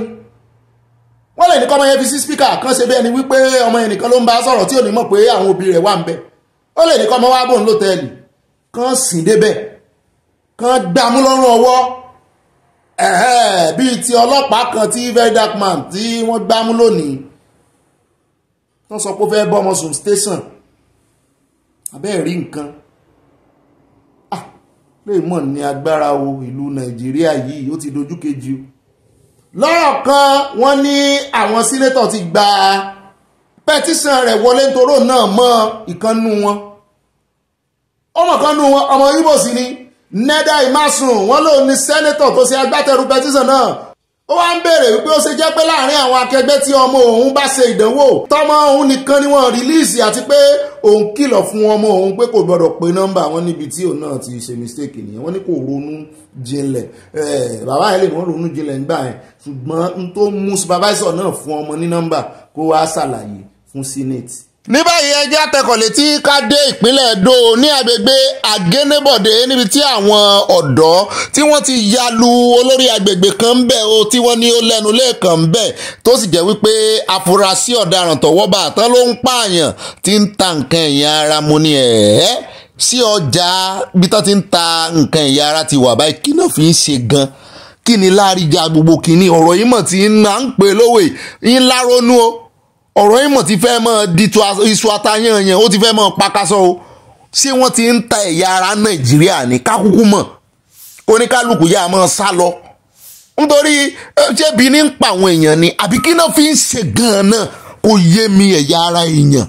wọ́n lè ní kọ́ ọmọ yẹn fi sí spíkà kan ṣe bí ẹni wípé ọmọ yẹn nìkan ló ń bá sọ̀rọ̀ tí ò ní mọ̀ pé àwọn òbí rẹ̀ wà ń bẹ̀ ó lè ní kọ́ ọmọ wa bò ń lọ́tẹ̀ẹ̀lì kán sìn débẹ̀ kán gbámú lọ́rùn ọwọ́ bíi ti ọlọ́pàá kan tí very dark man tí wọ́n gbámú lónìí wọ́n sọ pé ó fẹ́ bọ́ ọmọ sùn station abẹ́ẹ̀ rí nǹkan ah, lè mọ̀ ní agbára o ìlú nàìjíríà yìí ó ti dojú kejì o lọ́rọ̀ kan wọ́n ní àwọn sínétọ̀ ti gba pẹtísàn rẹ̀ wọlé nítorò náà mọ́ ìkànnú wọn ọmọ kan nú wọn ọmọ Ìgbò sì ni nẹ́dà ìmásun wọn lòun ní sẹ́nẹ́tọ̀ tó ṣe agbátẹrù pẹtísàn náà ó wá ń béèrè wípé ó ṣe jẹ́ pé láàrin àwọn akẹgbẹ́ tí ọmọ òun bá ṣe ìdánwò tọmọ òun nìkan ni wọ́n rìlíìsì àti pé òun kìlọ̀ fún ọmọ òun pé kò gbọ́dọ̀ pe nọ́mbà wọn níbi tí òun náà ti ṣe mistake nìyẹn wọ́n ní kò ronú jinlẹ̀ bàbá yẹn lè wọ́n ronú jinlẹ̀ nígbà yẹn ṣùgbọ́n n tó mú supervisor náà fún ọmọ ní nọ́mbà kó wá ṣàlàyé fún senate. ní báyìí ẹjẹ́ àtẹkọ̀lé tí ká dé ìpínlẹ̀ Edo ní agbègbè Àgénébọ̀dé níbi tí àwọn ọ̀dọ́ tí wọ́n ti ya lu olórí agbègbè kan ń bẹ̀ o tí wọ́n ní ó lẹ́nu lẹ́ẹ̀kan ń bẹ̀ tó sì jẹ́ wípé afurasí ọ̀daràn tọ̀wọ́ àtàn ló ń pààyàn tí ń ta nǹkan ẹ̀yìn ara mu ni ẹ̀ẹ́ sí ọjà bí ti ń ta nǹkan ẹ̀yìn ara ti wà báyìí kí náà fi ń ṣe gan-an kí ni láàríjà gbogbo kìíní ọ̀rọ̀ yìí mọ̀ tí ń na ń pè lówe yín láronú o ọ̀rọ̀ ìmọ̀ ti fẹ́ mọ́ di iṣu atayán yẹn ó ti fẹ́ mọ́ pakasọ o ṣé wọ́n ti ń ta ẹ̀yà ara nàìjíríà ní kákúkú mọ̀ oníkálukú yà máa sá lọ nítorí ṣébi ní ń pa àwọn èèyàn ni àbí kí náà fi ń ṣe gan-an náà kò yé mi ẹ̀yà ara èèyàn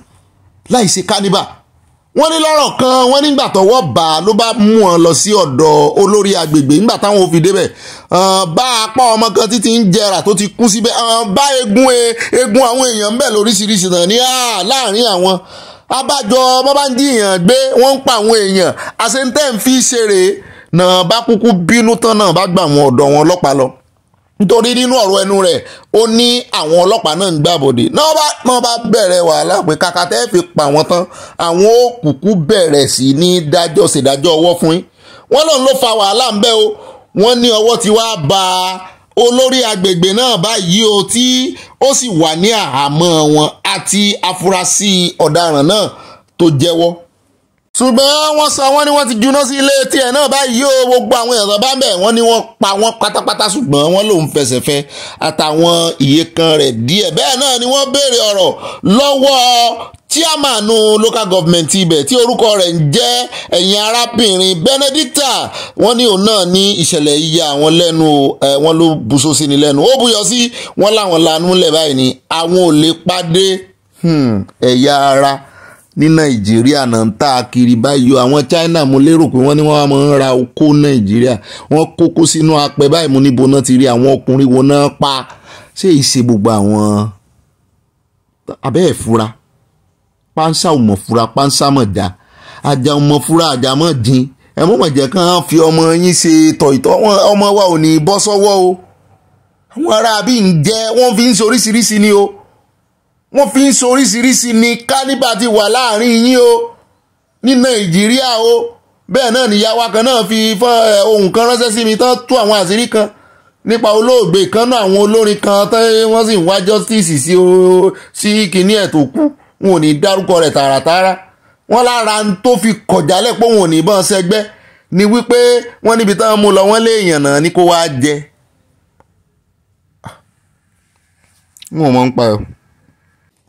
láì ṣe káníbà wọ́n ní lọ́rọ̀ kan wọ́n nígbà tọ́wọ́ bá a ló bá mú wọn lọ sí ọ̀dọ̀ olórí agbègbè nígbà táwọn ò débẹ̀ bá apá ọmọ kan títí ń jẹrà tó ti kú síbẹ̀ bá egun e, egun àwọn èèyàn ń bẹ lóríṣiríṣi náà ní láàrin àwọn abájọ bọ́ bá ń jiyàn gbé wọ́n ń pa àwọn èèyàn àṣẹ ń tẹ́ ń fi ṣeré náà bá kúkú bínú tán náà bá gbà wọn ọ̀dọ̀ wọn ọlọ́pàá lọ nítorí nínú ọ̀rọ̀ ẹnu rẹ̀ ó ní àwọn ọlọ́pàá náà ń gbàbọ̀dè náà bá náà bá bẹ̀rẹ̀ wàhálà pé kàkà tẹ́ fi pa wọ́n tán àwọn òkùnkùn bẹ̀rẹ̀ sí ní dájọ́ ṣèdájọ́ ọwọ́ fún yín wọ́n náà ló fa wàhálà ń bẹ́ o wọ́n ní ọwọ́ ti wá ba olórí agbègbè náà báyìí o tí ó sì wà ní àhámọ́ wọn àti afurasí ọ̀daràn náà tó jẹ́wọ́ ṣùgbọ́n wọ́n sọ wọ́n ní wọ́n ti juná sí ilé tiẹ̀ náà báyìí yóò gbogbo àwọn èèyàn bá ń bẹ̀ wọ́n ní wọ́n pa wọ́n pátápátá ṣùgbọ́n wọ́n lòún fẹsẹ̀ fẹ́ àtàwọn ìyekan rẹ̀ díẹ̀ bẹ́ẹ̀ náà ni wọ́n béèrè ọ̀rọ̀ lọ́wọ́ chairman local government ibẹ̀ tí orúkọ rẹ̀ ń jẹ́ ẹ̀yin arábìnrin Benedicta wọ́n ní òun náà ní ìṣẹ̀lẹ̀ yíya àwọn lẹ́nu ẹ̀ wọ́n ló buṣọ sí ni lẹ́nu ó buyọ̀ sí wọ́n láwọn lanú lẹ̀ báyìí ni àwọn ò lè pàdé hmm, ẹ̀yà ara ní nàìjíríà náà ń tà kiri báyìí àwọn china mo lérò pé wọ́n ní wọ́n máa ń ra oko nàìjíríà wọ́n kókó sínú apẹ báyìí mo níbo náà ti rí àwọn ọkùnrin wo náà pa ṣé ìṣe gbogbo àwọn abẹ́ẹ̀ fura pánsá ò mọ̀ fura pánsá mọ̀ dá ajá ò mọ̀ fura ajá mọ̀ dín ẹ mọ̀ mọ̀ jẹ́ kán fi ọmọ yín ṣe tọ̀ìtọ̀ ọmọ wa ò ní bọ́ sọ́wọ́ o àwọn aráabí ń jẹ́ wọ́n fi ń ṣe ni o wọ́n fi ń sọ oríṣiríṣi ní kálíbà ti wà láàrin yín o ní nàìjíríà o bẹ́ẹ̀ náà níyàwó kan náà fi eh, ohun kan ránṣẹ́ sí mi tán tú àwọn àṣírí kan nípa olóògbé kan náà àwọn olórin kan tán eh, wọ́n sì ń wá justice sí sí kinní ẹ̀ tó kú wọn ò ní dárúkọ rẹ̀ tààràtààrà wọ́n lára ń tó fi kọ̀jálẹ̀ pé wọn ò ní bọ́n ṣẹgbẹ́ ni wípé wọ́n níbi táwọn mú lọ wọ́n lé èèyàn náà ní kó wá jẹ. Ah. wọn ò mọ̀ ń pa ọ́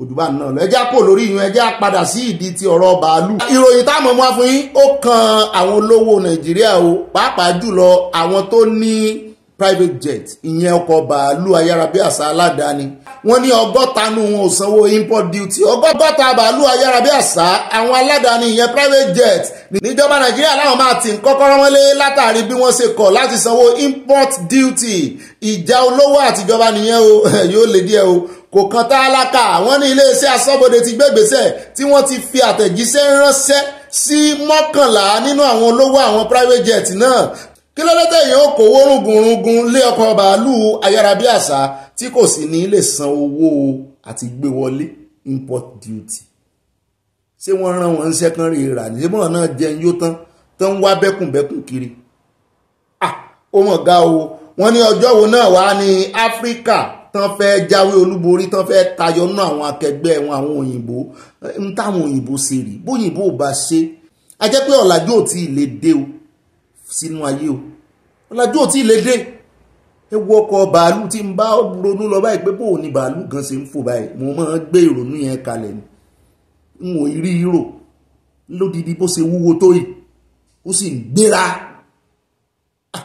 òjùbá náà lọ ẹjẹ́ àpò lórí ìyún ẹjẹ́ àpadà sí ìdí ti ọ̀rọ̀ bàálù. ìròyìn táwọn ọmọ fún yín ó kan àwọn olówó nàìjíríà o pàápàá jùlọ àwọn tó ní private jet ìyẹn ọkọ̀ bàálù ayárabíàṣá aládàáni wọ́n ní ọgọ́ta nu wọn ò sanwó import duty ọgọ́ta bàálù ayárabíàṣá àwọn aládàáni ìyẹn private jet níjọba nàìjíríà láwọn máa ti ń kọ́kọ́rọ́ wọn lé látàrí bí wọ́n ṣe kọ̀ láti sanwó import duty ìjà olówó àtijọba nìyẹn o yóò lè díẹ̀ o kò kan tálákà wọ́n ní iléeṣẹ́ aṣọ́bodè ti gbégbèsè tí wọ́n ti fi àtẹ̀jíṣẹ́ ránṣẹ́ sí mọ́kànlá nínú àwọn olówó àwọn private jet náà kí ló lẹ́tẹ̀ yìí ó kówó rungunrungun lé ọkọ̀ bàálù ayárabíàṣá tí kò sì ní lè san owó àti gbé wọlé import duty ṣé wọ́n rán wọn ṣẹ́ kan rí rà ní ṣébọ̀n náà jẹ́ yóò tán tán wá bẹ́kùnbẹ́kùn kiri ah ó mọ̀ ga o wọ́n ní ọjọ́ wo náà wá ní áfíríkà tán fẹ́ jáwé olúborí tán fẹ́ tayọ nú àwọn akẹgbẹ́ wọn àwọn òyìnbó ń táwọn òyìnbó ṣe rí bóyìnbó ò bá ṣe a pé ọ̀làjú ò tí ì lè dé o sínú ayé o ọ̀làjú ò tí ì lè dé ẹ wo bàálù tí ń bá ronú lọ báyìí pé bóò ni bàálù gan ṣe ń fò báyìí mo máa ń gbé ìrònú yẹn kalẹ̀ ni n ò rí rò lódìdí bó ṣe wúwo tó yìí ó sì ń gbéra ah!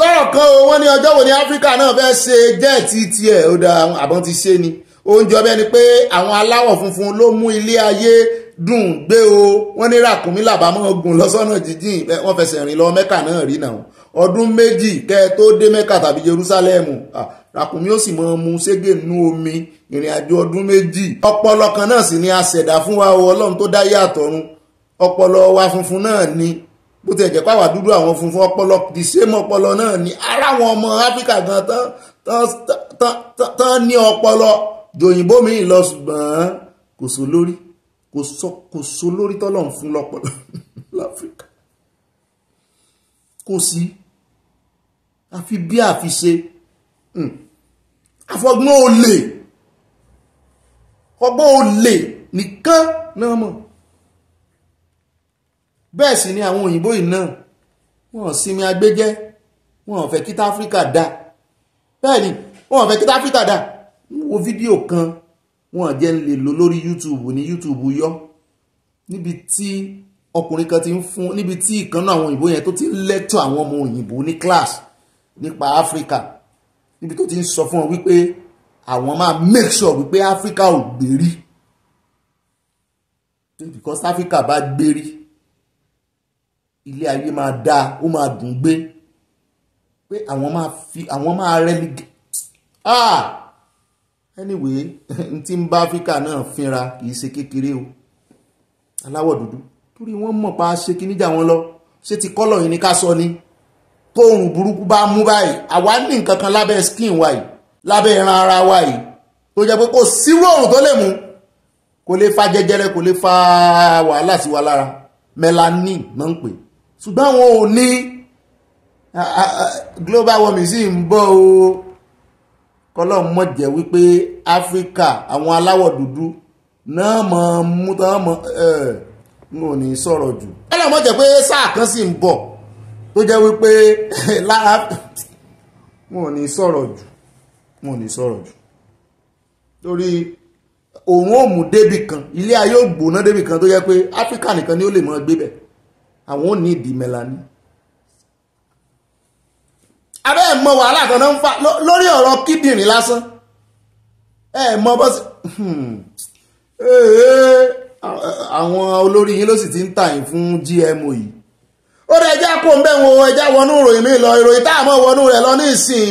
lọ́rọ̀ kan o wọ́n ní ọjọ́ wo ni áfíríkà náà fẹ́ ṣe jẹ́ẹ̀tì tiẹ̀ ó dáa àbọ̀n ti ṣe ni oúnjẹ ọbẹ̀ ni pé àwọn aláwọ̀ funfun ló mú ilé ayé dùn gbé o wọ́n ní ràkúnmí làbámọ́ gùn lọ́sọ́nà jíjìn wọ́n fẹsẹ̀ rìn lọ mẹ́kà náà rí náà ọdún méjì kẹ́ ẹ tó dé mẹ́kà tàbí jerúsálẹ́mù ràkúnmí ó sì máa mu ségè nú omi ìrìn àjò ọdún méjì ọpọlọ kan náà sì ni a ṣẹ̀dá fún wa o ọlọ́run tó dáyé àtọ̀run ọpọlọ wa funfun náà ni bó ti ẹ̀jẹ̀ pàwà dúdú àwọn funfun ọpọlọ the same ọpọlọ náà ni ara àwọn ọmọ áfíríkà gan tán ní ọpọlọ jòyìnbó mi lọ ṣùgbọ́n kò sólórí kò sọ kò so lórí tọ́lọ́run fún lọ́pọ̀lọ́ láfíríkà kò sí àfi bí àfiṣe àfọgbọ́n hmm. olè ọgbọ́n olè nìkan náà mọ̀ bẹ́ẹ̀ sì ni àwọn òyìnbó yìí náà wọ́n sinmi agbẹ́jẹ́ wọ́n fẹ́ kí táfíríkà dá bẹ́ẹ̀ ni wọ́n fẹ́ kí táfíríkà dá wo fídíò kan wọn jẹ́ ń lè lò lórí youtube ní youtube yọ níbi tí ọkùnrin kan ti ń fún níbi tí ìkànnà àwọn òyìnbó yẹn tó ti ń lecture àwọn ọmọ òyìnbó ní class nípa africa níbi tó ti ń sọ fún wọn wípé àwọn máa make sure wípé africa ò gbèrí because africa bá gbèrí ilé ayé máa dáa ó máa dùn gbé pé àwọn máa fi àwọn máa relegate ah anyway n tí ń bá áfíríkà náà fínra kì í ṣe kékeré o aláwọ̀ dúdú torí wọ́n mọ̀ pa ṣe kí níjà wọn lọ ṣé ti kọ́lọ̀ yìí ni ká sọ ni tóun burúkú bá mú báyìí àwa ní nǹkan kan lábẹ́ skin wa yìí lábẹ́ ẹran ara wa yìí tó jẹ́ pé kò sírú òrùn tó lè mú kò lè fa jẹjẹrẹ kò lè fa wàhálà sí wa lára melanin náà ń pè ṣùgbọ́n àwọn ò ní global warming sì ń bọ̀ o kọ́lọ́n mọ̀ jẹ́ wípé áfíríkà àwọn aláwọ̀ dúdú náà mọ̀ mú tán mọ̀ n ò ní sọ̀rọ̀ jù. kọ́lọ́n mọ̀ jẹ́ pé sáà kan sì ń bọ̀ tó jẹ́ wípé lára n ò ní sọ̀rọ̀ jù n ò ní sọ̀rọ̀ jù torí òun ò mú débì kan ilé ayé ò gbóná débì kan tó jẹ́ pé áfíríkà nìkan ni ó lè mọ gbé bẹ̀ àwọn ò ní ìdí mẹ́lá ẹ mọ wàhálà kan náà ń fa lórí ọ̀rọ̀ kíndìnrín lásán ẹ mọ bọ́ sí hmm. àwọn olórí yín ló sì ti ń tà yín fún GMO yìí ó rẹ ẹjá kó ń bẹ́ wọn ẹjá wọnú ìròyìn mi lọ ìròyìn tá a mọ̀ wọnú rẹ̀ lọ nísìn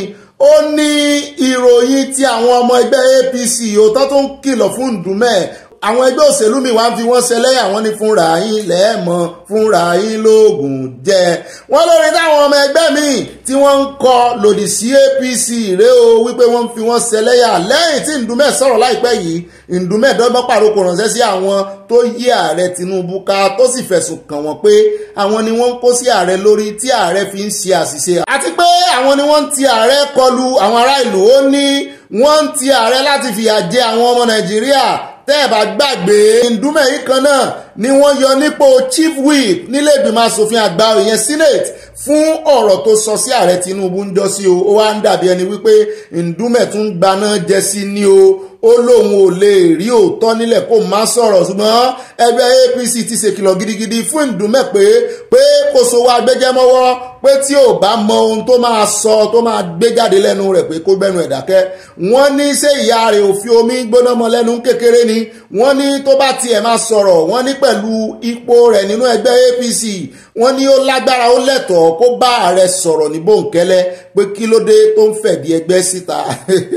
ó ní ìròyìn ti àwọn ọmọ ẹgbẹ́ APC òótọ́ tó ń kìlọ̀ fún Ndùmẹ̀ àwọn ẹgbẹ́ òṣèlú mi wá ń fi wọ́n ṣẹlẹ́yà wọ́n ní fúnra yín lẹ́ẹ̀mọ́ fúnra yín lóògùn jẹ wọ́n lórí táwọn ọmọ ẹgbẹ́ mi tí wọ́n ń kọ lòdì sí APC ré o wípé wọ́n ń fi wọ́n ṣẹlẹ́yà lẹ́yìn tí ndúmẹ̀ sọ̀rọ̀ láìpẹ́ yìí ndúmẹ̀ dọ́gbọ́n pàrókò ránṣẹ́ sí àwọn tó yí ààrẹ Tinubu ká tó sì fẹ̀sùn kàn wọ́n pé àwọn ni wọ́n ń kó sí ààrẹ lórí tí ààrẹ fi ń ṣe àṣìṣe àti pé àwọn ni wọ́n ń ti ààrẹ kọlu àwọn ará ìlú ó ní wọ́n ń ti ààrẹ láti fìyà jẹ àwọn ọmọ Nàìjíríà tẹ́ ẹ̀ bá gbàgbé ndúmẹ̀ yìí kan náà ni wọ́n yọ nípò chief whip nílé ìgbìmọ̀ asòfin àgbà ìyẹn senate fún ọ̀rọ̀ tó sọ sí ààrẹ tinubu ń jọ sí o ó wá ń dàbí ẹni wípé ndúmẹ̀ tún gbaná jẹ sí ni o ó lóun ò lè rí òótọ́ nílẹ̀ kó má sọ̀rọ̀ ṣùgbọ́n ẹgbẹ́ APC ti ṣèkìlọ̀ gidigidi fún ìdúnmẹ̀ pé pé kó so wá gbẹ́jẹ́mọ́wọ́ pé tí ò bá mọ ohun tó máa sọ tó máa gbé jáde lẹ́nu rẹ̀ pé kó gbẹ́nu ẹ̀ dákẹ́ wọ́n ní ṣé ìyá rẹ̀ ò fi omi gbóná mọ́ lẹ́nu kékeré ni wọ́n ní tó bá tiẹ̀ pẹ̀lú ipò rẹ̀ nínú ẹgbẹ́ APC wọ́n ní ó lágbára ó lẹ́tọ̀ọ́ kó bá ààrẹ sọ̀rọ̀ ní bòńkẹ́lẹ́ pé kí ló dé tó ń fẹ̀dí ẹgbẹ́ síta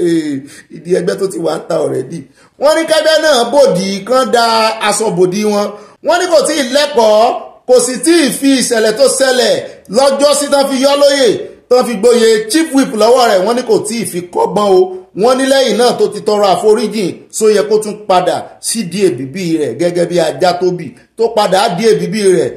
ìdí ẹgbẹ́ tó ti wà ń ta ọ̀rẹ́dì wọ́n ní kẹ́gbẹ́ náà bòdì kan da aṣọ́bòdì wọn wọ́n ní kò tí ì lẹ́kọ̀ọ́ kò sì tí ì fi ìṣẹ̀lẹ̀ tó ṣẹlẹ̀ lọ́jọ́ sí tán fi yọ́ lóyè tán fi gboyè chief whip lọ́wọ́ rẹ̀ wọ́n ní kò tí ì fi kọ́gbọ́n o wọ́n ní lẹ́yìn náà tó ti tọrọ àforíjìn só yẹ kó tún padà sídìí èbìbí rẹ̀ gẹ́gẹ́ bí ajá tó bì tó padà di èbìbí rẹ̀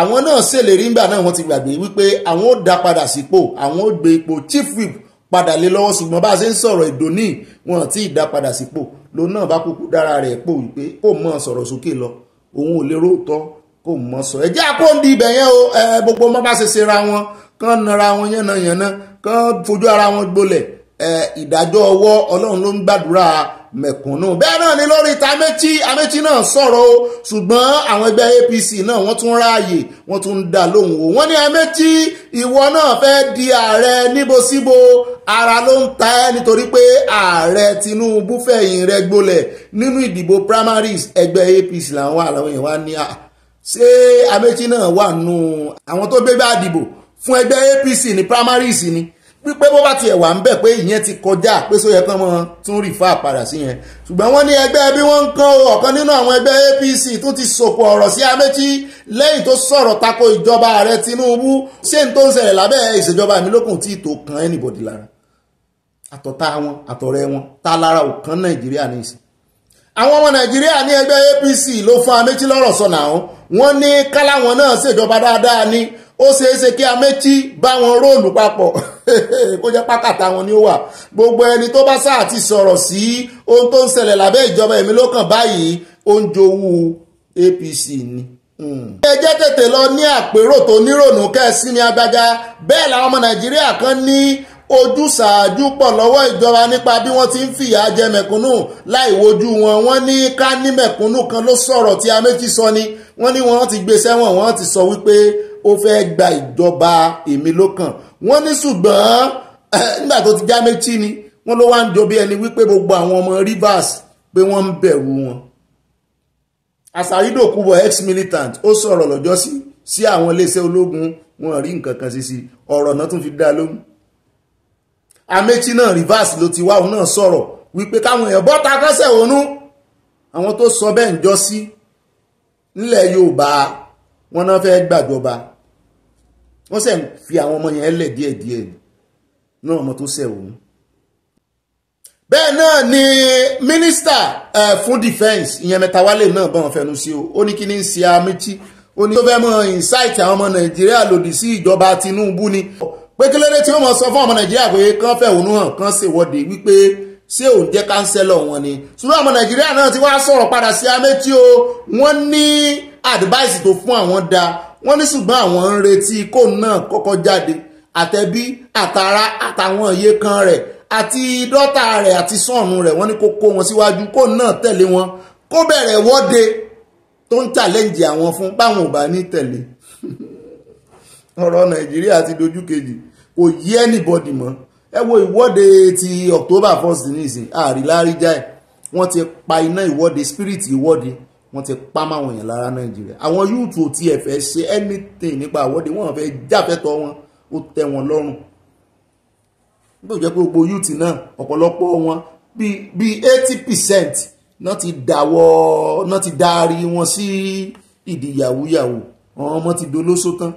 àwọn náà ṣèlérí ńgbà náà wọ́n ti gbàgbé wípé àwọn ó dá padà sípò àwọn ó gbé ipò chief whip padà lé lọ́wọ́ ṣùgbọ́n bá a ṣe ń sọ̀rọ̀ ìdòní wọn tí ì dá padà sípò ló náà bá kúkú dára rẹ̀ pò wípé kò mọ̀ sọ̀rọ̀ sókè lọ òun ò lérò tọ́ kò mọ̀ sọ ẹjẹ́ àpòǹdì ibẹ̀ yẹn o gbogbo ọmọ bá ṣe ṣe ra wọn kán nara wọn yánnayànna kán fojú ara wọn gbolẹ̀ ìdájọ́ ọwọ́ ọlọ́run ló ń gbàdúrà mẹ̀kúnnù bẹ́ẹ̀ náà ni lórí ta Amechi Amechi náà sọ̀rọ̀ o ṣùgbọ́n àwọn ẹgbẹ́ APC náà wọ́n tún ráàyè wọ́n tún ń dá lóhùn o wọ́n ní Amechi ìwọ náà fẹ́ di ààrẹ níbosíbo ara ló ń ta ẹ́ nítorí pé ààrẹ Tinubu fẹ̀yìn rẹ̀ gbolẹ̀ nínú ìdìbò primaries ẹgbẹ́ APC làwọn àlàwọn èèyàn wá ní à ṣé Amechi náà wà nù àwọn tó gbégbá àdìbò fún ẹgbẹ́ APC ní primaries ni. Primaries, ni wípé bó bá tiẹ̀ wà ń bẹ̀ pé ìyẹn ti kọjá pé só yẹ kán mọ́ tún rí fáà padà sí yẹn ṣùgbọ́n wọ́n ní ẹgbẹ́ bí wọ́n ń kán ọ̀kan nínú àwọn ẹgbẹ́ APC tún ti sòpò ọ̀rọ̀ sí Amechi lẹ́yìn tó sọ̀rọ̀ tako ìjọba ààrẹ Tinubu ṣé n tó ń ṣẹlẹ̀ lábẹ́ ìṣèjọba mi lókun tí ìtò kan anybody lára àtọ̀tá wọn àtọ̀rẹ́ wọn tá lára ò kan Nàìjíríà ní ìsìn àwọn ọmọ Nàìjíríà ní ẹgbẹ́ APC ló fún Amechi lọ́rọ̀ sọ̀nà àwọn wọn ní káláwọn náà ṣèjọba dáadáa ní ó ṣeéṣe kí amétí bá wọn róòlù papọ̀ kó jẹ́ pákàtà wọn ni ó wà gbogbo ẹni tó bá sáà ti sọ̀rọ̀ sí ohun tó ń ṣẹlẹ̀ lábẹ́ ìjọba èmi ló báyìí ó ń jowú APC ni hmm. ẹ jẹ́ tètè lọ ní àpérò tó nírònú kẹ́sí ní agbájá bẹ́ẹ̀ làwọn ọmọ nàìjíríà kan ní ojúṣàájú pọ̀ lọ́wọ́ ìjọba nípa bí wọ́n ti ń fìyà jẹ mẹ̀kúnnù láì wojú wọn wọ́n ní ká ní mẹ̀kúnnù kan ló sọ̀rọ̀ tí améjì sọ ni wọ́n ní wọ́n ti gbé sẹ́wọ̀n wọ́n ti sọ wípé ó fẹ́ gba ìjọba èmi lọ́kàn wọ́n ní ṣùgbọ́n eh, nígbà tó ti já méjì ni wọ́n ló wá ń jọ bí ẹni wípé gbogbo àwọn ọmọ Rivers pé wọ́n ń bẹ̀rù wọn. àṣàrídòkúbọ̀ ex-militant ó sọ̀rọ̀ lọ́jọ́ sí sí àwọn iléeṣẹ́ ológun wọn rí nǹkan kan sí sí ọ̀rọ̀ náà tún fi dá lóhùn. Amechi náà Rivers ló ti wá òun náà sọ̀rọ̀ wípé káwọn èèyàn bọ́ta kẹ́sẹ̀ òun àwọn tó sọ bẹ́ẹ̀ ń jọ sí nílẹ̀ Yorùbá wọn náà fẹ́ gbàjọba wọ́n sẹ̀ ń fi àwọn ọmọ yẹn lẹ̀ díẹ̀díẹ̀ náà ọmọ tó sẹ̀ òun. bẹ́ẹ̀ náà ni mínísítà fún defence ìyẹn Mẹ́tawálé náà bá wọn fẹnu sí o ó ní kí ní í ṣe amítí ó ní tó fẹ́ mọ insight àwọn ọmọ Nàìjíríà lòdì sí ìjọba Tinubu ni pé kí lóde tí wọ́n mọ̀ sọ fún ọmọ Nàìjíríà pé kán fẹ̀hónú hàn kán ṣèwọ́de wípé ṣé òun jẹ́ kánsẹ́lọ̀ wọn ni ṣùgbọ́n ọmọ Nàìjíríà náà ti wá sọ̀rọ̀ padà wọ́n ní ṣùgbọ́n àwọn ń retí kóun náà kọ́kọ́ jáde àtẹ̀bí àtàrà àtàwọn iye kan rẹ̀ àti dọ́tà rẹ̀ àti sọ́ọ̀nù rẹ̀ wọ́n ní kó kó wọn síwájú kóun náà tẹ̀lé wọn kó bẹ̀rẹ̀ wọ́de tó ń challenge àwọn fún báwọn ò bá ní tẹ̀lé ọ̀rọ̀ nàìjíríà ti dojú kejì kò yí anybody mọ́ ẹ wo ìwọ́de ti october 1st nísìn àrílárí jáì wọ́n ti pa iná ìwọ́de spirit ìwọ́de wọ́n ti pa máwọn èèyàn lára nàìjíríà àwọn yúùtù tí ẹ fẹ́ ṣe anything nípa àwọ́de wọ́n fẹ́ jáfẹ́tọ̀ wọn ó tẹ́ wọn lọ́rùn nígbà tó jẹ́ pé gbogbo yúùtù náà ọ̀pọ̀lọpọ̀ wọn bíi eighty percent náà ti dáwọ́ náà ti darí wọn sí ìdí yàwúyàwó àwọn ọmọ ti dolóṣó tán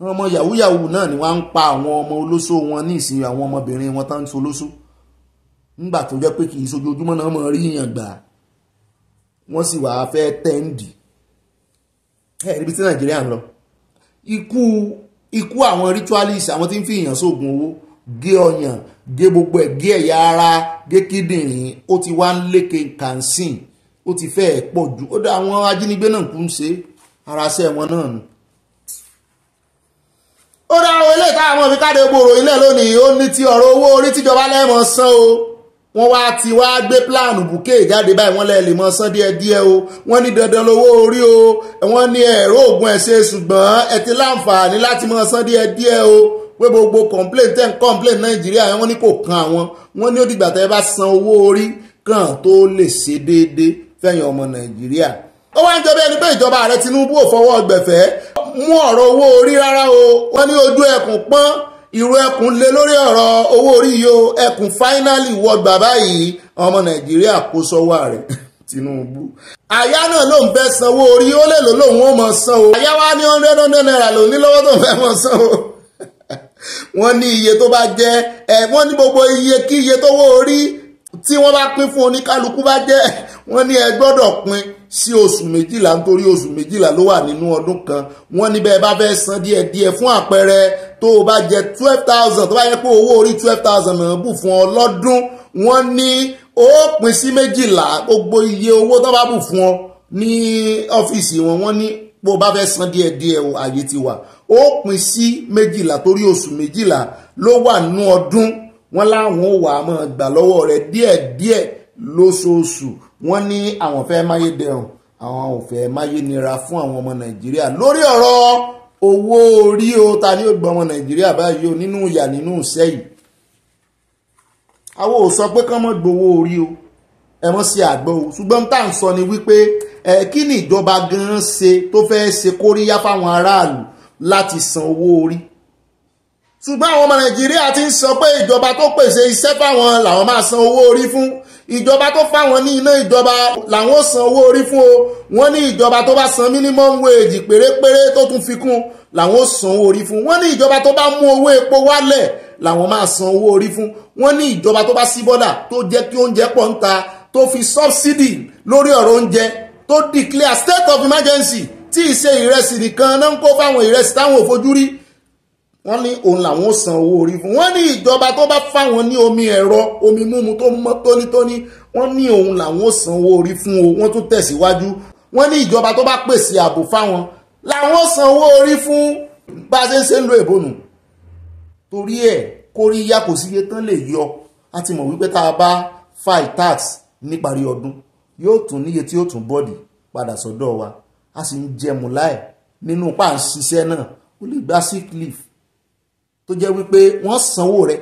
àwọn ọmọ yàwúyàwó náà ni wọ́n á pa àwọn ọmọ olóṣó wọn ní ìsìn àwọn ọmọbìnrin wọn tán ń solóṣó nígbà tó jẹ́ pé kì í sojoojúmọ́ náà mọ̀ rí yàn gbàá wọ́n sì wàá fẹ́ tẹ́ǹdì ẹ̀ níbi tí nàìjíríà ń lọ ikú ikú àwọn ritualist àwọn tí ń fi èèyàn sóògùn owó gé ọyàn gé gbogbo ẹ̀ gé ẹ̀yà ara gé kíndìnrín ó ti wá ń léke kànsìn ó ti fẹ́ẹ̀ pọ̀ jù ó dá àwọn ajínigbé náà kú ń ṣe ara ṣẹ́ wọn náà nù ó dá àwọn ilé ìta àwọn òfin káde gbòòrò ilé lónìí ó ní ti ọ̀rọ̀ owó orí tíjọba lẹ́mọ̀ san o wọ́n wá ti wá gbé pílánù bùkẹ́ jáde báyìí wọ́n lẹ́ẹ̀lì mọ́ sán díẹ̀ díẹ̀ o wọ́n ní dandan lówó orí o wọ́n ní ẹ̀rọ oògùn ẹ̀ṣẹ̀ ṣùgbọ́n ẹ ti láǹfààní láti mọ́ sán díẹ̀ díẹ̀ o pé gbogbo complain ten complain nàìjíríà wọ́n ní kò kan àwọn wọ́n ní ó dìgbà tẹ́ ẹ bá san owó orí kan tó lè ṣe déédéé fẹ̀yìn ọmọ nàìjíríà ó wá ń jọ bí ẹni pé ìjọba ààrẹ Tinubu ò fọwọ́ gbẹ̀fẹ́ mú ọ̀rọ̀ owó orí rárá o wọ́n ní ojú ẹkùn pọ́n ìró ẹkùn lé lórí ọ̀rọ̀ owó orí yo ẹkùn fáínálì wọgbà báyìí ọmọ nàìjíríà kó sọ́wọ́ rẹ̀ Tinubu. àyá náà ló ń fẹ́ sanwó orí ó lè lò lóun ó mọ̀ san o àyá wa ní hundred hundred naira ló ní lọ́wọ́ tó ń fẹ́ mọ̀ san o. wọ́n ní iye tó bá jẹ́ ẹ̀ wọ́n ní gbogbo iye kí iye tó wó orí tí wọ́n bá pín fún oníkálukú bá jẹ́ wọ́n ní ẹ gbọ́dọ̀ pín sí oṣù méjìlá nítorí oṣù méjìlá ló wà nínú ọdún kan wọ́n ní bẹ́ẹ̀ bá fẹ́ san díẹ̀ díẹ̀ fún àpẹẹrẹ tó o bá jẹ twelve thousand tó bá yẹ pé owó orí twelve thousand náà bù fún ọ lọ́dún wọ́n ní ó pín sí méjìlá gbogbo iye owó tó bá bù fún ọ ní ọ́fíìsì wọn wọ́n ní bó o bá fẹ́ san díẹ̀ díẹ̀ o àyè ti wà ó pín sí méjìlá torí oṣù méjìlá ló wà nínú ọdún wọ́n láwọn ò wà á máa gbà lọ́wọ́ rẹ̀ díẹ̀ díẹ̀ lóṣooṣù wọ́n ní àwọn fẹ́ máyédẹrùn àwọn ò fẹ́ máyénira fún àwọn ọmọ nàìjíríà lórí ọ̀rọ̀ owó orí o ta ni ó gba ọmọ nàìjíríà báyìí o nínú ìyà nínú sẹ́yìn àwọn ò sọ pé kán mọ́ gbowó orí o ẹ mọ́ sí àgbọ̀ o ṣùgbọ́n tá à ń sọ ni wípé ẹ kí ni ìjọba gan-an ṣe tó fẹ́ ṣe kóríyá fáwọn aráàlú láti san owó orí ṣùgbọ́n àwọn ọmọ nàìjíríà ti ń sọ pé ìjọba tó pèsè iṣẹ́ fáwọn làwọn máa san owó orí fún ìjọba tó fáwọn ní iná ìjọba làwọn san owó orí fún o wọ́n ní ìjọba tó bá san minimum wage pérépéré tó tún fi kún làwọn ó san owó orí fún wọ́n ní ìjọba tó bá mú owó epo wálẹ̀ làwọn máa san owó orí fún wọ́n ní ìjọba tó bá sí bọ́dà tó jẹ́ kí oúnjẹ pọ̀ ń ta tó fi subsidy lórí ọ̀rọ̀ oúnjẹ tó declare state of emergency tí ìṣe ìrẹsì nìkan náà ń kó fáwọn ìrẹsì táwọn ò rí wọ́n ní òun làwọn ó san owó orí fún wọ́n ní ìjọba tó bá fáwọn ní omi ẹ̀rọ omi mímu tó mọ́ tónítóní wọ́n ní òun làwọn ó san owó orí fún o wọ́n tún tẹ̀síwájú wọ́n ní ìjọba tó bá pèsè ààbò fáwọn làwọn ó san owó orí fún bá a ṣe ń ṣe ń lo ìbònú torí ẹ̀ kóríyá kò sí iye tán lè yọ a ti mọ̀ wípé tá a bá file tax níparí ọdún yóò tún níye tí yóò tún bọ́ọ̀dì padà sọ́dọ̀ wa a sì ń jẹmu láì nínú pàǹṣiṣẹ́ tó jẹ́ wípé wọ́n sanwó rẹ̀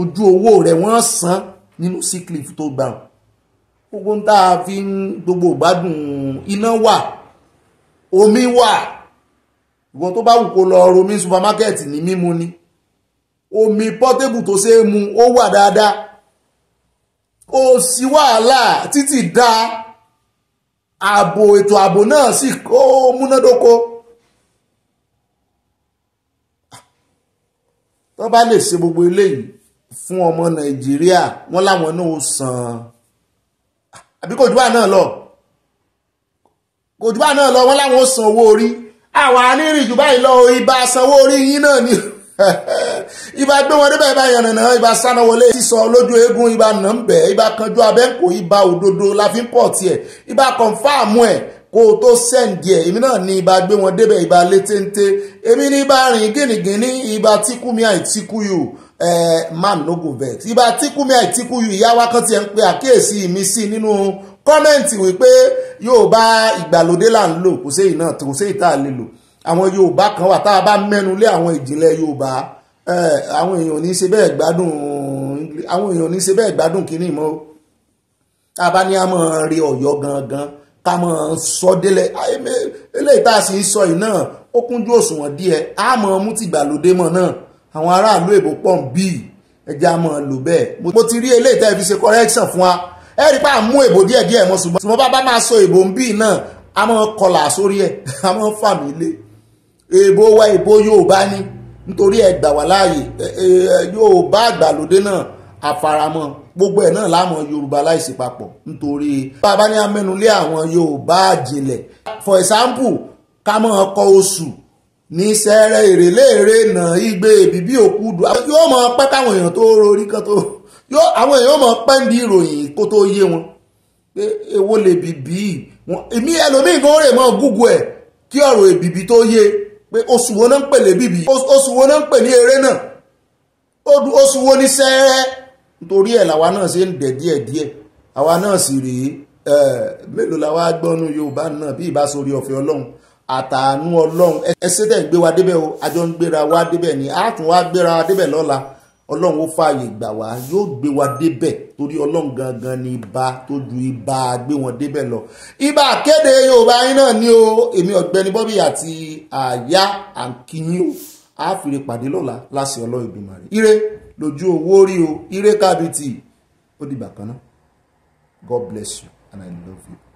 ojú owó rẹ̀ wọ́n san nínú sick leave tó gbà gbogbo ń tá a fi ń gbogbo ìgbádùn iná wà omi wà ìwọ tó bá wù kó lọ romi supermarket ní mímu ni omi pọ́tébù tó ṣe é mu ó wà dáadáa ó sì wàhálà títí dáa ààbò ètò ààbò náà sì kó múnádóko tó bá lè ṣe gbogbo eléyìí fún ọmọ nàìjíríà wọ́n láwọn náà sàn àbí kò jùbá náà lọ kò jùbá náà lọ wọ́n láwọn sàn owó orí àwa anírìn jùbá yìí lọ ibà sanwó orí yín náà ni ibà gbé wọn débẹ̀ ibà yànnànà ibà sáná wọlé sísọ lójú eégún ibà nàmbẹ̀ ibà kanjú abẹ́ǹkó ibà òdodo la fi ń pọ̀ tiẹ̀ ibà kọ̀ǹfàmù ẹ̀ kó o tó sẹ́ǹdì ẹ̀ èmi náà ní ibà gbé wọn débẹ̀ ibà létéńté èmi ní ibà rìn gínigíní ibà tíkúmi àìtíkúyù man no go vex ibà tíkúmi àìtíkúyù ìyá wa kan tiẹ̀ ń pe àkíyèsí mi sí nínú kọ́mẹ̀ǹtì wípé Yorùbá ìgbàlódé là ń lò kò séyìí náà kò séyìí tá a lè lò àwọn Yorùbá kan wà tá a bá mẹ́nu lé àwọn ìjìnlẹ̀ Yorùbá àwọn èèyàn ní ṣe bẹ́ẹ̀ gbádùn àwọn èèyàn ní ṣe bẹ́ẹ̀ gbádùn kínní mọ́ tá rí Ọ̀yọ́ gangan ká mọ̀ sọ délẹ̀ eléyìí tá a sì ń sọ yìí náà ó kúnjú òṣùwọ̀n díẹ̀ á mọ̀ mú ti gbàlódé mọ̀ náà àwọn aráàlú èbó pọ̀ ń bì ẹja mọ̀ lò bẹ́ẹ̀ mo ti rí eléyìí tá a fi ṣe correction fún wa ẹ rí pa mú èbó díẹ̀ díẹ̀ mọ́ ṣùgbọ́n tí mo máa sọ èbó ń bì náà a mọ̀ kọlà sórí ẹ̀ a mọ̀ fà mí lé èbó wa èbó Yorùbá ni nítorí ẹ gbà wá láàyè Yorùbá àgbàlódé náà àfaramọ́ gbogbo ẹ̀ náà láàmú yorùbá láìsí papọ̀ nítorí bàbá ní amẹ́nulé àwọn yorùbá àjìnlẹ̀ for example ká mọ̀ ọkọ̀ oṣù ní sẹ́rẹ̀ èrèlé èrè igbe bíbí òkúdu yóò mọ̀ pẹ́ káwọn èèyàn tó rorí kan tó yóò àwọn èèyàn mọ̀ pẹ́ ń di ìròyìn kó tó yé wọn pé èwo lè bìbí èmi ẹlòmíì kan rè mọ́ gúgú ẹ̀ kí ọ̀rọ̀ èbìbí tó yé pé oṣù wo náà ń pè lébìbí oṣù wo náà ń pè ní eré náà oṣù wo ní sẹ́rẹ́ nítorí ẹ̀ làwa náà ṣe ń dẹ̀ díẹ̀díẹ̀ àwa náà sì rèé mélòó làwa gbọ́nú yorùbá náà bí ìbá sórí ọ̀fẹ́ ọlọ́run àtàánú ọlọ́run ẹsẹ̀ tẹ̀ ń gbé wa débẹ̀ o àjọ ń gbéra wa débẹ̀ ni a tún wá gbéra wa débẹ̀ lọ́la ọlọ́run ó fààyè gbà wá yóò gbé wa débẹ̀ torí ọlọ́run gangan ni ibà tó ju ibà gbé wọn débẹ̀ lọ. ibà kéde yorùbá yín náà ni o èmi ọ̀gbẹ́ni bọ́bí àti àyà àǹkíyín o àáfìrè pàdé lọ́la láṣẹ ọlọ́run ìgbìmọ̀ ire lójú owó rí o ire kábìtì ó dìgbà kan náà God bless you and I love you.